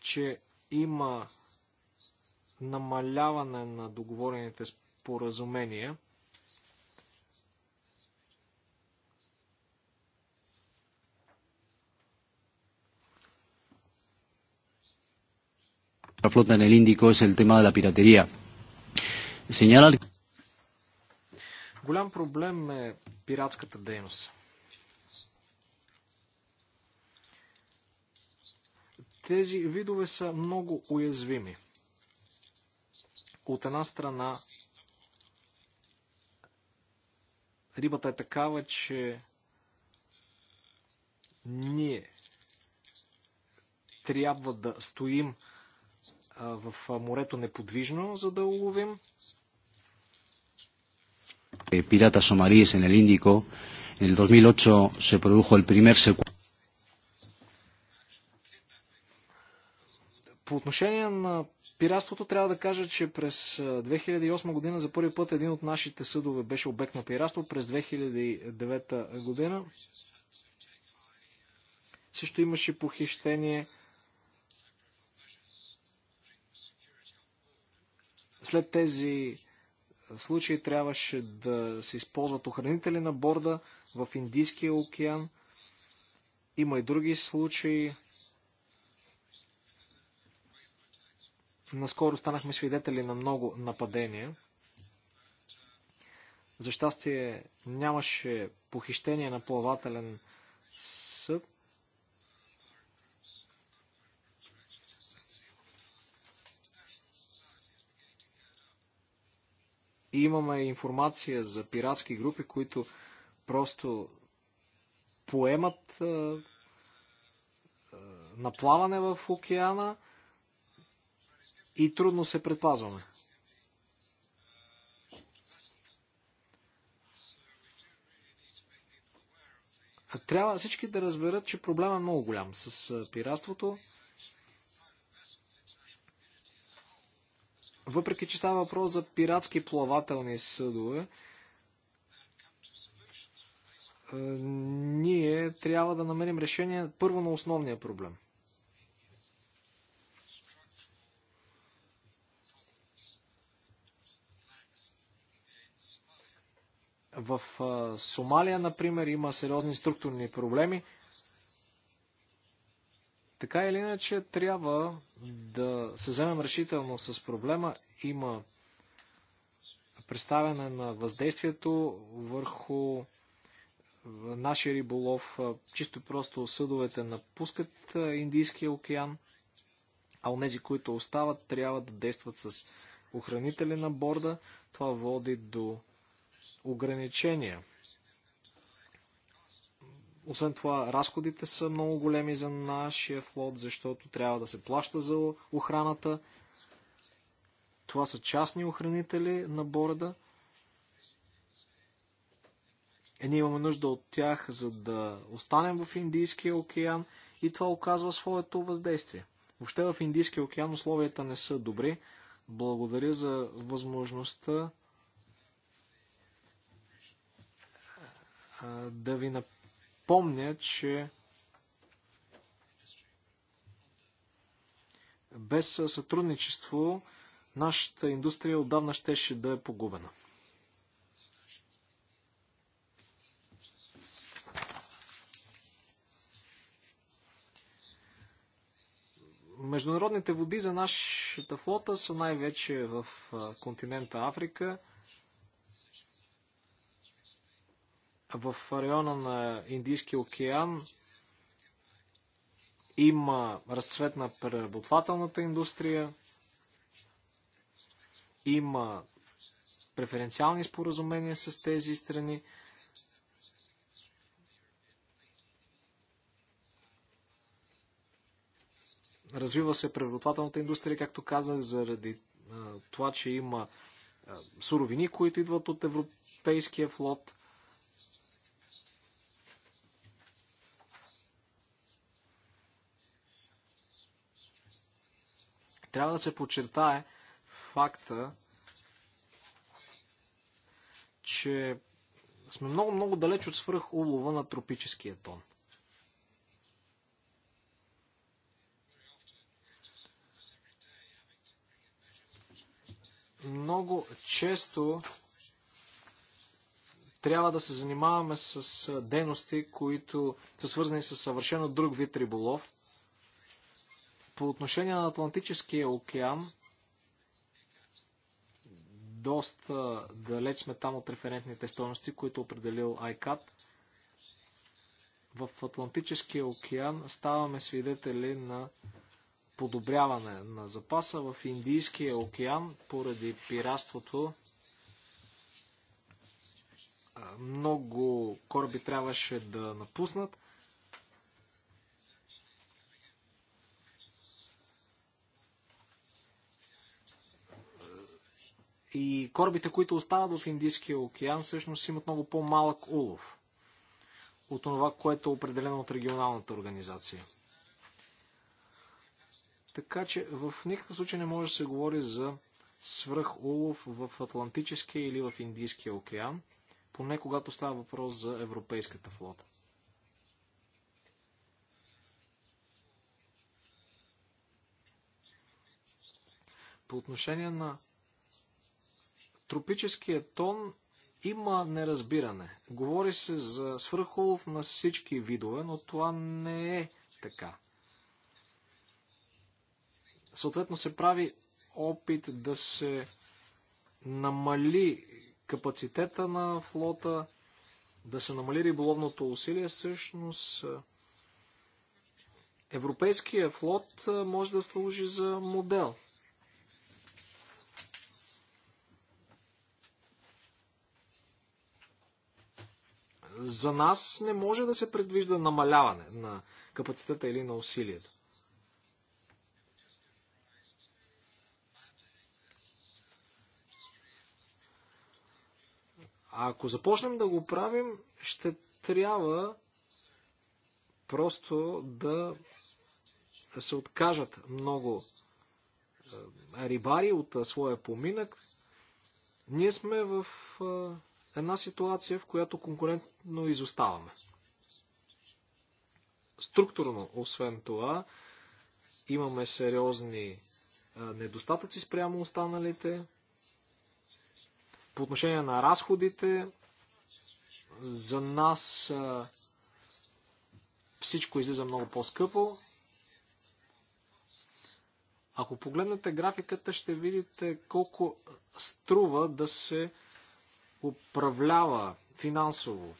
че има намаляване на договорените споразумения. flota en el Índico es el tema de la piratería. Синьора... Голям проблем е пиратската дейност. Тези видове са много уязвими. От една страна, рибата е такава, че ние трябва да стоим в морето неподвижно, за да уловим eh, piratas somalíes en el Índico. En el 2008 se produjo el primer secuestro. По отношение на пиратството трябва да кажа, че през 2008 година за първи път един от нашите съдове беше обект на пиратство. През 2009 година също имаше похищение. След тези случай трябваше да се използват охранители на борда в Индийския океан. Има и други случаи. Наскоро станахме свидетели на много нападения. За щастие нямаше похищение на плавателен съд. И имаме информация за пиратски групи, които просто поемат а, наплаване в океана и трудно се предпазваме. Трябва всички да разберат, че проблема е много голям с пиратството. Въпреки, че става въпрос за пиратски плавателни съдове, е, ние трябва да намерим решение първо на основния проблем. В е, Сомалия, например, има сериозни структурни проблеми. Така или иначе трябва да се вземем решително с проблема. Има представяне на въздействието върху нашия риболов. Чисто просто съдовете напускат Индийския океан, а онези, които остават, трябва да действат с охранители на борда. Това води до ограничения освен това, разходите са много големи за нашия флот, защото трябва да се плаща за охраната. Това са частни охранители на борда. Е, ние имаме нужда от тях, за да останем в Индийския океан и това оказва своето въздействие. Въобще в Индийския океан условията не са добри. Благодаря за възможността да ви напишем Помня, че без сътрудничество нашата индустрия отдавна щеше да е погубена. Международните води за нашата флота са най-вече в континента Африка – в района на Индийския океан има разцвет на преработвателната индустрия, има преференциални споразумения с тези страни. Развива се преработвателната индустрия, както казах, заради това, че има суровини, които идват от европейския флот – Трябва да се подчертае факта, че сме много-много далеч от свръх улова на тропическия тон. Много често трябва да се занимаваме с дейности, които са свързани с съвършено друг вид риболов. По отношение на Атлантическия океан, доста далеч сме там от референтните стоености, които е определил ICAT. В Атлантическия океан ставаме свидетели на подобряване на запаса в Индийския океан поради пиратството. Много кораби трябваше да напуснат. И корабите, които остават в Индийския океан, всъщност имат много по-малък улов от това, което е определено от регионалната организация. Така че в никакъв случай не може да се говори за свръхулов в Атлантическия или в Индийския океан, поне когато става въпрос за европейската флота. По отношение на тропическия тон има неразбиране. Говори се за свърхолов на всички видове, но това не е така. Съответно се прави опит да се намали капацитета на флота, да се намали риболовното усилие. Всъщност европейския флот може да служи за модел – за нас не може да се предвижда намаляване на капацитета или на усилието. А ако започнем да го правим, ще трябва просто да се откажат много е, рибари от е, своя поминък. Ние сме в е, една ситуация, в която конкурентно изоставаме. Структурно, освен това, имаме сериозни недостатъци спрямо останалите. По отношение на разходите, за нас всичко излиза много по-скъпо. Ако погледнете графиката, ще видите колко струва да се управлява финансово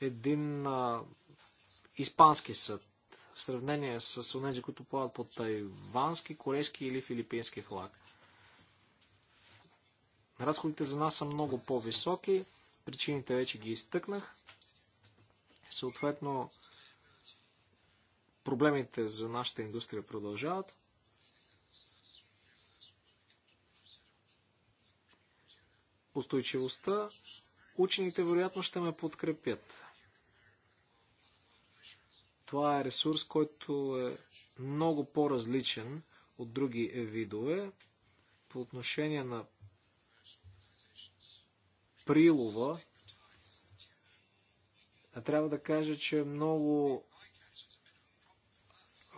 един а, испански съд в сравнение с тези, които плават под тайвански, корейски или филипински флаг. Разходите за нас са много по-високи. Причините вече ги изтъкнах. Съответно, проблемите за нашата индустрия продължават. устойчивостта, учените вероятно ще ме подкрепят. Това е ресурс, който е много по-различен от други е видове по отношение на прилова. Трябва да кажа, че много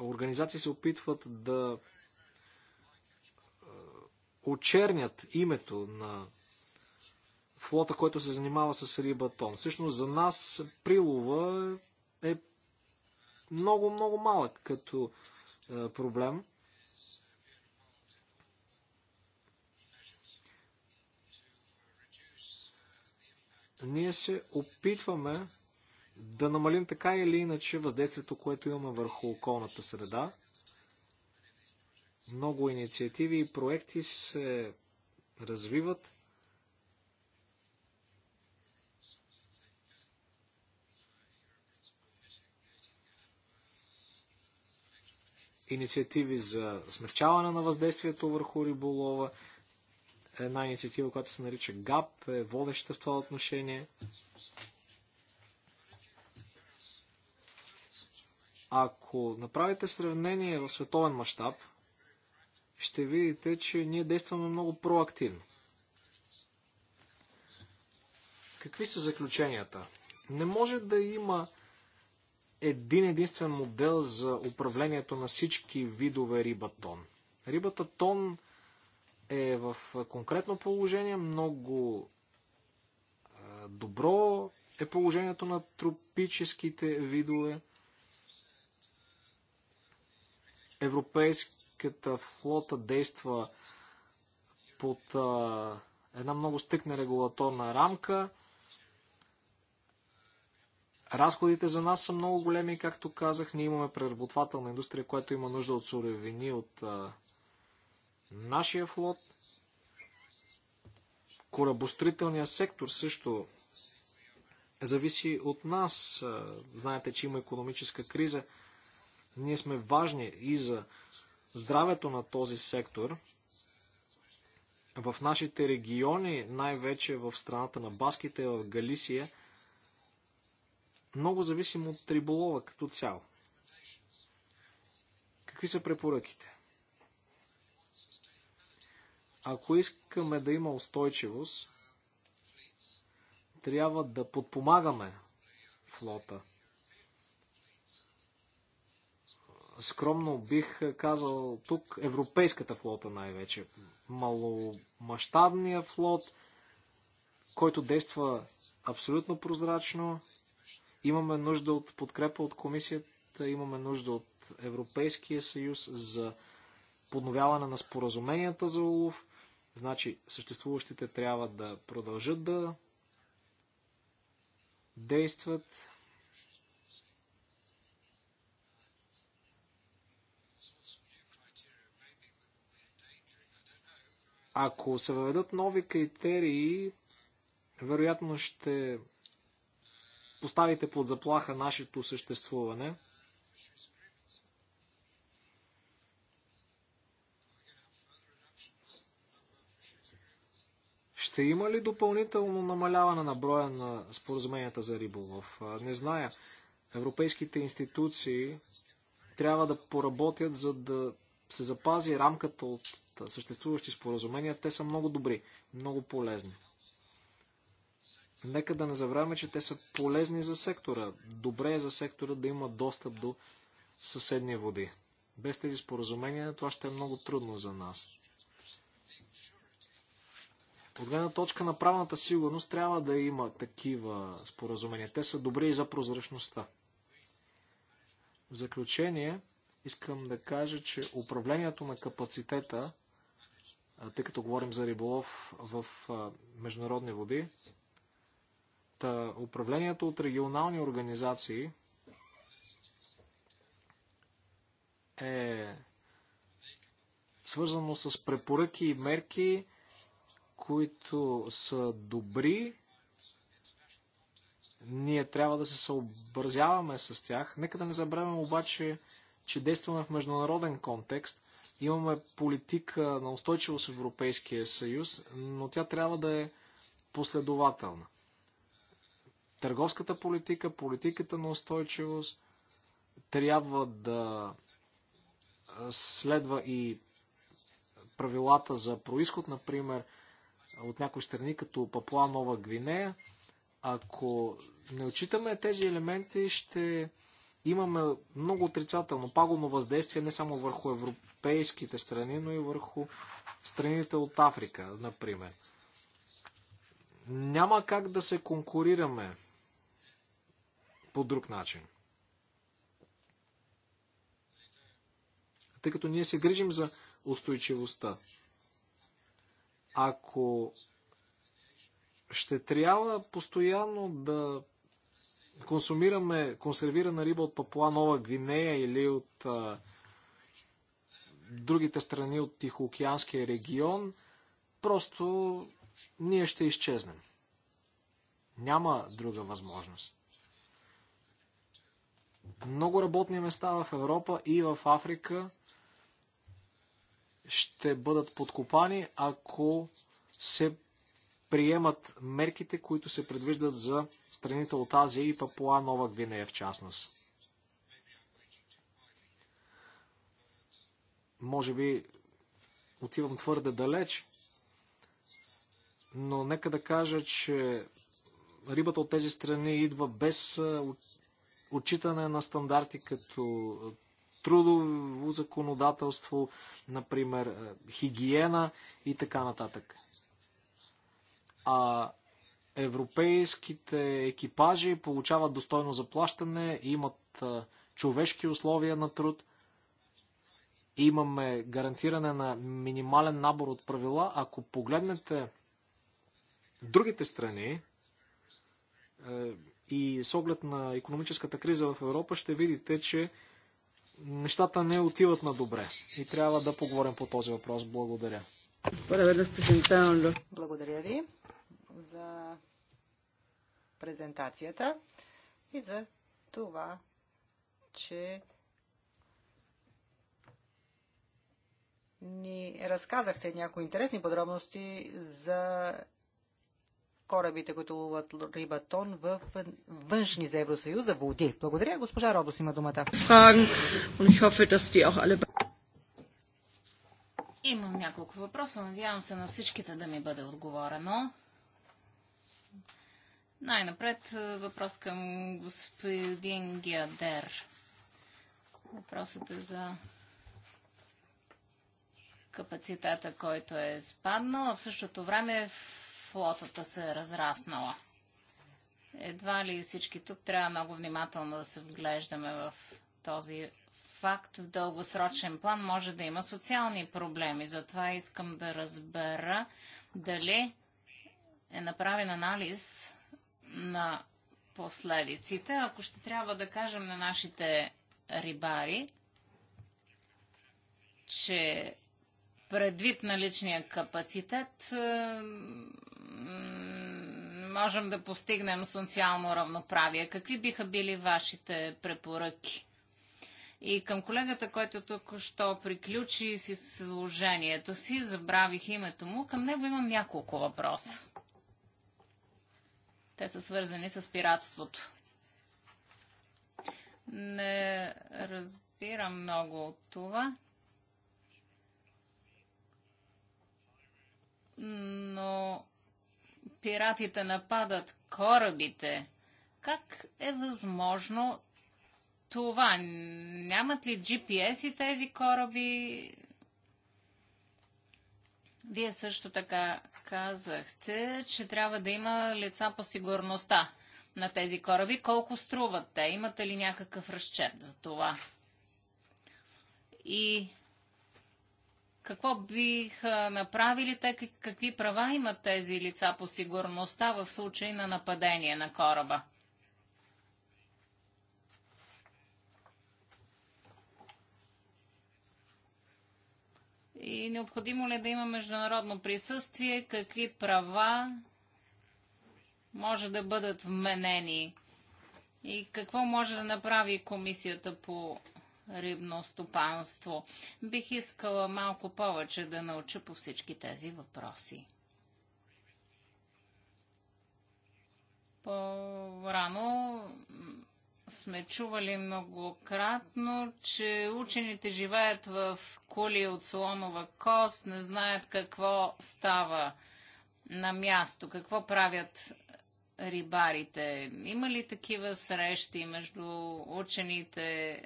организации се опитват да е, очернят името на флота, който се занимава с рибатон. Всъщност за нас прилова е много, много малък като е, проблем. Ние се опитваме да намалим така или иначе въздействието, което имаме върху околната среда. Много инициативи и проекти се развиват. инициативи за смягчаване на въздействието върху риболова. Една инициатива, която се нарича ГАП, е водеща в това отношение. Ако направите сравнение в световен мащаб, ще видите, че ние действаме много проактивно. Какви са заключенията? Не може да има един единствен модел за управлението на всички видове рибатон. Рибата тон е в конкретно положение, много добро е положението на тропическите видове. Европейската флота действа под а, една много стъкна регулаторна рамка. Разходите за нас са много големи, както казах. Ние имаме преработвателна индустрия, която има нужда от суровини, от а, нашия флот. Корабостроителният сектор също зависи от нас. Знаете, че има економическа криза. Ние сме важни и за здравето на този сектор. В нашите региони, най-вече в страната на Баските, в Галисия – много зависим от риболова като цяло. Какви са препоръките? Ако искаме да има устойчивост, трябва да подпомагаме флота. Скромно бих казал тук европейската флота най-вече. Маломащабният флот, който действа абсолютно прозрачно, Имаме нужда от подкрепа от комисията, имаме нужда от Европейския съюз за подновяване на споразуменията за улов. Значи съществуващите трябва да продължат да действат. Ако се въведат нови критерии, вероятно ще поставите под заплаха нашето съществуване. Ще има ли допълнително намаляване на броя на споразуменията за риболов? Не зная. Европейските институции трябва да поработят, за да се запази рамката от съществуващи споразумения. Те са много добри, много полезни. Нека да не забравяме, че те са полезни за сектора. Добре е за сектора да има достъп до съседни води. Без тези споразумения това ще е много трудно за нас. От гледна точка на правната сигурност трябва да има такива споразумения. Те са добри и за прозрачността. В заключение искам да кажа, че управлението на капацитета, тъй като говорим за риболов в международни води, управлението от регионални организации е свързано с препоръки и мерки, които са добри. Ние трябва да се съобразяваме с тях. Нека да не забравяме обаче, че действаме в международен контекст. Имаме политика на устойчивост в Европейския съюз, но тя трябва да е последователна търговската политика, политиката на устойчивост трябва да следва и правилата за происход, например, от някои страни, като Папуа Нова Гвинея. Ако не отчитаме тези елементи, ще имаме много отрицателно, пагубно въздействие не само върху европейските страни, но и върху страните от Африка, например. Няма как да се конкурираме по друг начин. Тъй като ние се грижим за устойчивостта, ако ще трябва постоянно да консумираме консервирана риба от Папуа Нова Гвинея или от а, другите страни от Тихоокеанския регион, просто ние ще изчезнем. Няма друга възможност. Много работни места в Европа и в Африка ще бъдат подкопани, ако се приемат мерките, които се предвиждат за страните от Азия и Папуа Нова Гвинея в частност. Може би отивам твърде далеч, но нека да кажа, че рибата от тези страни идва без отчитане на стандарти като е, трудово законодателство, например, е, хигиена и така нататък. А европейските екипажи получават достойно заплащане, имат е, човешки условия на труд, имаме гарантиране на минимален набор от правила. Ако погледнете другите страни, и с оглед на економическата криза в Европа ще видите, че нещата не отиват на добре. И трябва да поговорим по този въпрос. Благодаря. Благодаря ви за презентацията и за това, че ни разказахте някои интересни подробности за корабите, които ловат рибатон в външни за Евросъюза води. Благодаря. Госпожа Робос има думата. Имам няколко въпроса. Надявам се на всичките да ми бъде отговорено. Най-напред е, въпрос към господин Гиадер. Въпросът е за капацитета, който е спаднал, а в същото време в флотата се е разраснала. Едва ли всички тук трябва много внимателно да се вглеждаме в този факт. В дългосрочен план може да има социални проблеми. Затова искам да разбера дали е направен анализ на последиците, ако ще трябва да кажем на нашите рибари, че предвид на личния капацитет, е, можем да постигнем социално равноправие. Какви биха били вашите препоръки? И към колегата, който тук що приключи с изложението си, забравих името му, към него имам няколко въпроса. Те са свързани с пиратството. Не разбирам много от това. но пиратите нападат корабите. Как е възможно това? Нямат ли GPS и тези кораби? Вие също така казахте, че трябва да има лица по сигурността на тези кораби. Колко струват те? Имате ли някакъв разчет за това? И какво биха направили те, какви права имат тези лица по сигурността в случай на нападение на кораба? И необходимо ли е да има международно присъствие, какви права може да бъдат вменени и какво може да направи комисията по рибно стопанство. Бих искала малко повече да науча по всички тези въпроси. По-рано сме чували многократно, че учените живеят в кули от слонова кост, не знаят какво става на място, какво правят рибарите. Има ли такива срещи между учените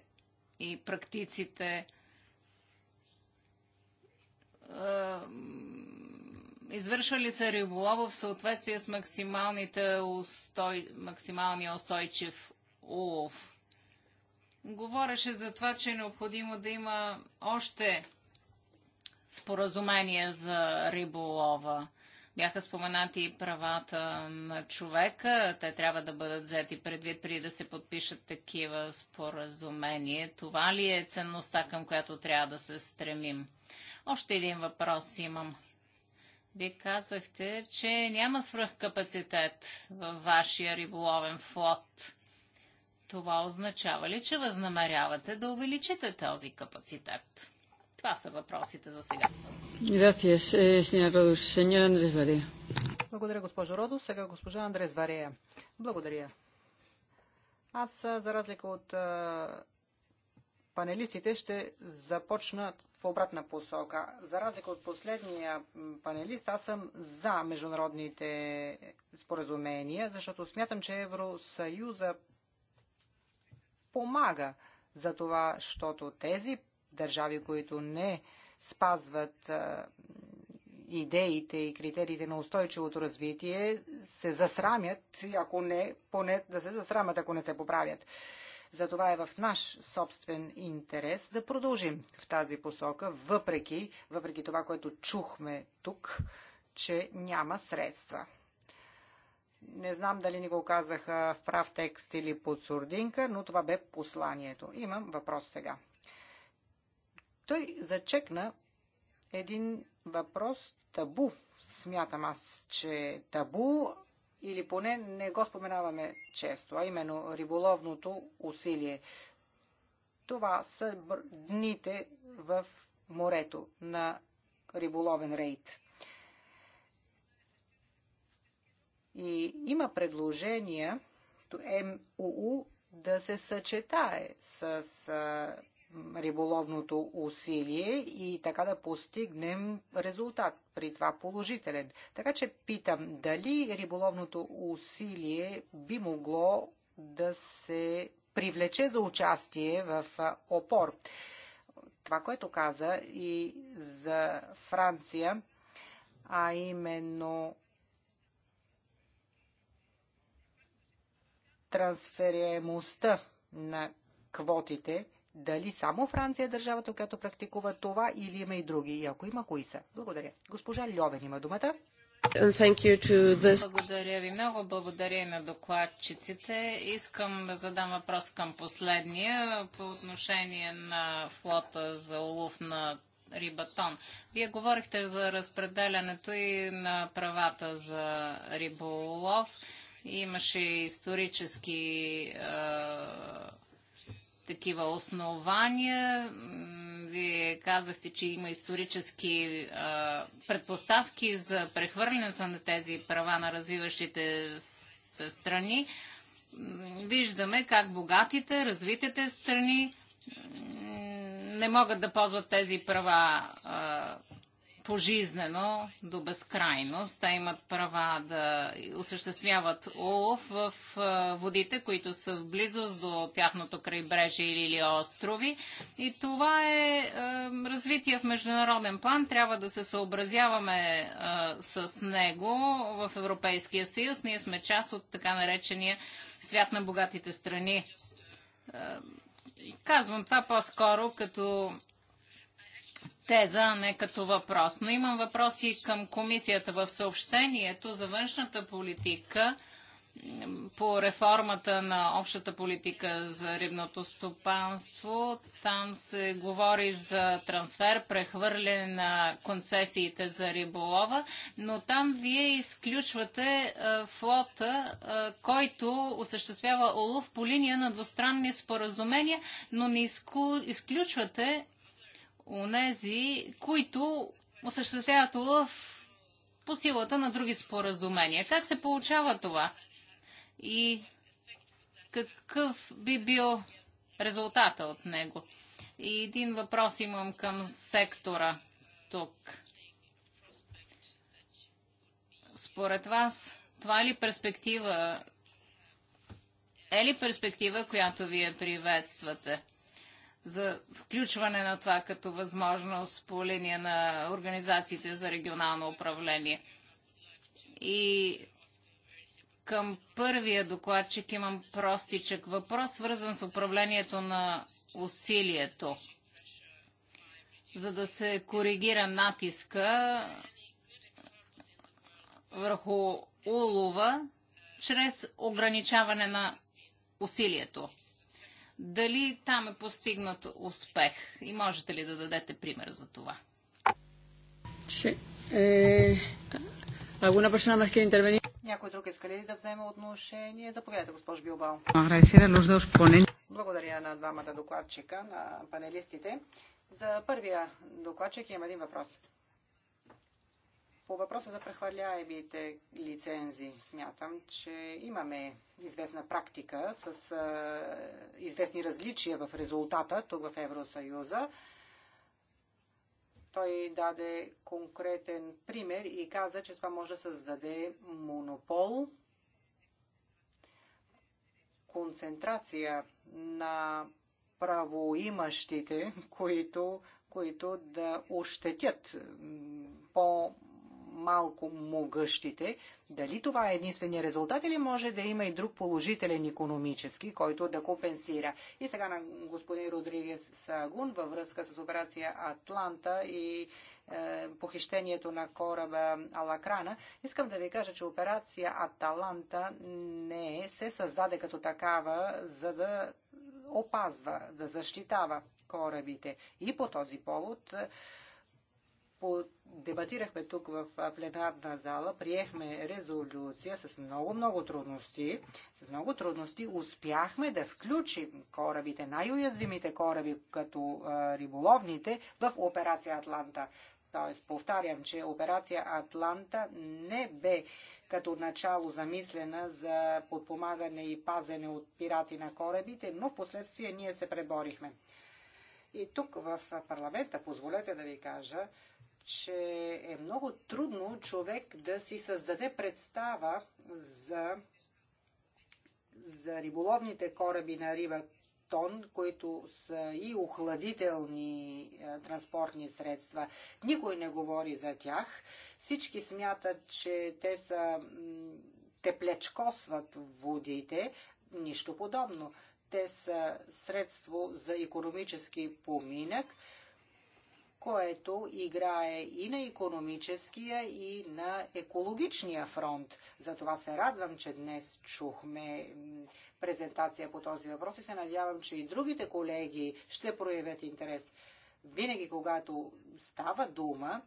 и практиците. Извършва ли се риболова в съответствие с максималните устой... максималния устойчив улов? Говореше за това, че е необходимо да има още споразумение за риболова. Бяха споменати правата на човека. Те трябва да бъдат взети предвид при да се подпишат такива споразумения. Това ли е ценността, към която трябва да се стремим? Още един въпрос имам. Вие казахте, че няма свръхкапацитет във вашия риболовен флот. Това означава ли, че възнамерявате да увеличите този капацитет? Това са въпросите за сега. Eh, Благодаря, госпожо Родос. Сега госпожа Андрес Варея. Благодаря. Аз, за разлика от панелистите, ще започна в обратна посока. За разлика от последния панелист, аз съм за международните споразумения, защото смятам, че Евросъюза помага за това, защото тези държави, които не спазват идеите и критериите на устойчивото развитие, се засрамят, ако не, поне да се засрамят, ако не се поправят. Затова е в наш собствен интерес да продължим в тази посока, въпреки, въпреки това, което чухме тук, че няма средства. Не знам дали ни го казаха в прав текст или под сурдинка, но това бе посланието. Имам въпрос сега. Той зачекна един въпрос табу. Смятам аз, че табу или поне не го споменаваме често, а именно риболовното усилие. Това са дните в морето на риболовен рейд. И има предложение МУУ да се съчетае с риболовното усилие и така да постигнем резултат, при това положителен. Така че питам, дали риболовното усилие би могло да се привлече за участие в опор. Това, което каза и за Франция, а именно трансфериемостта на квотите – дали само Франция е държавата, която практикува това или има и други? И ако има, кои са? Благодаря. Госпожа Льовен има думата. Благодаря ви много. Благодаря на докладчиците. Искам да задам въпрос към последния по отношение на флота за улов на рибатон. Вие говорихте за разпределянето и на правата за риболов. Имаше исторически е, такива основания. Вие казахте, че има исторически а, предпоставки за прехвърлянето на тези права на развиващите се страни. Виждаме как богатите, развитите страни не могат да ползват тези права а, пожизнено до безкрайност. Те имат права да осъществяват улов в водите, които са в близост до тяхното крайбрежие или острови. И това е, развитие в международен план. Трябва да се съобразяваме с него в Европейския съюз. Ние сме част от така наречения свят на богатите страни. казвам това по-скоро като теза, а не като въпрос. Но имам въпроси към комисията в съобщението за външната политика по реформата на общата политика за рибното стопанство. Там се говори за трансфер, прехвърляне на концесиите за риболова, но там вие изключвате е, флота, е, който осъществява олов по линия на двустранни споразумения, но не изключвате онези, които осъществяват улъв по силата на други споразумения. Как се получава това? И какъв би бил резултата от него? И един въпрос имам към сектора тук. Според вас, това е ли перспектива? Е ли перспектива, която вие приветствате? за включване на това като възможност по линия на организациите за регионално управление. И към първия докладчик имам простичък въпрос, свързан с управлението на усилието. За да се коригира натиска върху улова чрез ограничаване на усилието. Дали там е постигнат успех? И можете ли да дадете пример за това? Sí. Eh, е, ¿Alguna persona más quiere intervenir? Някой друг иска ли да вземе отношение? Заповядайте, госпожо Билбао. Благодаря на двамата докладчика, на панелистите. За първия докладчик имам един въпрос. По въпроса за прехвърляемите лицензи, смятам, че имаме известна практика с а, известни различия в резултата тук в Евросъюза. Той даде конкретен пример и каза, че това може да създаде монопол, концентрация на правоимащите, които, които да ощетят по малко могъщите. Дали това е единствения резултат или може да има и друг положителен економически, който да компенсира? И сега на господин Родригес Сагун във връзка с операция Атланта и е, похищението на кораба Алакрана. Искам да ви кажа, че операция Аталанта не е, се създаде като такава, за да опазва, да защитава корабите. И по този повод е, дебатирахме тук в пленарна зала, приехме резолюция с много-много трудности. С много трудности успяхме да включим корабите, най-уязвимите кораби, като а, риболовните, в операция Атланта. Тоест, повтарям, че операция Атланта не бе като начало замислена за подпомагане и пазене от пирати на корабите, но в последствие ние се преборихме. И тук в парламента, позволете да ви кажа, че е много трудно човек да си създаде представа за, за риболовните кораби на риба тон, които са и охладителни е, транспортни средства. Никой не говори за тях. Всички смятат, че те са теплечкосват водите. Нищо подобно. Те са средство за економически поминък, което играе и на економическия, и на екологичния фронт. Затова се радвам, че днес чухме презентация по този въпрос и се надявам, че и другите колеги ще проявят интерес. Винаги, когато става дума,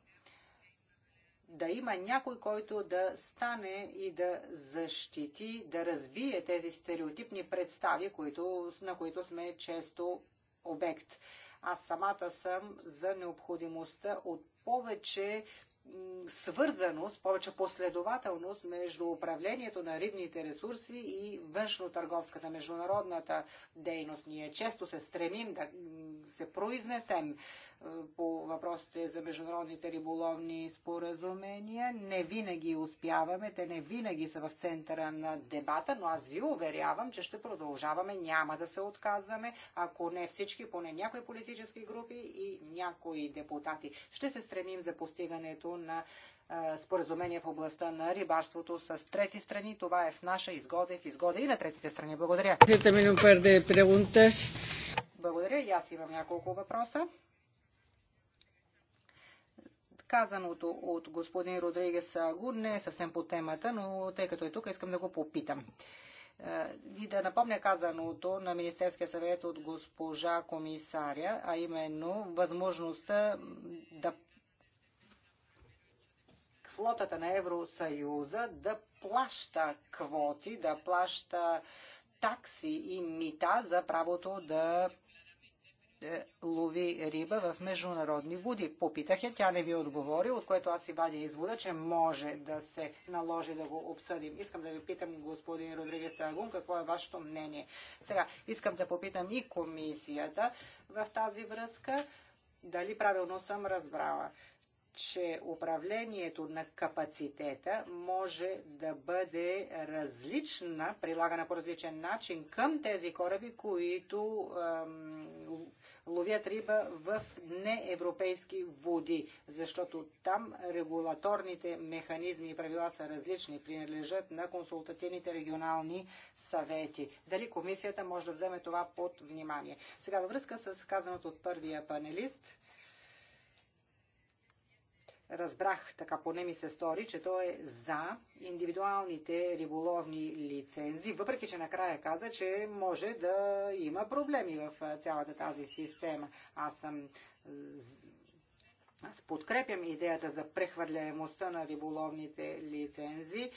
да има някой, който да стане и да защити, да разбие тези стереотипни представи, които, на които сме често обект. Аз самата съм за необходимостта от повече свързаност, повече последователност между управлението на рибните ресурси и външно-търговската международната дейност. Ние често се стремим да се произнесем е, по въпросите за международните риболовни споразумения. Не винаги успяваме, те не винаги са в центъра на дебата, но аз ви уверявам, че ще продължаваме, няма да се отказваме, ако не всички, поне някои политически групи и някои депутати. Ще се стремим за постигането на е, споразумение в областта на рибарството с трети страни. Това е в наша изгода и в изгода и на третите страни. Благодаря. Благодаря. И аз имам няколко въпроса. Казаното от господин Родригес Агу не е съвсем по темата, но тъй като е тук, искам да го попитам. Е, и да напомня казаното на Министерския съвет от госпожа комисаря, а именно възможността да флотата на Евросъюза да плаща квоти, да плаща такси и мита за правото да лови риба в международни води. Попитах я, тя не ви отговори, от което аз си вадя извода, че може да се наложи да го обсъдим. Искам да ви питам, господин Родригес Агун, какво е вашето мнение. Сега, искам да попитам и комисията в тази връзка, дали правилно съм разбрала че управлението на капацитета може да бъде различна, прилагана по различен начин към тези кораби, които ем, ловят риба в неевропейски води, защото там регулаторните механизми и правила са различни, принадлежат на консултативните регионални съвети. Дали комисията може да вземе това под внимание? Сега, във връзка с казаното от първия панелист, разбрах, така поне ми се стори, че той е за индивидуалните риболовни лицензи, въпреки че накрая каза, че може да има проблеми в цялата тази система. Аз съм аз подкрепям идеята за прехвърляемостта на риболовните лицензи.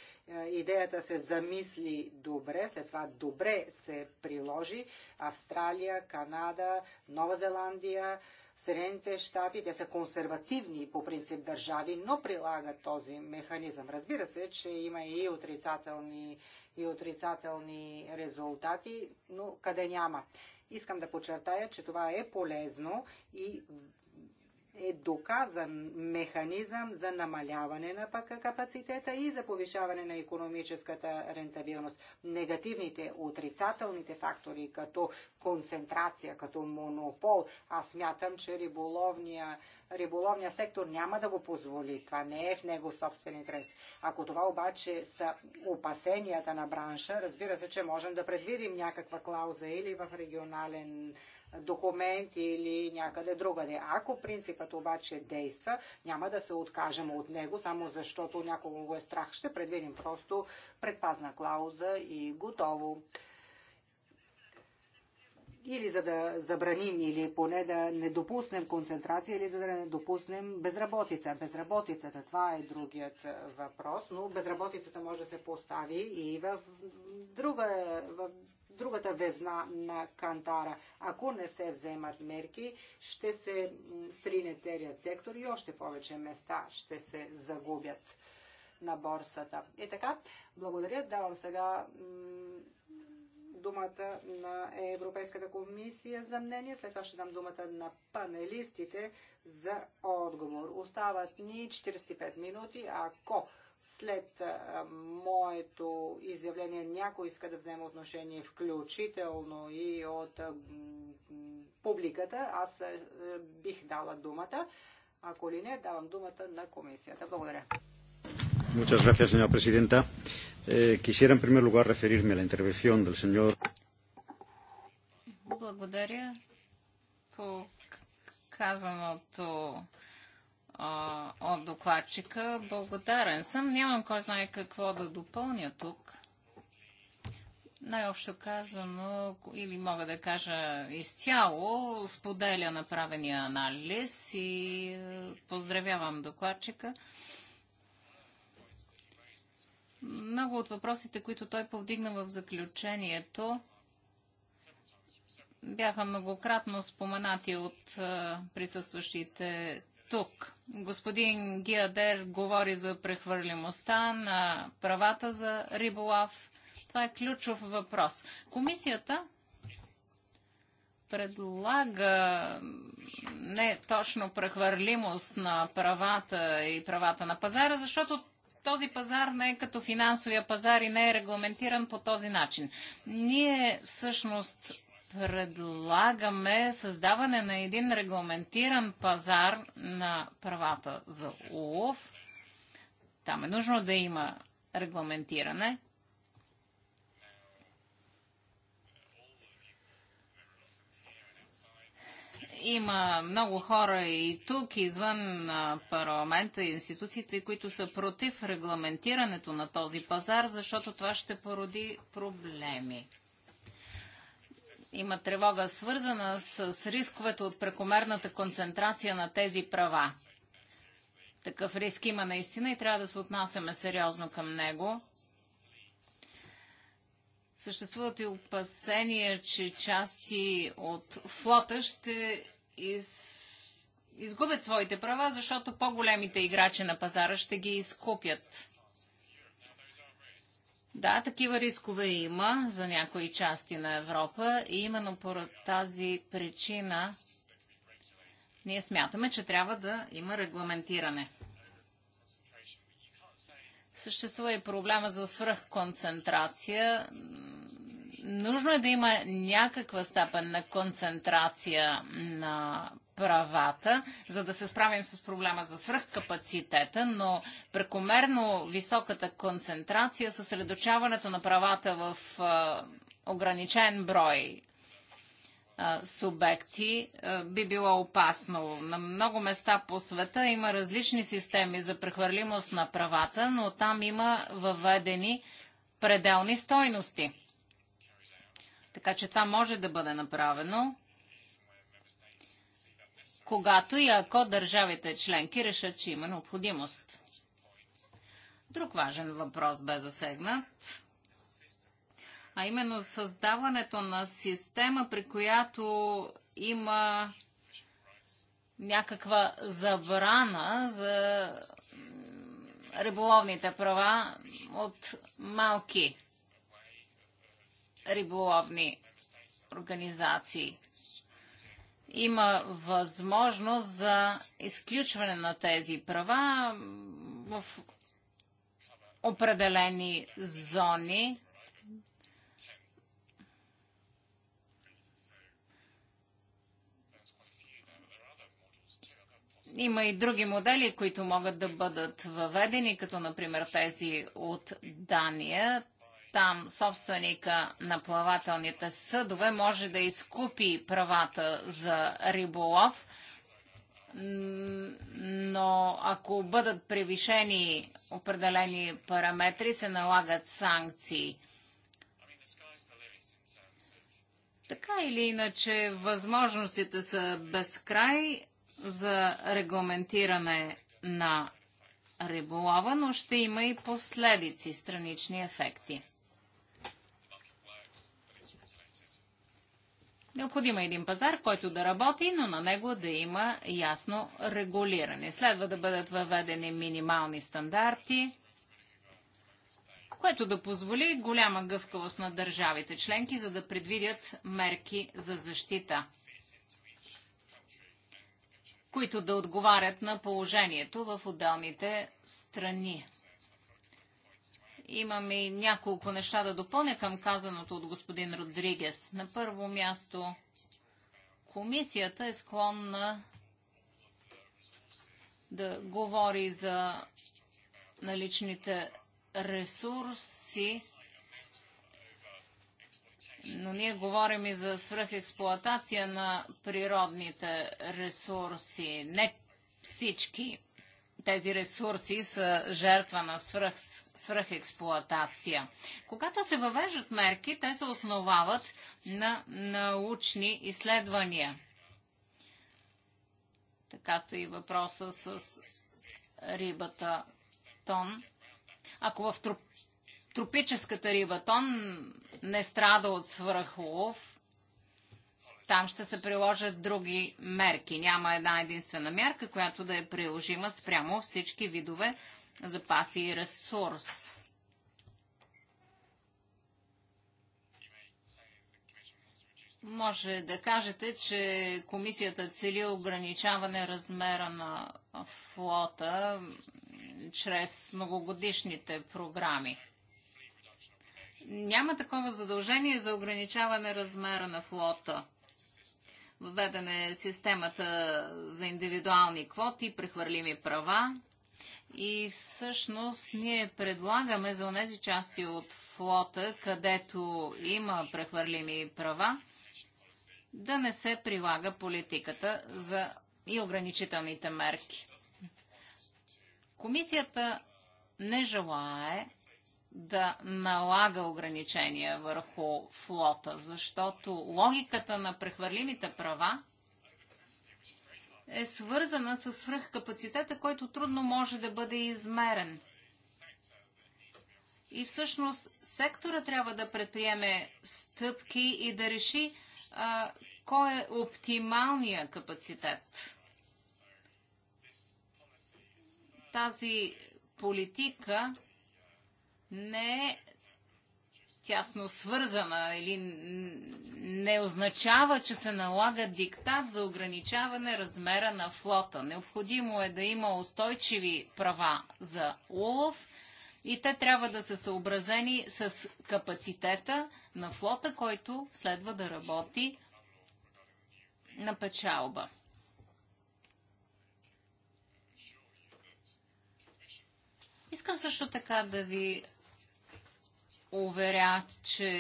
Идеята се замисли добре, след това добре се приложи. Австралия, Канада, Нова Зеландия, Съединените щати, те са консервативни по принцип държави, но прилагат този механизъм. Разбира се, че има и отрицателни, и отрицателни резултати, но къде няма. Искам да подчертая, че това е полезно и е доказан механизъм за намаляване на капацитета и за повишаване на економическата рентабилност. Негативните, отрицателните фактори, като концентрация, като монопол. Аз смятам, че риболовния, риболовния сектор няма да го позволи. Това не е в него собствен интерес. Ако това обаче са опасенията на бранша, разбира се, че можем да предвидим някаква клауза или в регионален документ или някъде другаде. Ако принципът обаче действа, няма да се откажем от него, само защото някого го е страх. Ще предвидим просто предпазна клауза и готово или за да забраним, или поне да не допуснем концентрация, или за да не допуснем безработица. Безработицата, това е другият е, въпрос, но безработицата може да се постави и в, друга, в другата везна на кантара. Ако не се вземат мерки, ще се срине целият сектор и още повече места ще се загубят на борсата. И така, благодаря, давам сега думата на Европейската комисия за мнение, след това ще дам думата на панелистите за отговор. Остават ни 45 минути, ако след моето изявление някой иска да вземе отношение, включително и от публиката, аз бих дала думата. Ако ли не, давам думата на комисията. Благодаря. Muchas gracias, señora presidenta. Eh, quisiera en primer lugar referirme a la intervención del señor. Благодаря по казаното а, от докладчика. Благодарен съм. Нямам кой знае какво да допълня тук. Най-общо казано, или мога да кажа изцяло, споделя направения анализ и е, поздравявам докладчика. А, много от въпросите, които той повдигна в заключението, бяха многократно споменати от присъстващите тук. Господин Гиадер говори за прехвърлимостта на правата за риболав. Това е ключов въпрос. Комисията предлага не точно прехвърлимост на правата и правата на пазара, защото този пазар не е като финансовия пазар и не е регламентиран по този начин. Ние всъщност предлагаме създаване на един регламентиран пазар на правата за улов. Там е нужно да има регламентиране, Има много хора и тук, извън парламента и институциите, които са против регламентирането на този пазар, защото това ще породи проблеми. Има тревога свързана с рисковете от прекомерната концентрация на тези права. Такъв риск има наистина и трябва да се отнасяме сериозно към него. Съществуват и опасения, че части от флота ще из... изгубят своите права, защото по-големите играчи на пазара ще ги изкупят. Да, такива рискове има за някои части на Европа и именно по тази причина ние смятаме, че трябва да има регламентиране. Съществува и проблема за свръхконцентрация. Нужно е да има някаква степен на концентрация на правата, за да се справим с проблема за свръхкапацитета, но прекомерно високата концентрация, съсредочаването на правата в ограничен брой субекти би било опасно. На много места по света има различни системи за прехвърлимост на правата, но там има въведени пределни стойности. Така че това може да бъде направено, когато и ако държавите членки решат, че има необходимост. Друг важен въпрос бе засегнат а именно създаването на система, при която има някаква забрана за риболовните права от малки риболовни организации. Има възможност за изключване на тези права в определени зони Има и други модели, които могат да бъдат въведени, като например тези от Дания. Там собственика на плавателните съдове може да изкупи правата за риболов, но ако бъдат превишени определени параметри, се налагат санкции. Така или иначе, възможностите са безкрай за регламентиране на риболова, но ще има и последици, странични ефекти. Необходим е един пазар, който да работи, но на него да има ясно регулиране. Следва да бъдат въведени минимални стандарти, което да позволи голяма гъвкавост на държавите членки, за да предвидят мерки за защита които да отговарят на положението в отделните страни. Имам и няколко неща да допълня към казаното от господин Родригес. На първо място, комисията е склонна да говори за наличните ресурси но ние говорим и за свръхексплоатация на природните ресурси. Не всички тези ресурси са жертва на свръх, свръхексплоатация. Когато се въвеждат мерки, те се основават на научни изследвания. Така стои въпроса с рибата тон. Ако в тропическата риба. Тон не страда от свръхлов. Там ще се приложат други мерки. Няма една единствена мярка, която да е приложима спрямо всички видове запаси и ресурс. Може да кажете, че комисията цели ограничаване размера на флота чрез многогодишните програми няма такова задължение за ограничаване размера на флота. Въведена е системата за индивидуални квоти, прехвърлими права. И всъщност ние предлагаме за тези части от флота, където има прехвърлими права, да не се прилага политиката за и ограничителните мерки. Комисията не желае да налага ограничения върху флота, защото логиката на прехвърлимите права е свързана с свръхкапацитета, който трудно може да бъде измерен. И всъщност сектора трябва да предприеме стъпки и да реши а, кой е оптималния капацитет. Тази политика не е тясно свързана или не означава, че се налага диктат за ограничаване размера на флота. Необходимо е да има устойчиви права за улов и те трябва да са съобразени с капацитета на флота, който следва да работи на печалба. Искам също така да ви уверят, че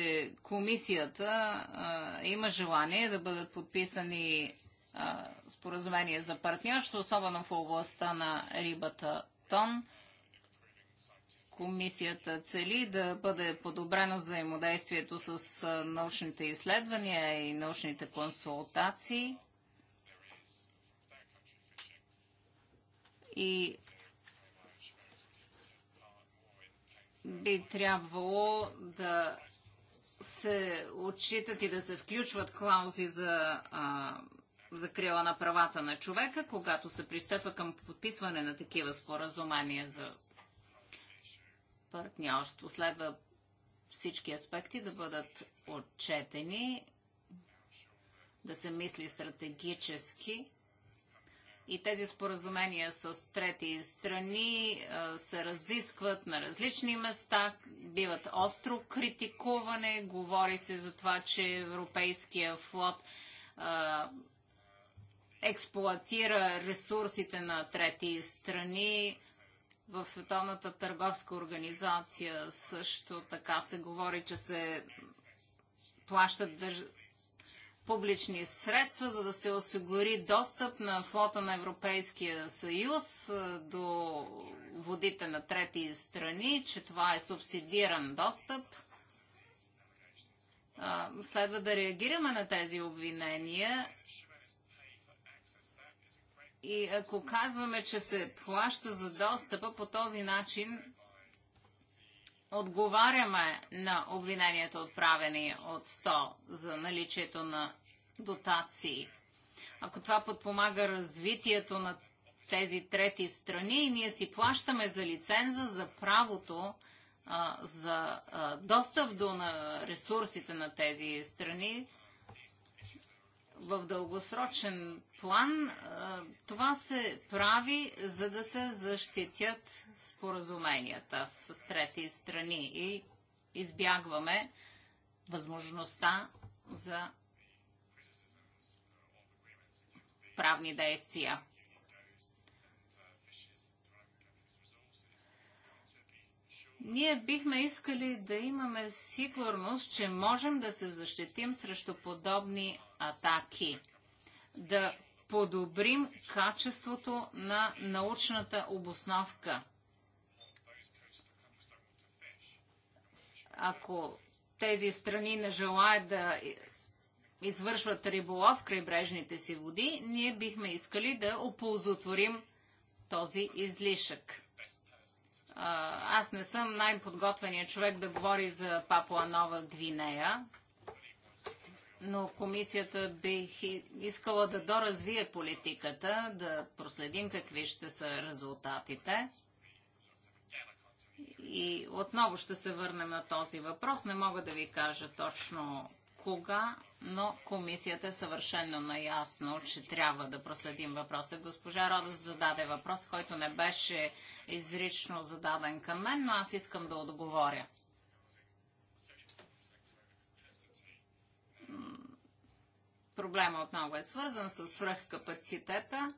комисията а, има желание да бъдат подписани а, споразумения за партньорство, особено в областта на рибата тон. Комисията цели да бъде подобрено взаимодействието с а, научните изследвания и научните консултации. И би трябвало да се отчитат и да се включват клаузи за закрила на правата на човека, когато се пристъпва към подписване на такива споразумения за партньорство. Следва всички аспекти да бъдат отчетени, да се мисли стратегически и тези споразумения с трети страни се разискват на различни места, биват остро критикуване, говори се за това, че европейския флот експлуатира ресурсите на трети страни. В Световната търговска организация също така се говори, че се плащат държавите публични средства, за да се осигури достъп на флота на Европейския съюз до водите на трети страни, че това е субсидиран достъп. Следва да реагираме на тези обвинения и ако казваме, че се плаща за достъпа, по този начин отговаряме на обвиненията, отправени от 100 за наличието на дотации. Ако това подпомага развитието на тези трети страни, ние си плащаме за лиценза, за правото а, за а, достъп до на ресурсите на тези страни, в дългосрочен план това се прави, за да се защитят споразуменията с трети страни и избягваме възможността за правни действия. Ние бихме искали да имаме сигурност, че можем да се защитим срещу подобни атаки, да подобрим качеството на научната обосновка. Ако тези страни не желаят да извършват риболов в крайбрежните си води, ние бихме искали да оползотворим този излишък. Аз не съм най-подготвеният човек да говори за Папуа Нова Гвинея, но комисията бих искала да доразвие политиката, да проследим какви ще са резултатите. И отново ще се върнем на този въпрос. Не мога да ви кажа точно кога, но комисията е съвършено наясно, че трябва да проследим въпроса. Госпожа Родос зададе въпрос, който не беше изрично зададен към мен, но аз искам да отговоря. проблема отново е свързан с свръхкапацитета.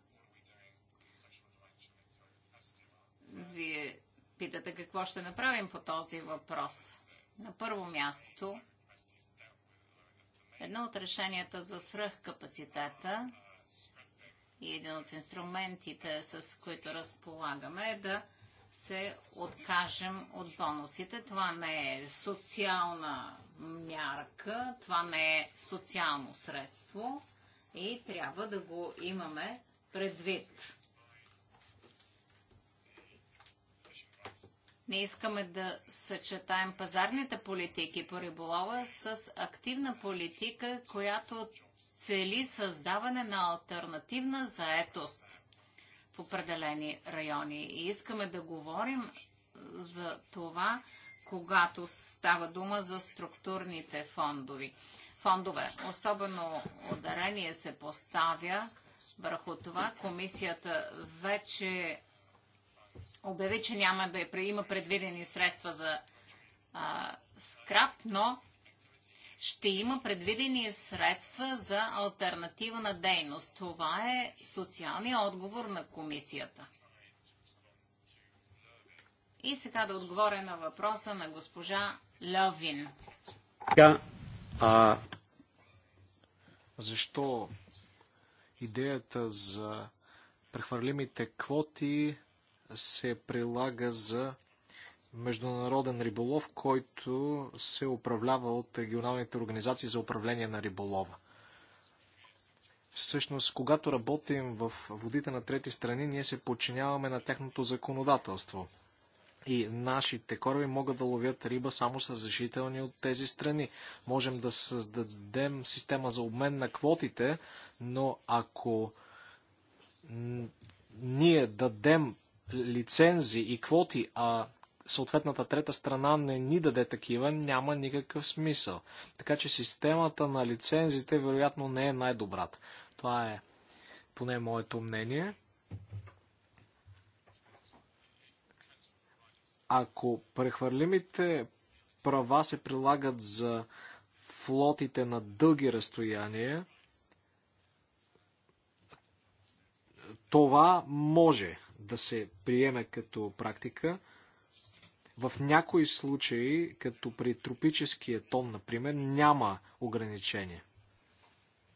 Вие питате какво ще направим по този въпрос. На първо място, едно от решенията за свръхкапацитета и един от инструментите, с които разполагаме, е да се откажем от бонусите. Това не е социална мярка, това не е социално средство и трябва да го имаме предвид. Не искаме да съчетаем пазарните политики по риболова с активна политика, която цели създаване на альтернативна заетост в определени райони. И искаме да говорим за това когато става дума за структурните фондови. фондове. Особено ударение се поставя върху това. Комисията вече обяви, че няма да има предвидени средства за а, скрап, но ще има предвидени средства за альтернативна дейност. Това е социалния отговор на комисията. И сега да отговоря на въпроса на госпожа Льовин. Да, а... Защо идеята за прехвърлимите квоти се прилага за международен риболов, който се управлява от регионалните организации за управление на риболова. Всъщност, когато работим в водите на трети страни, ние се подчиняваме на тяхното законодателство и нашите кораби могат да ловят риба само с разрешителни от тези страни. Можем да създадем система за обмен на квотите, но ако ние дадем лицензи и квоти, а съответната трета страна не ни даде такива, няма никакъв смисъл. Така че системата на лицензите вероятно не е най-добрата. Това е поне моето мнение. Ако прехвърлимите права се прилагат за флотите на дълги разстояния, това може да се приеме като практика. В някои случаи, като при тропическия тон, например, няма ограничение.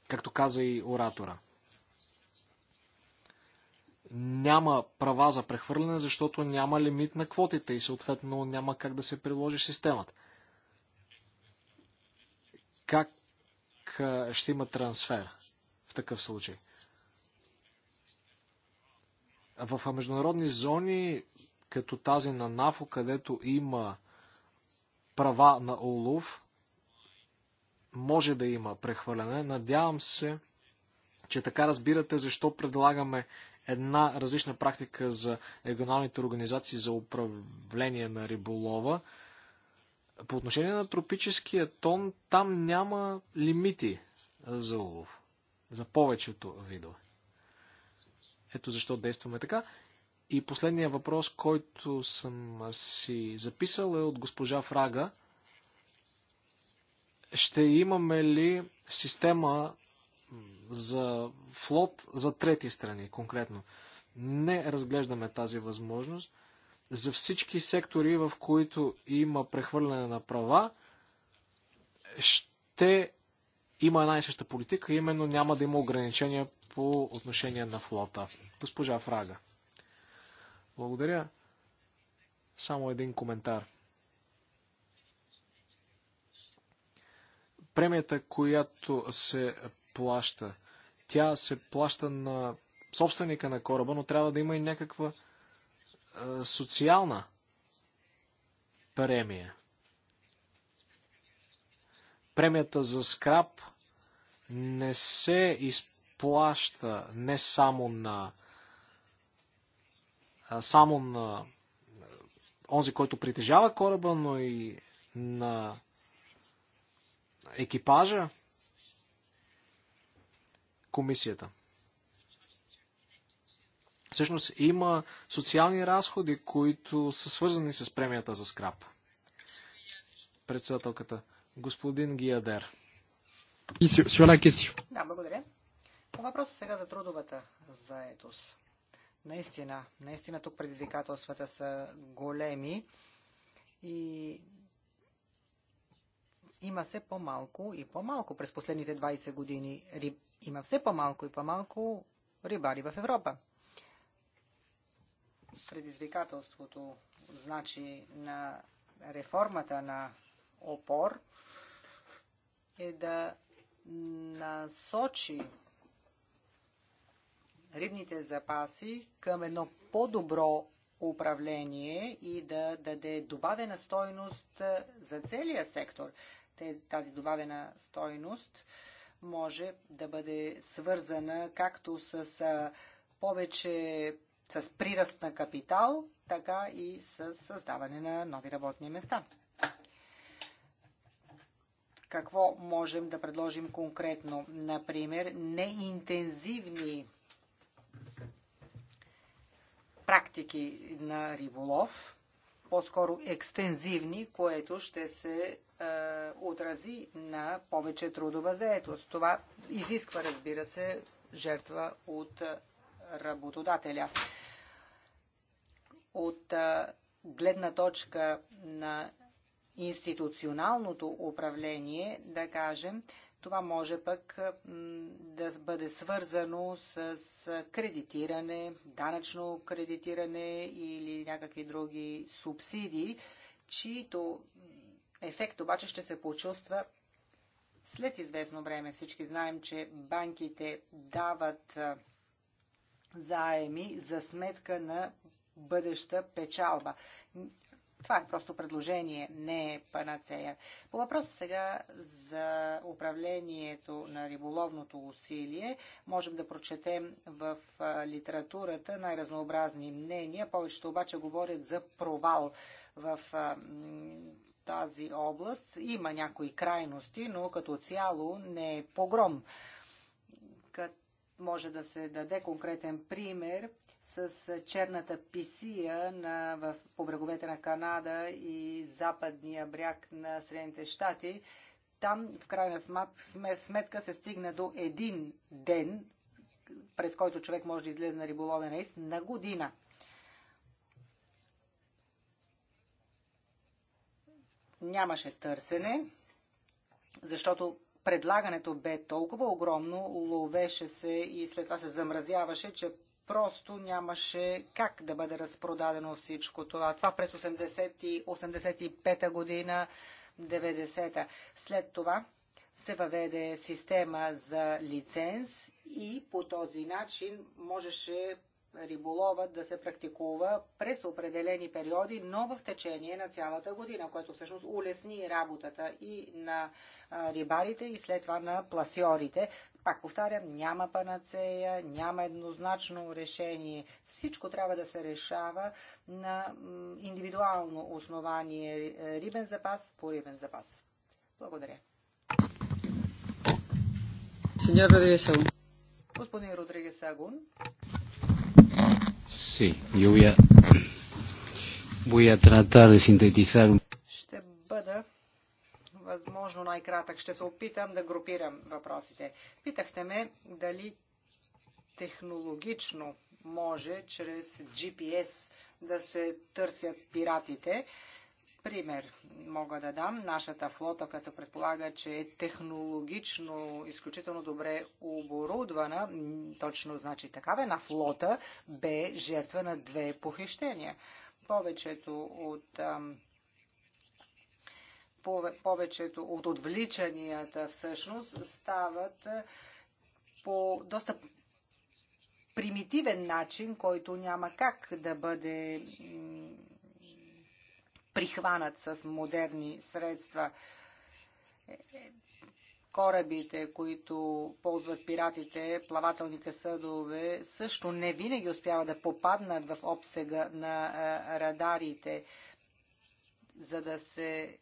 Както каза и оратора няма права за прехвърляне, защото няма лимит на квотите и съответно няма как да се приложи системата. Как ще има трансфер в такъв случай? В международни зони, като тази на НАФО, където има права на улов, може да има прехвърляне. Надявам се, че така разбирате защо предлагаме една различна практика за регионалните организации за управление на риболова. По отношение на тропическия тон, там няма лимити за улов, за повечето видове. Ето защо действаме така. И последния въпрос, който съм си записал е от госпожа Фрага. Ще имаме ли система за флот за трети страни конкретно. Не разглеждаме тази възможност. За всички сектори, в които има прехвърляне на права, ще има една и съща политика, именно няма да има ограничения по отношение на флота. Госпожа Фрага. Благодаря. Само един коментар. Премията, която се плаща. Тя се плаща на собственика на кораба, но трябва да има и някаква е, социална премия. Премията за скраб не се изплаща не само на само на е, онзи, който притежава кораба, но и на екипажа комисията. Всъщност има социални разходи, които са свързани с премията за скрап. Председателката, господин Гиадер. Да, благодаря. По въпроса сега за трудовата заетост. Наистина, наистина тук предизвикателствата са големи и има се по-малко и по-малко през последните 20 години има все по-малко и по-малко рибари в Европа. Предизвикателството, значи, на реформата на опор е да насочи рибните запаси към едно по-добро управление и да даде добавена стойност за целия сектор. Тази добавена стойност може да бъде свързана както с повече с приръст на капитал, така и с създаване на нови работни места. Какво можем да предложим конкретно? Например, неинтензивни практики на риболов, по-скоро екстензивни, което ще се е, отрази на повече трудова заетост. Това изисква, разбира се, жертва от е, работодателя. От е, гледна точка на институционалното управление, да кажем, това може пък да бъде свързано с кредитиране, данъчно кредитиране или някакви други субсидии, чието ефект обаче ще се почувства след известно време. Всички знаем, че банките дават заеми за сметка на бъдеща печалба. Това е просто предложение, не е панацея. По въпроса сега за управлението на риболовното усилие, можем да прочетем в литературата най-разнообразни мнения, повечето обаче говорят за провал в тази област. Има някои крайности, но като цяло не е погром може да се даде конкретен пример с черната писия на, в, по бреговете на Канада и западния бряг на Средните щати. Там, в крайна сметка, се стигна до един ден, през който човек може да излезе на риболовен рейс на година. Нямаше търсене, защото предлагането бе толкова огромно, ловеше се и след това се замразяваше, че просто нямаше как да бъде разпродадено всичко това. Това през 80-85 година, 90-та. След това се въведе система за лиценз и по този начин можеше риболова да се практикува през определени периоди, но в течение на цялата година, което всъщност улесни работата и на рибарите и след това на пласиорите. Пак повтарям, няма панацея, няма еднозначно решение. Всичко трябва да се решава на индивидуално основание рибен запас по рибен запас. Благодаря. Господин Родригес Агун. Sí, yo voy a, voy a tratar de sintetizar. Ще бъда възможно най-кратък. Ще се опитам да групирам въпросите. Питахте ме дали технологично може чрез GPS да се търсят пиратите. Пример мога да дам. Нашата флота, като предполага, че е технологично изключително добре оборудвана, точно значи такава една флота бе жертва на две похищения. Повечето от повечето от отвличанията всъщност стават по доста примитивен начин, който няма как да бъде прихванат с модерни средства. Корабите, които ползват пиратите, плавателните съдове, също не винаги успяват да попаднат в обсега на радарите, за да се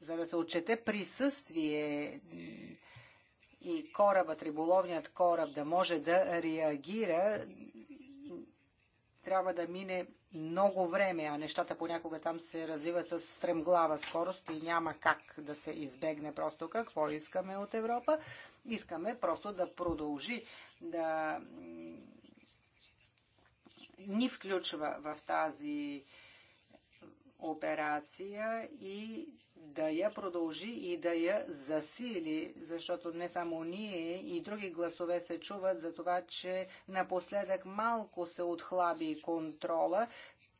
за да се отчете присъствие и корабът, риболовният кораб да може да реагира, трябва да мине много време, а нещата понякога там се развиват с стремглава скорост и няма как да се избегне просто какво искаме от Европа. Искаме просто да продължи да ни включва в тази операция и да я продължи и да я засили, защото не само ние и други гласове се чуват за това, че напоследък малко се отхлаби контрола,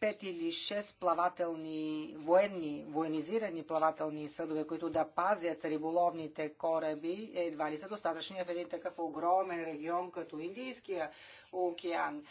пет или шест плавателни военни, военизирани плавателни съдове, които да пазят риболовните кораби, едва ли са достатъчни в един такъв огромен регион като Индийския океан.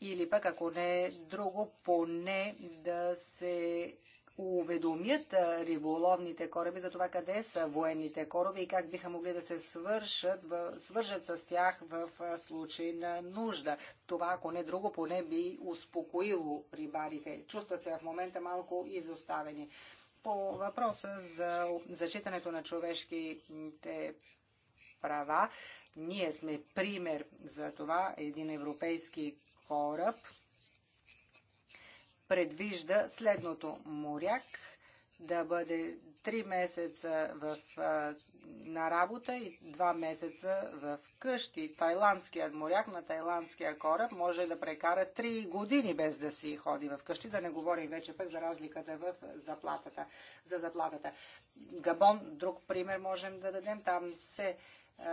или пък ако не е друго, поне да се уведомят риболовните кораби за това къде са военните кораби и как биха могли да се свършат, свържат с тях в случай на нужда. Това, ако не друго, поне би успокоило рибарите. Чувстват се в момента малко изоставени. По въпроса за зачитането на човешките права, ние сме пример за това. Един европейски кораб предвижда следното. Моряк да бъде 3 месеца в, а, на работа и 2 месеца в къщи. Тайландският моряк на тайландския кораб може да прекара 3 години без да си ходи в къщи, да не говорим вече пък за разликата в заплатата, за заплатата. Габон, друг пример можем да дадем. Там се е,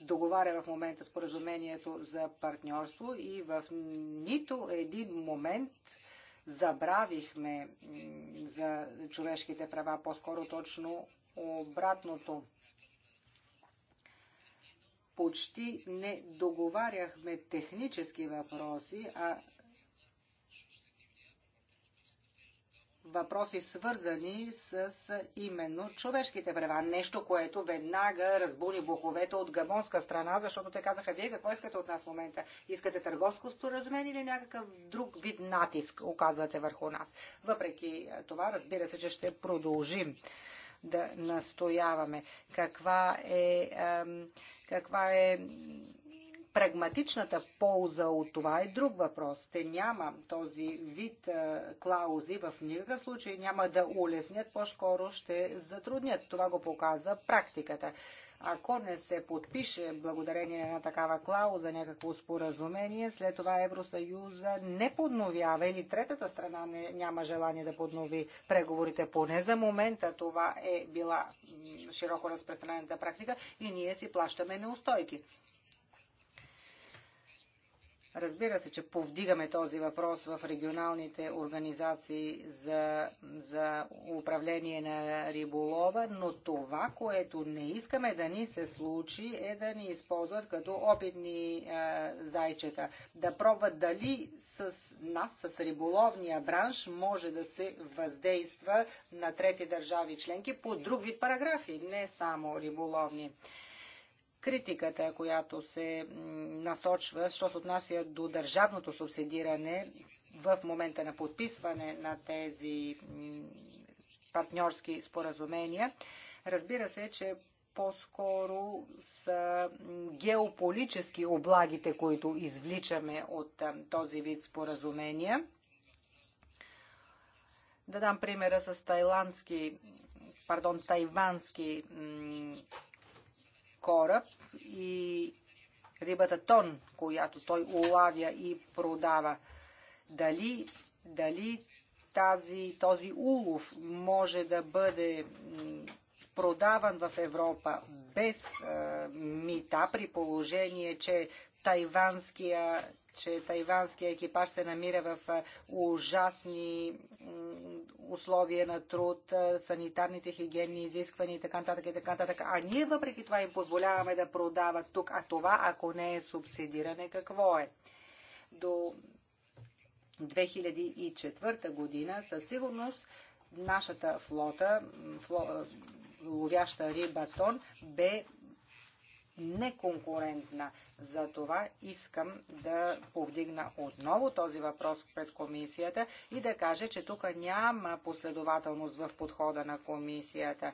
договаря в момента споразумението за партньорство и в нито един момент забравихме за човешките права, по-скоро точно обратното. Почти не договаряхме технически въпроси, а въпроси, свързани с именно човешките права. Нещо, което веднага разбуни буховете от габонска страна, защото те казаха, вие какво искате от нас в момента? Искате търговско споразумение или някакъв друг вид натиск оказвате върху нас? Въпреки това, разбира се, че ще продължим да настояваме. Каква е, каква е Прагматичната полза от това е друг въпрос. Те няма този вид клаузи в никакъв случай няма да улеснят, по-скоро ще затруднят. Това го показва практиката. Ако не се подпише благодарение на такава клауза някакво споразумение, след това Евросъюза не подновява или третата страна не, няма желание да поднови преговорите. Поне за момента това е била широко разпространената практика и ние си плащаме неустойки. Разбира се, че повдигаме този въпрос в регионалните организации за, за управление на риболова, но това, което не искаме да ни се случи, е да ни използват като опитни е, зайчета. Да пробват дали с нас, с риболовния бранш, може да се въздейства на трети държави членки по друг вид параграфи, не само риболовни критиката, която се насочва, що се отнася до държавното субсидиране в момента на подписване на тези партньорски споразумения. Разбира се, че по-скоро са геополически облагите, които извличаме от този вид споразумения. Да дам примера с тайландски, пардон, тайвански кораб и рибата тон, която той улавя и продава. Дали, дали тази, този улов може да бъде продаван в Европа без е, мита, при положение, че тайванския че тайванския екипаж се намира в ужасни условия на труд, санитарните хигиенни изисквания и така нататък и така нататък. А ние въпреки това им позволяваме да продават тук. А това, ако не е субсидиране, какво е? До 2004 година със сигурност нашата флота, фло, ловяща риба тон, бе неконкурентна. За това искам да повдигна отново този въпрос пред комисията и да кажа, че тук няма последователност в подхода на комисията.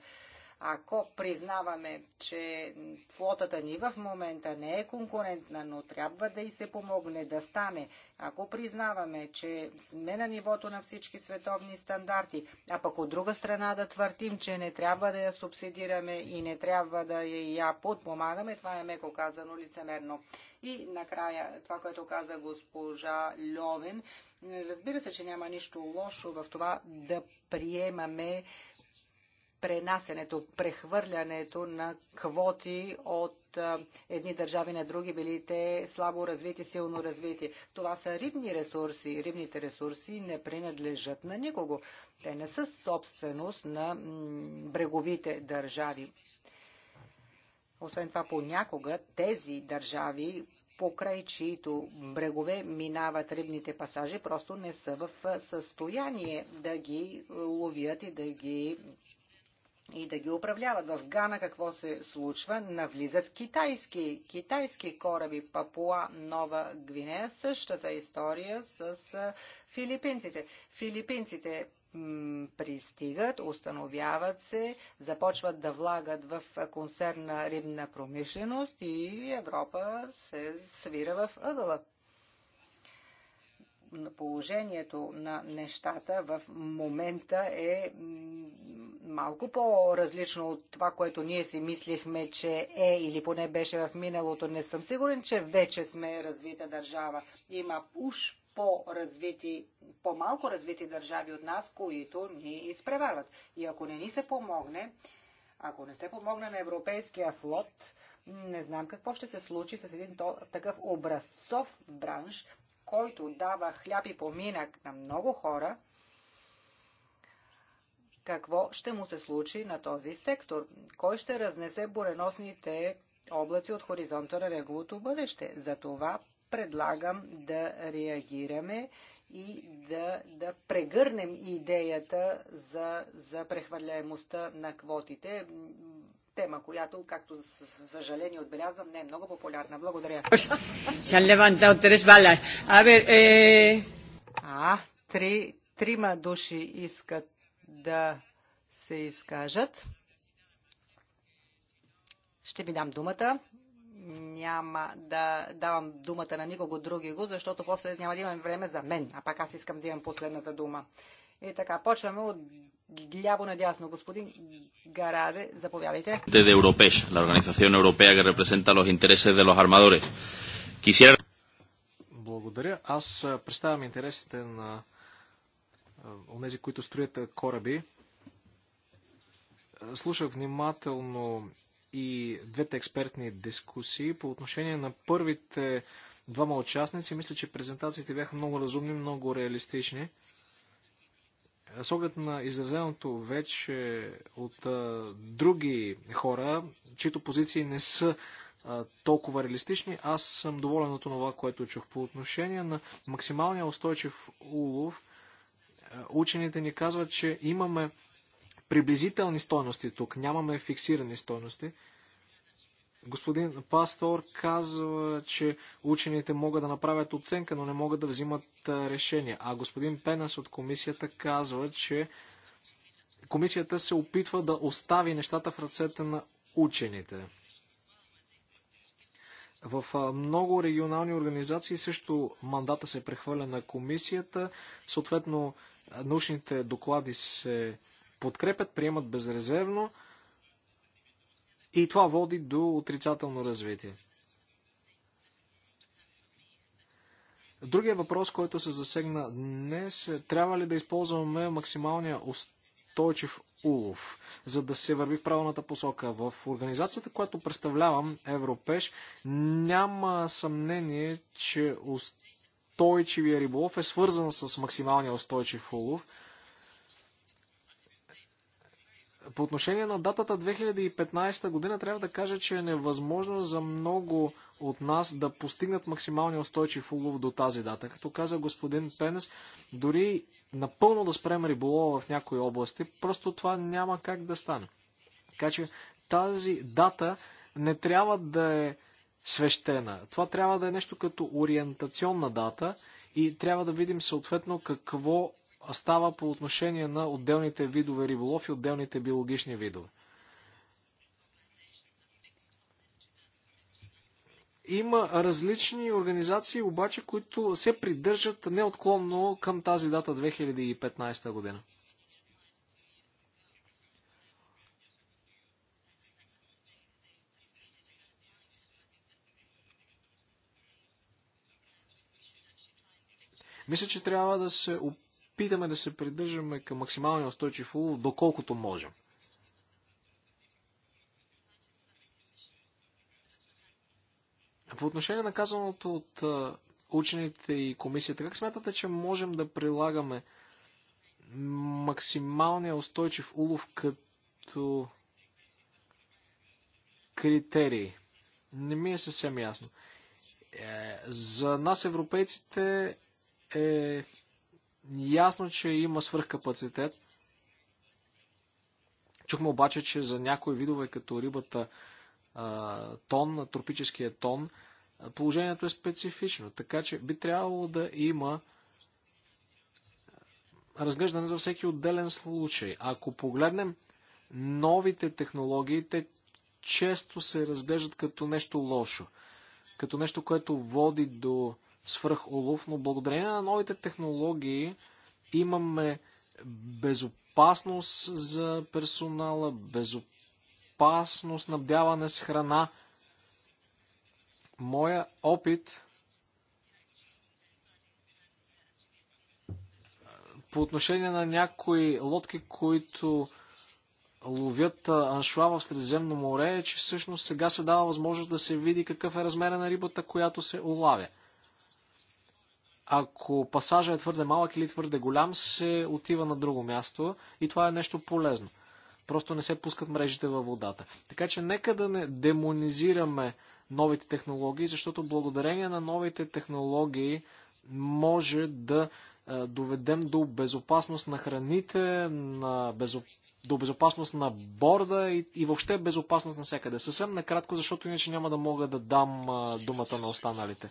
Ако признаваме, че флотата ни в момента не е конкурентна, но трябва да и се помогне да стане, ако признаваме, че сме на нивото на всички световни стандарти, а пък от друга страна да твърдим, че не трябва да я субсидираме и не трябва да я подпомагаме, това е меко казано лицемерно. И накрая, това, което каза госпожа Льовен, разбира се, че няма нищо лошо в това да приемаме пренасенето, прехвърлянето на квоти от едни държави на други, били те слабо развити, силно развити. Това са рибни ресурси. Рибните ресурси не принадлежат на никого. Те не са собственост на бреговите държави. Освен това, понякога тези държави покрай чието брегове минават рибните пасажи, просто не са в състояние да ги ловят и да ги и да ги управляват. В Гана какво се случва? Навлизат китайски, китайски кораби. Папуа, Нова Гвинея, същата история с филипинците. Филипинците пристигат, установяват се, започват да влагат в концерна рибна промишленост и Европа се свира в ъгъла положението на нещата в момента е малко по-различно от това, което ние си мислихме, че е или поне беше в миналото. Не съм сигурен, че вече сме развита държава. Има уж по-развити, по-малко развити държави от нас, които ни изпреварват. И ако не ни се помогне, ако не се помогне на европейския флот, не знам какво ще се случи с един такъв образцов бранш, който дава хляб и поминък на много хора, какво ще му се случи на този сектор? Кой ще разнесе буреносните облаци от хоризонта на неговото бъдеще? За това предлагам да реагираме и да, да прегърнем идеята за, за прехвърляемостта на квотите тема, която, както съжаление отбелязвам, не е много популярна. Благодаря. леванта от трес бала. А, а три, трима души искат да се изкажат. Ще ми дам думата. Няма да давам думата на никого други го, защото после няма да имам време за мен. А пак аз искам да имам последната дума. И така, почваме от ляво надясно. Господин Гараде, заповядайте. De Europes, la organización europea que representa los intereses de los armadores. Quisiera... Благодаря. Аз представям интересите на онези, които строят кораби. Слушах внимателно и двете експертни дискусии по отношение на първите двама участници. Мисля, че презентациите бяха много разумни, много реалистични. С оглед на изразеното вече от а, други хора, чието позиции не са а, толкова реалистични, аз съм доволен от това, което чух. По отношение на максималния устойчив улов, учените ни казват, че имаме приблизителни стойности тук, нямаме фиксирани стойности. Господин Пастор казва, че учените могат да направят оценка, но не могат да взимат решения. А господин Пенас от комисията казва, че комисията се опитва да остави нещата в ръцете на учените. В много регионални организации също мандата се прехвърля на комисията. Съответно, научните доклади се подкрепят, приемат безрезервно. И това води до отрицателно развитие. Другия въпрос, който се засегна днес, е, трябва ли да използваме максималния устойчив улов, за да се върви в правилната посока. В организацията, която представлявам, Европеш, няма съмнение, че устойчивия риболов е свързан с максималния устойчив улов – по отношение на датата 2015 година трябва да кажа, че е невъзможно за много от нас да постигнат максималния устойчив улов до тази дата. Като каза господин Пенес, дори напълно да спрем риболова в някои области, просто това няма как да стане. Така че тази дата не трябва да е свещена. Това трябва да е нещо като ориентационна дата и трябва да видим съответно какво става по отношение на отделните видове риболов и отделните биологични видове. Има различни организации, обаче, които се придържат неотклонно към тази дата 2015 година. Мисля, че трябва да се опитаме да се придържаме към максималния устойчив улов, доколкото можем. По отношение на казаното от учените и комисията, как смятате, че можем да прилагаме максималния устойчив улов като критерии? Не ми е съвсем ясно. Е, за нас, европейците, е Ясно, че има свръхкапацитет. Чухме обаче, че за някои видове, като рибата тон, тропическия тон, положението е специфично. Така че би трябвало да има разглеждане за всеки отделен случай. Ако погледнем новите технологии, те често се разглеждат като нещо лошо, като нещо, което води до свръхолов, но благодарение на новите технологии имаме безопасност за персонала, безопасност, набдяване с храна. Моя опит по отношение на някои лодки, които ловят аншуа в Средиземно море, е, че всъщност сега се дава възможност да се види какъв е размера на рибата, която се улавя. Ако пасажа е твърде малък или твърде голям, се отива на друго място и това е нещо полезно. Просто не се пускат мрежите във водата. Така че нека да не демонизираме новите технологии, защото благодарение на новите технологии може да е, доведем до безопасност на храните, на безо... до безопасност на борда и, и въобще безопасност на всякъде. Съвсем накратко, защото иначе няма да мога да дам е, думата на останалите.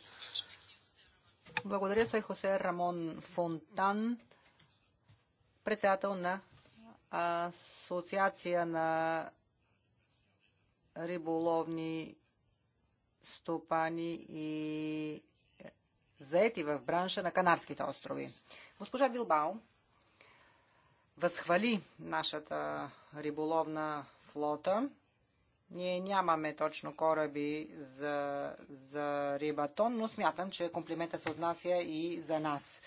Благодаря. се Хосе Рамон Фонтан, председател на Асоциация на риболовни стопани и заети в бранша на Канарските острови. Госпожа Билбао възхвали нашата риболовна флота – ние нямаме точно кораби за, за рибатон, но смятам, че комплимента се отнася и за нас.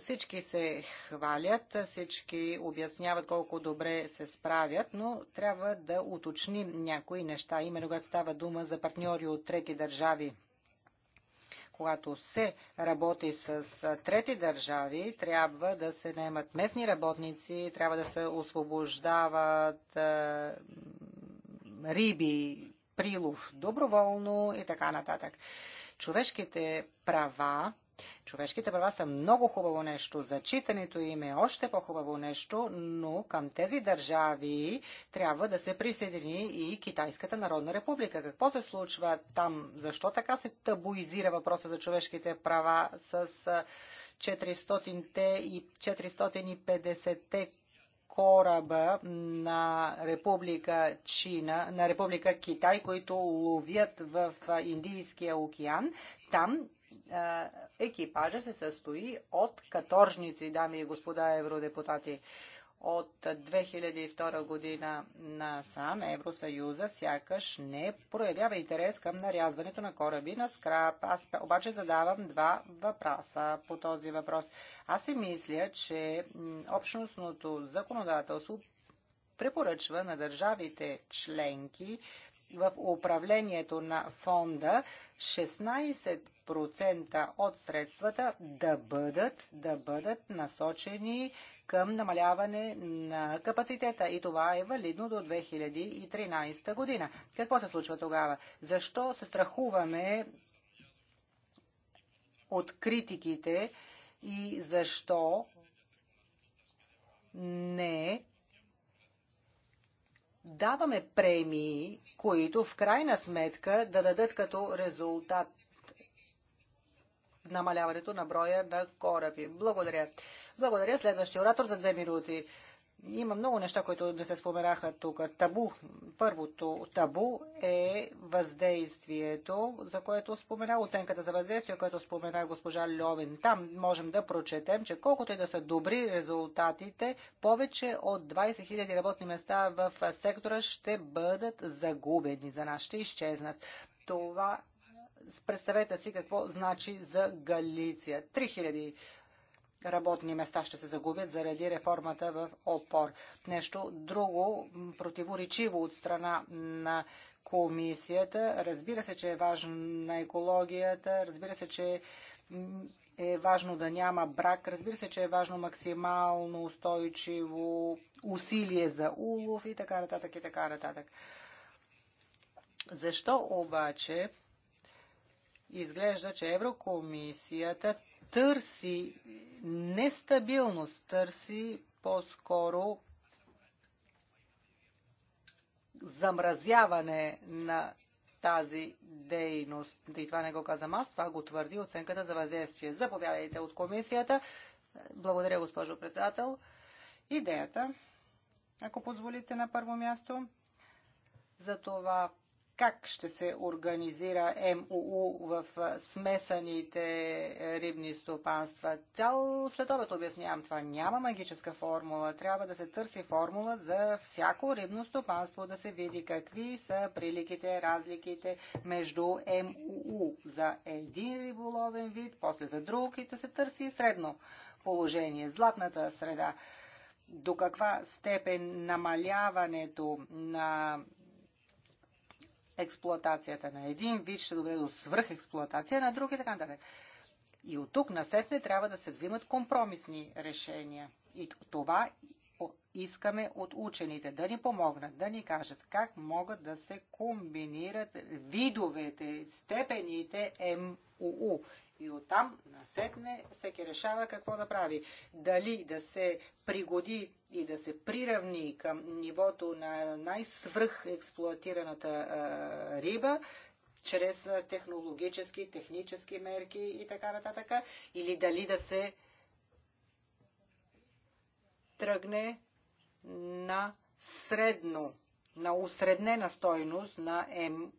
Всички се хвалят, всички обясняват колко добре се справят, но трябва да уточним някои неща, именно когато става дума за партньори от трети държави. Когато се работи с трети държави, трябва да се наемат местни работници, трябва да се освобождават е, риби, прилов доброволно и така нататък. Човешките права Човешките права са много хубаво нещо, зачитането им е още по-хубаво нещо, но към тези държави трябва да се присъедини и Китайската народна република. Какво се случва там? Защо така се табуизира въпроса за човешките права с 400-те и 450-те кораба на Република Чина, на Република Китай, които ловят в Индийския океан. Там екипажа се състои от каторжници, дами и господа евродепутати от 2002 година на сам Евросъюза сякаш не проявява интерес към нарязването на кораби на скрап. Аз обаче задавам два въпроса по този въпрос. Аз си мисля, че общностното законодателство препоръчва на държавите членки в управлението на фонда 16 10% от средствата да бъдат, да бъдат насочени към намаляване на капацитета и това е валидно до 2013 година. Какво се случва тогава? Защо се страхуваме от критиките и защо не даваме премии, които в крайна сметка да дадат като резултат намаляването на броя на кораби. Благодаря. Благодаря. Следващия оратор за две минути. Има много неща, които не се споменаха тук. Табу. Първото табу е въздействието, за което спомена оценката за въздействие, което спомена госпожа Льовин. Там можем да прочетем, че колкото и да са добри резултатите, повече от 20 000 работни места в сектора ще бъдат загубени за нас, ще изчезнат. Това представете си какво значи за Галиция. 3000 работни места ще се загубят заради реформата в ОПОР. Нещо друго, противоречиво от страна на комисията. Разбира се, че е важно на екологията, разбира се, че е важно да няма брак, разбира се, че е важно максимално устойчиво усилие за улов и така нататък и така нататък. Защо обаче изглежда, че Еврокомисията търси нестабилност, търси по-скоро замразяване на тази дейност. И това не го казам аз, това го твърди оценката за въздействие. Заповядайте от комисията. Благодаря, госпожо председател. Идеята, ако позволите на първо място, за това как ще се организира МУУ в смесаните е, рибни стопанства. Цял следобед обяснявам това. Няма магическа формула. Трябва да се търси формула за всяко рибно стопанство, да се види какви са приликите, разликите между МУУ за един риболовен вид, после за друг и да се търси средно положение, златната среда до каква степен намаляването на експлоатацията на един вид ще доведе до свръхексплоатация на друг и така нататък. И от тук на сетне трябва да се взимат компромисни решения. И това искаме от учените да ни помогнат, да ни кажат как могат да се комбинират видовете, степените МУУ и оттам насетне всеки решава какво да прави. Дали да се пригоди и да се приравни към нивото на най-свръх експлуатираната риба, чрез технологически, технически мерки и така нататък, или дали да се тръгне на средно на усреднена стойност на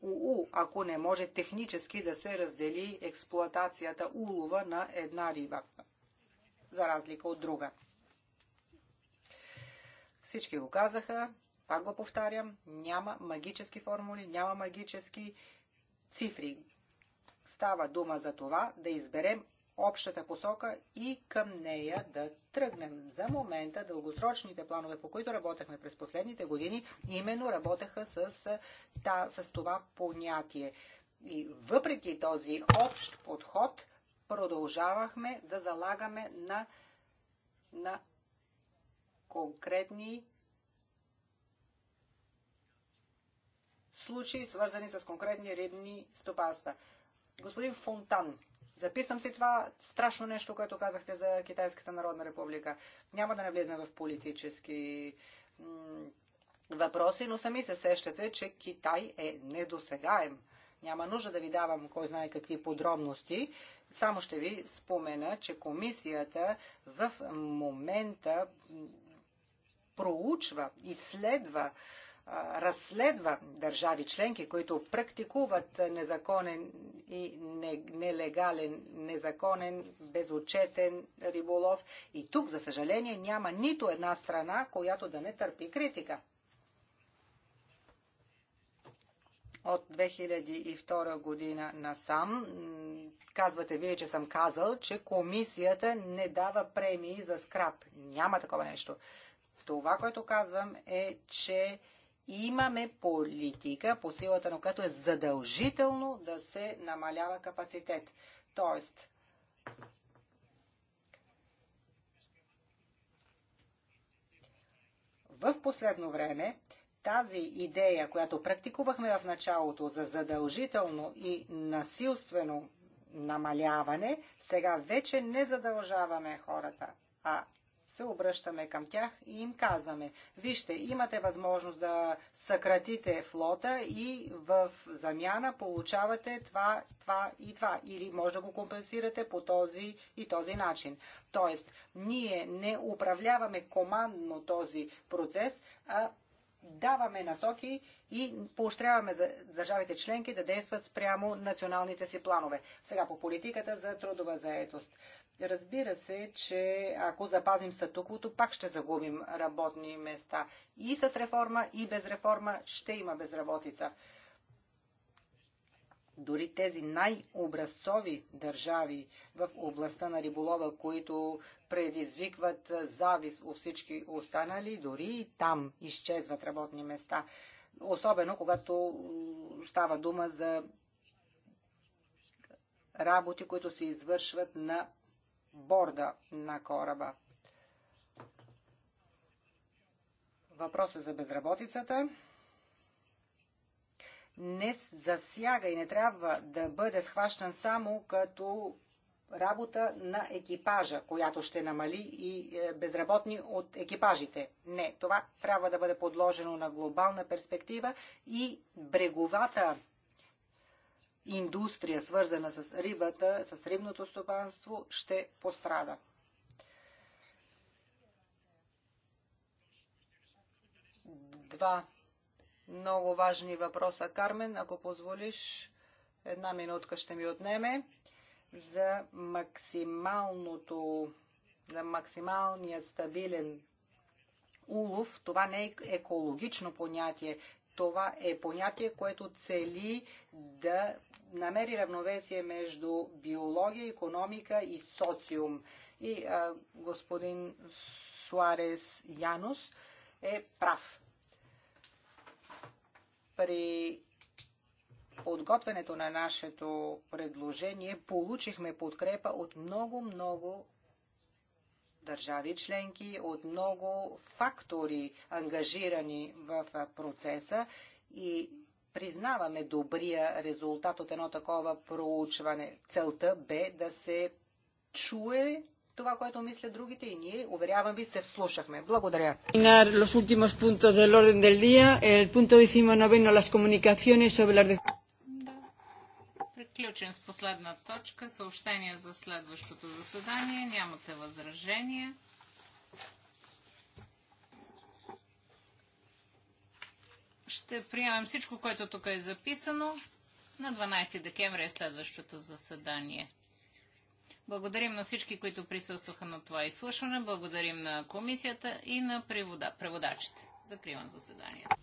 МУУ, ако не може технически да се раздели експлоатацията улова на една риба, за разлика от друга. Всички го казаха, пак го повтарям, няма магически формули, няма магически цифри. Става дума за това да изберем общата посока и към нея да тръгнем. За момента дългосрочните планове, по които работехме през последните години, именно работеха с, та, с това понятие. И въпреки този общ подход, продължавахме да залагаме на, на конкретни случаи, свързани с конкретни рибни стопанства. Господин Фонтан Записам си това страшно нещо, което казахте за Китайската народна република. Няма да навлизам в политически въпроси, но сами се сещате, че Китай е недосегаем. Няма нужда да ви давам кой знае какви подробности. Само ще ви спомена, че комисията в момента проучва, изследва разследва държави членки, които практикуват незаконен и нелегален, незаконен, безочетен риболов. И тук, за съжаление, няма нито една страна, която да не търпи критика. От 2002 година насам казвате вие, че съм казал, че комисията не дава премии за скраб. Няма такова нещо. Това, което казвам е, че имаме политика, по силата на която е задължително да се намалява капацитет. Тоест, в последно време тази идея, която практикувахме в началото за задължително и насилствено намаляване, сега вече не задължаваме хората, а се обръщаме към тях и им казваме, вижте, имате възможност да съкратите флота и в замяна получавате това, това и това. Или може да го компенсирате по този и този начин. Тоест, ние не управляваме командно този процес, а даваме насоки и поощряваме за държавите членки да действат спрямо националните си планове. Сега по политиката за трудова заетост. Разбира се, че ако запазим статуквото, пак ще загубим работни места. И с реформа, и без реформа ще има безработица. Дори тези най-образцови държави в областта на риболова, които предизвикват завис у всички останали, дори и там изчезват работни места. Особено когато става дума за работи, които се извършват на борда на кораба. Въпросът е за безработицата не засяга и не трябва да бъде схващан само като работа на екипажа, която ще намали и е, безработни от екипажите. Не, това трябва да бъде подложено на глобална перспектива и бреговата индустрия, свързана с рибата, с рибното стопанство, ще пострада. Два много важни въпроса. Кармен, ако позволиш, една минутка ще ми отнеме за максималното, за максималният стабилен улов. Това не е екологично понятие. Това е понятие, което цели да намери равновесие между биология, економика и социум. И а, господин Суарес Янус е прав. При подготвянето на нашето предложение получихме подкрепа от много-много държави членки, от много фактори ангажирани в процеса и признаваме добрия резултат от едно такова проучване. Целта бе да се чуе това, което мислят другите и ние, уверявам ви, се вслушахме. Благодаря. Los últimos puntos del orden del día, el punto 19, las comunicaciones sobre las приключен с последна точка. Съобщение за следващото заседание. Нямате възражения. Ще приемем всичко, което тук е записано. На 12 декември е следващото заседание. Благодарим на всички, които присъстваха на това изслушване. Благодарим на комисията и на превода, преводачите. Закривам заседанието.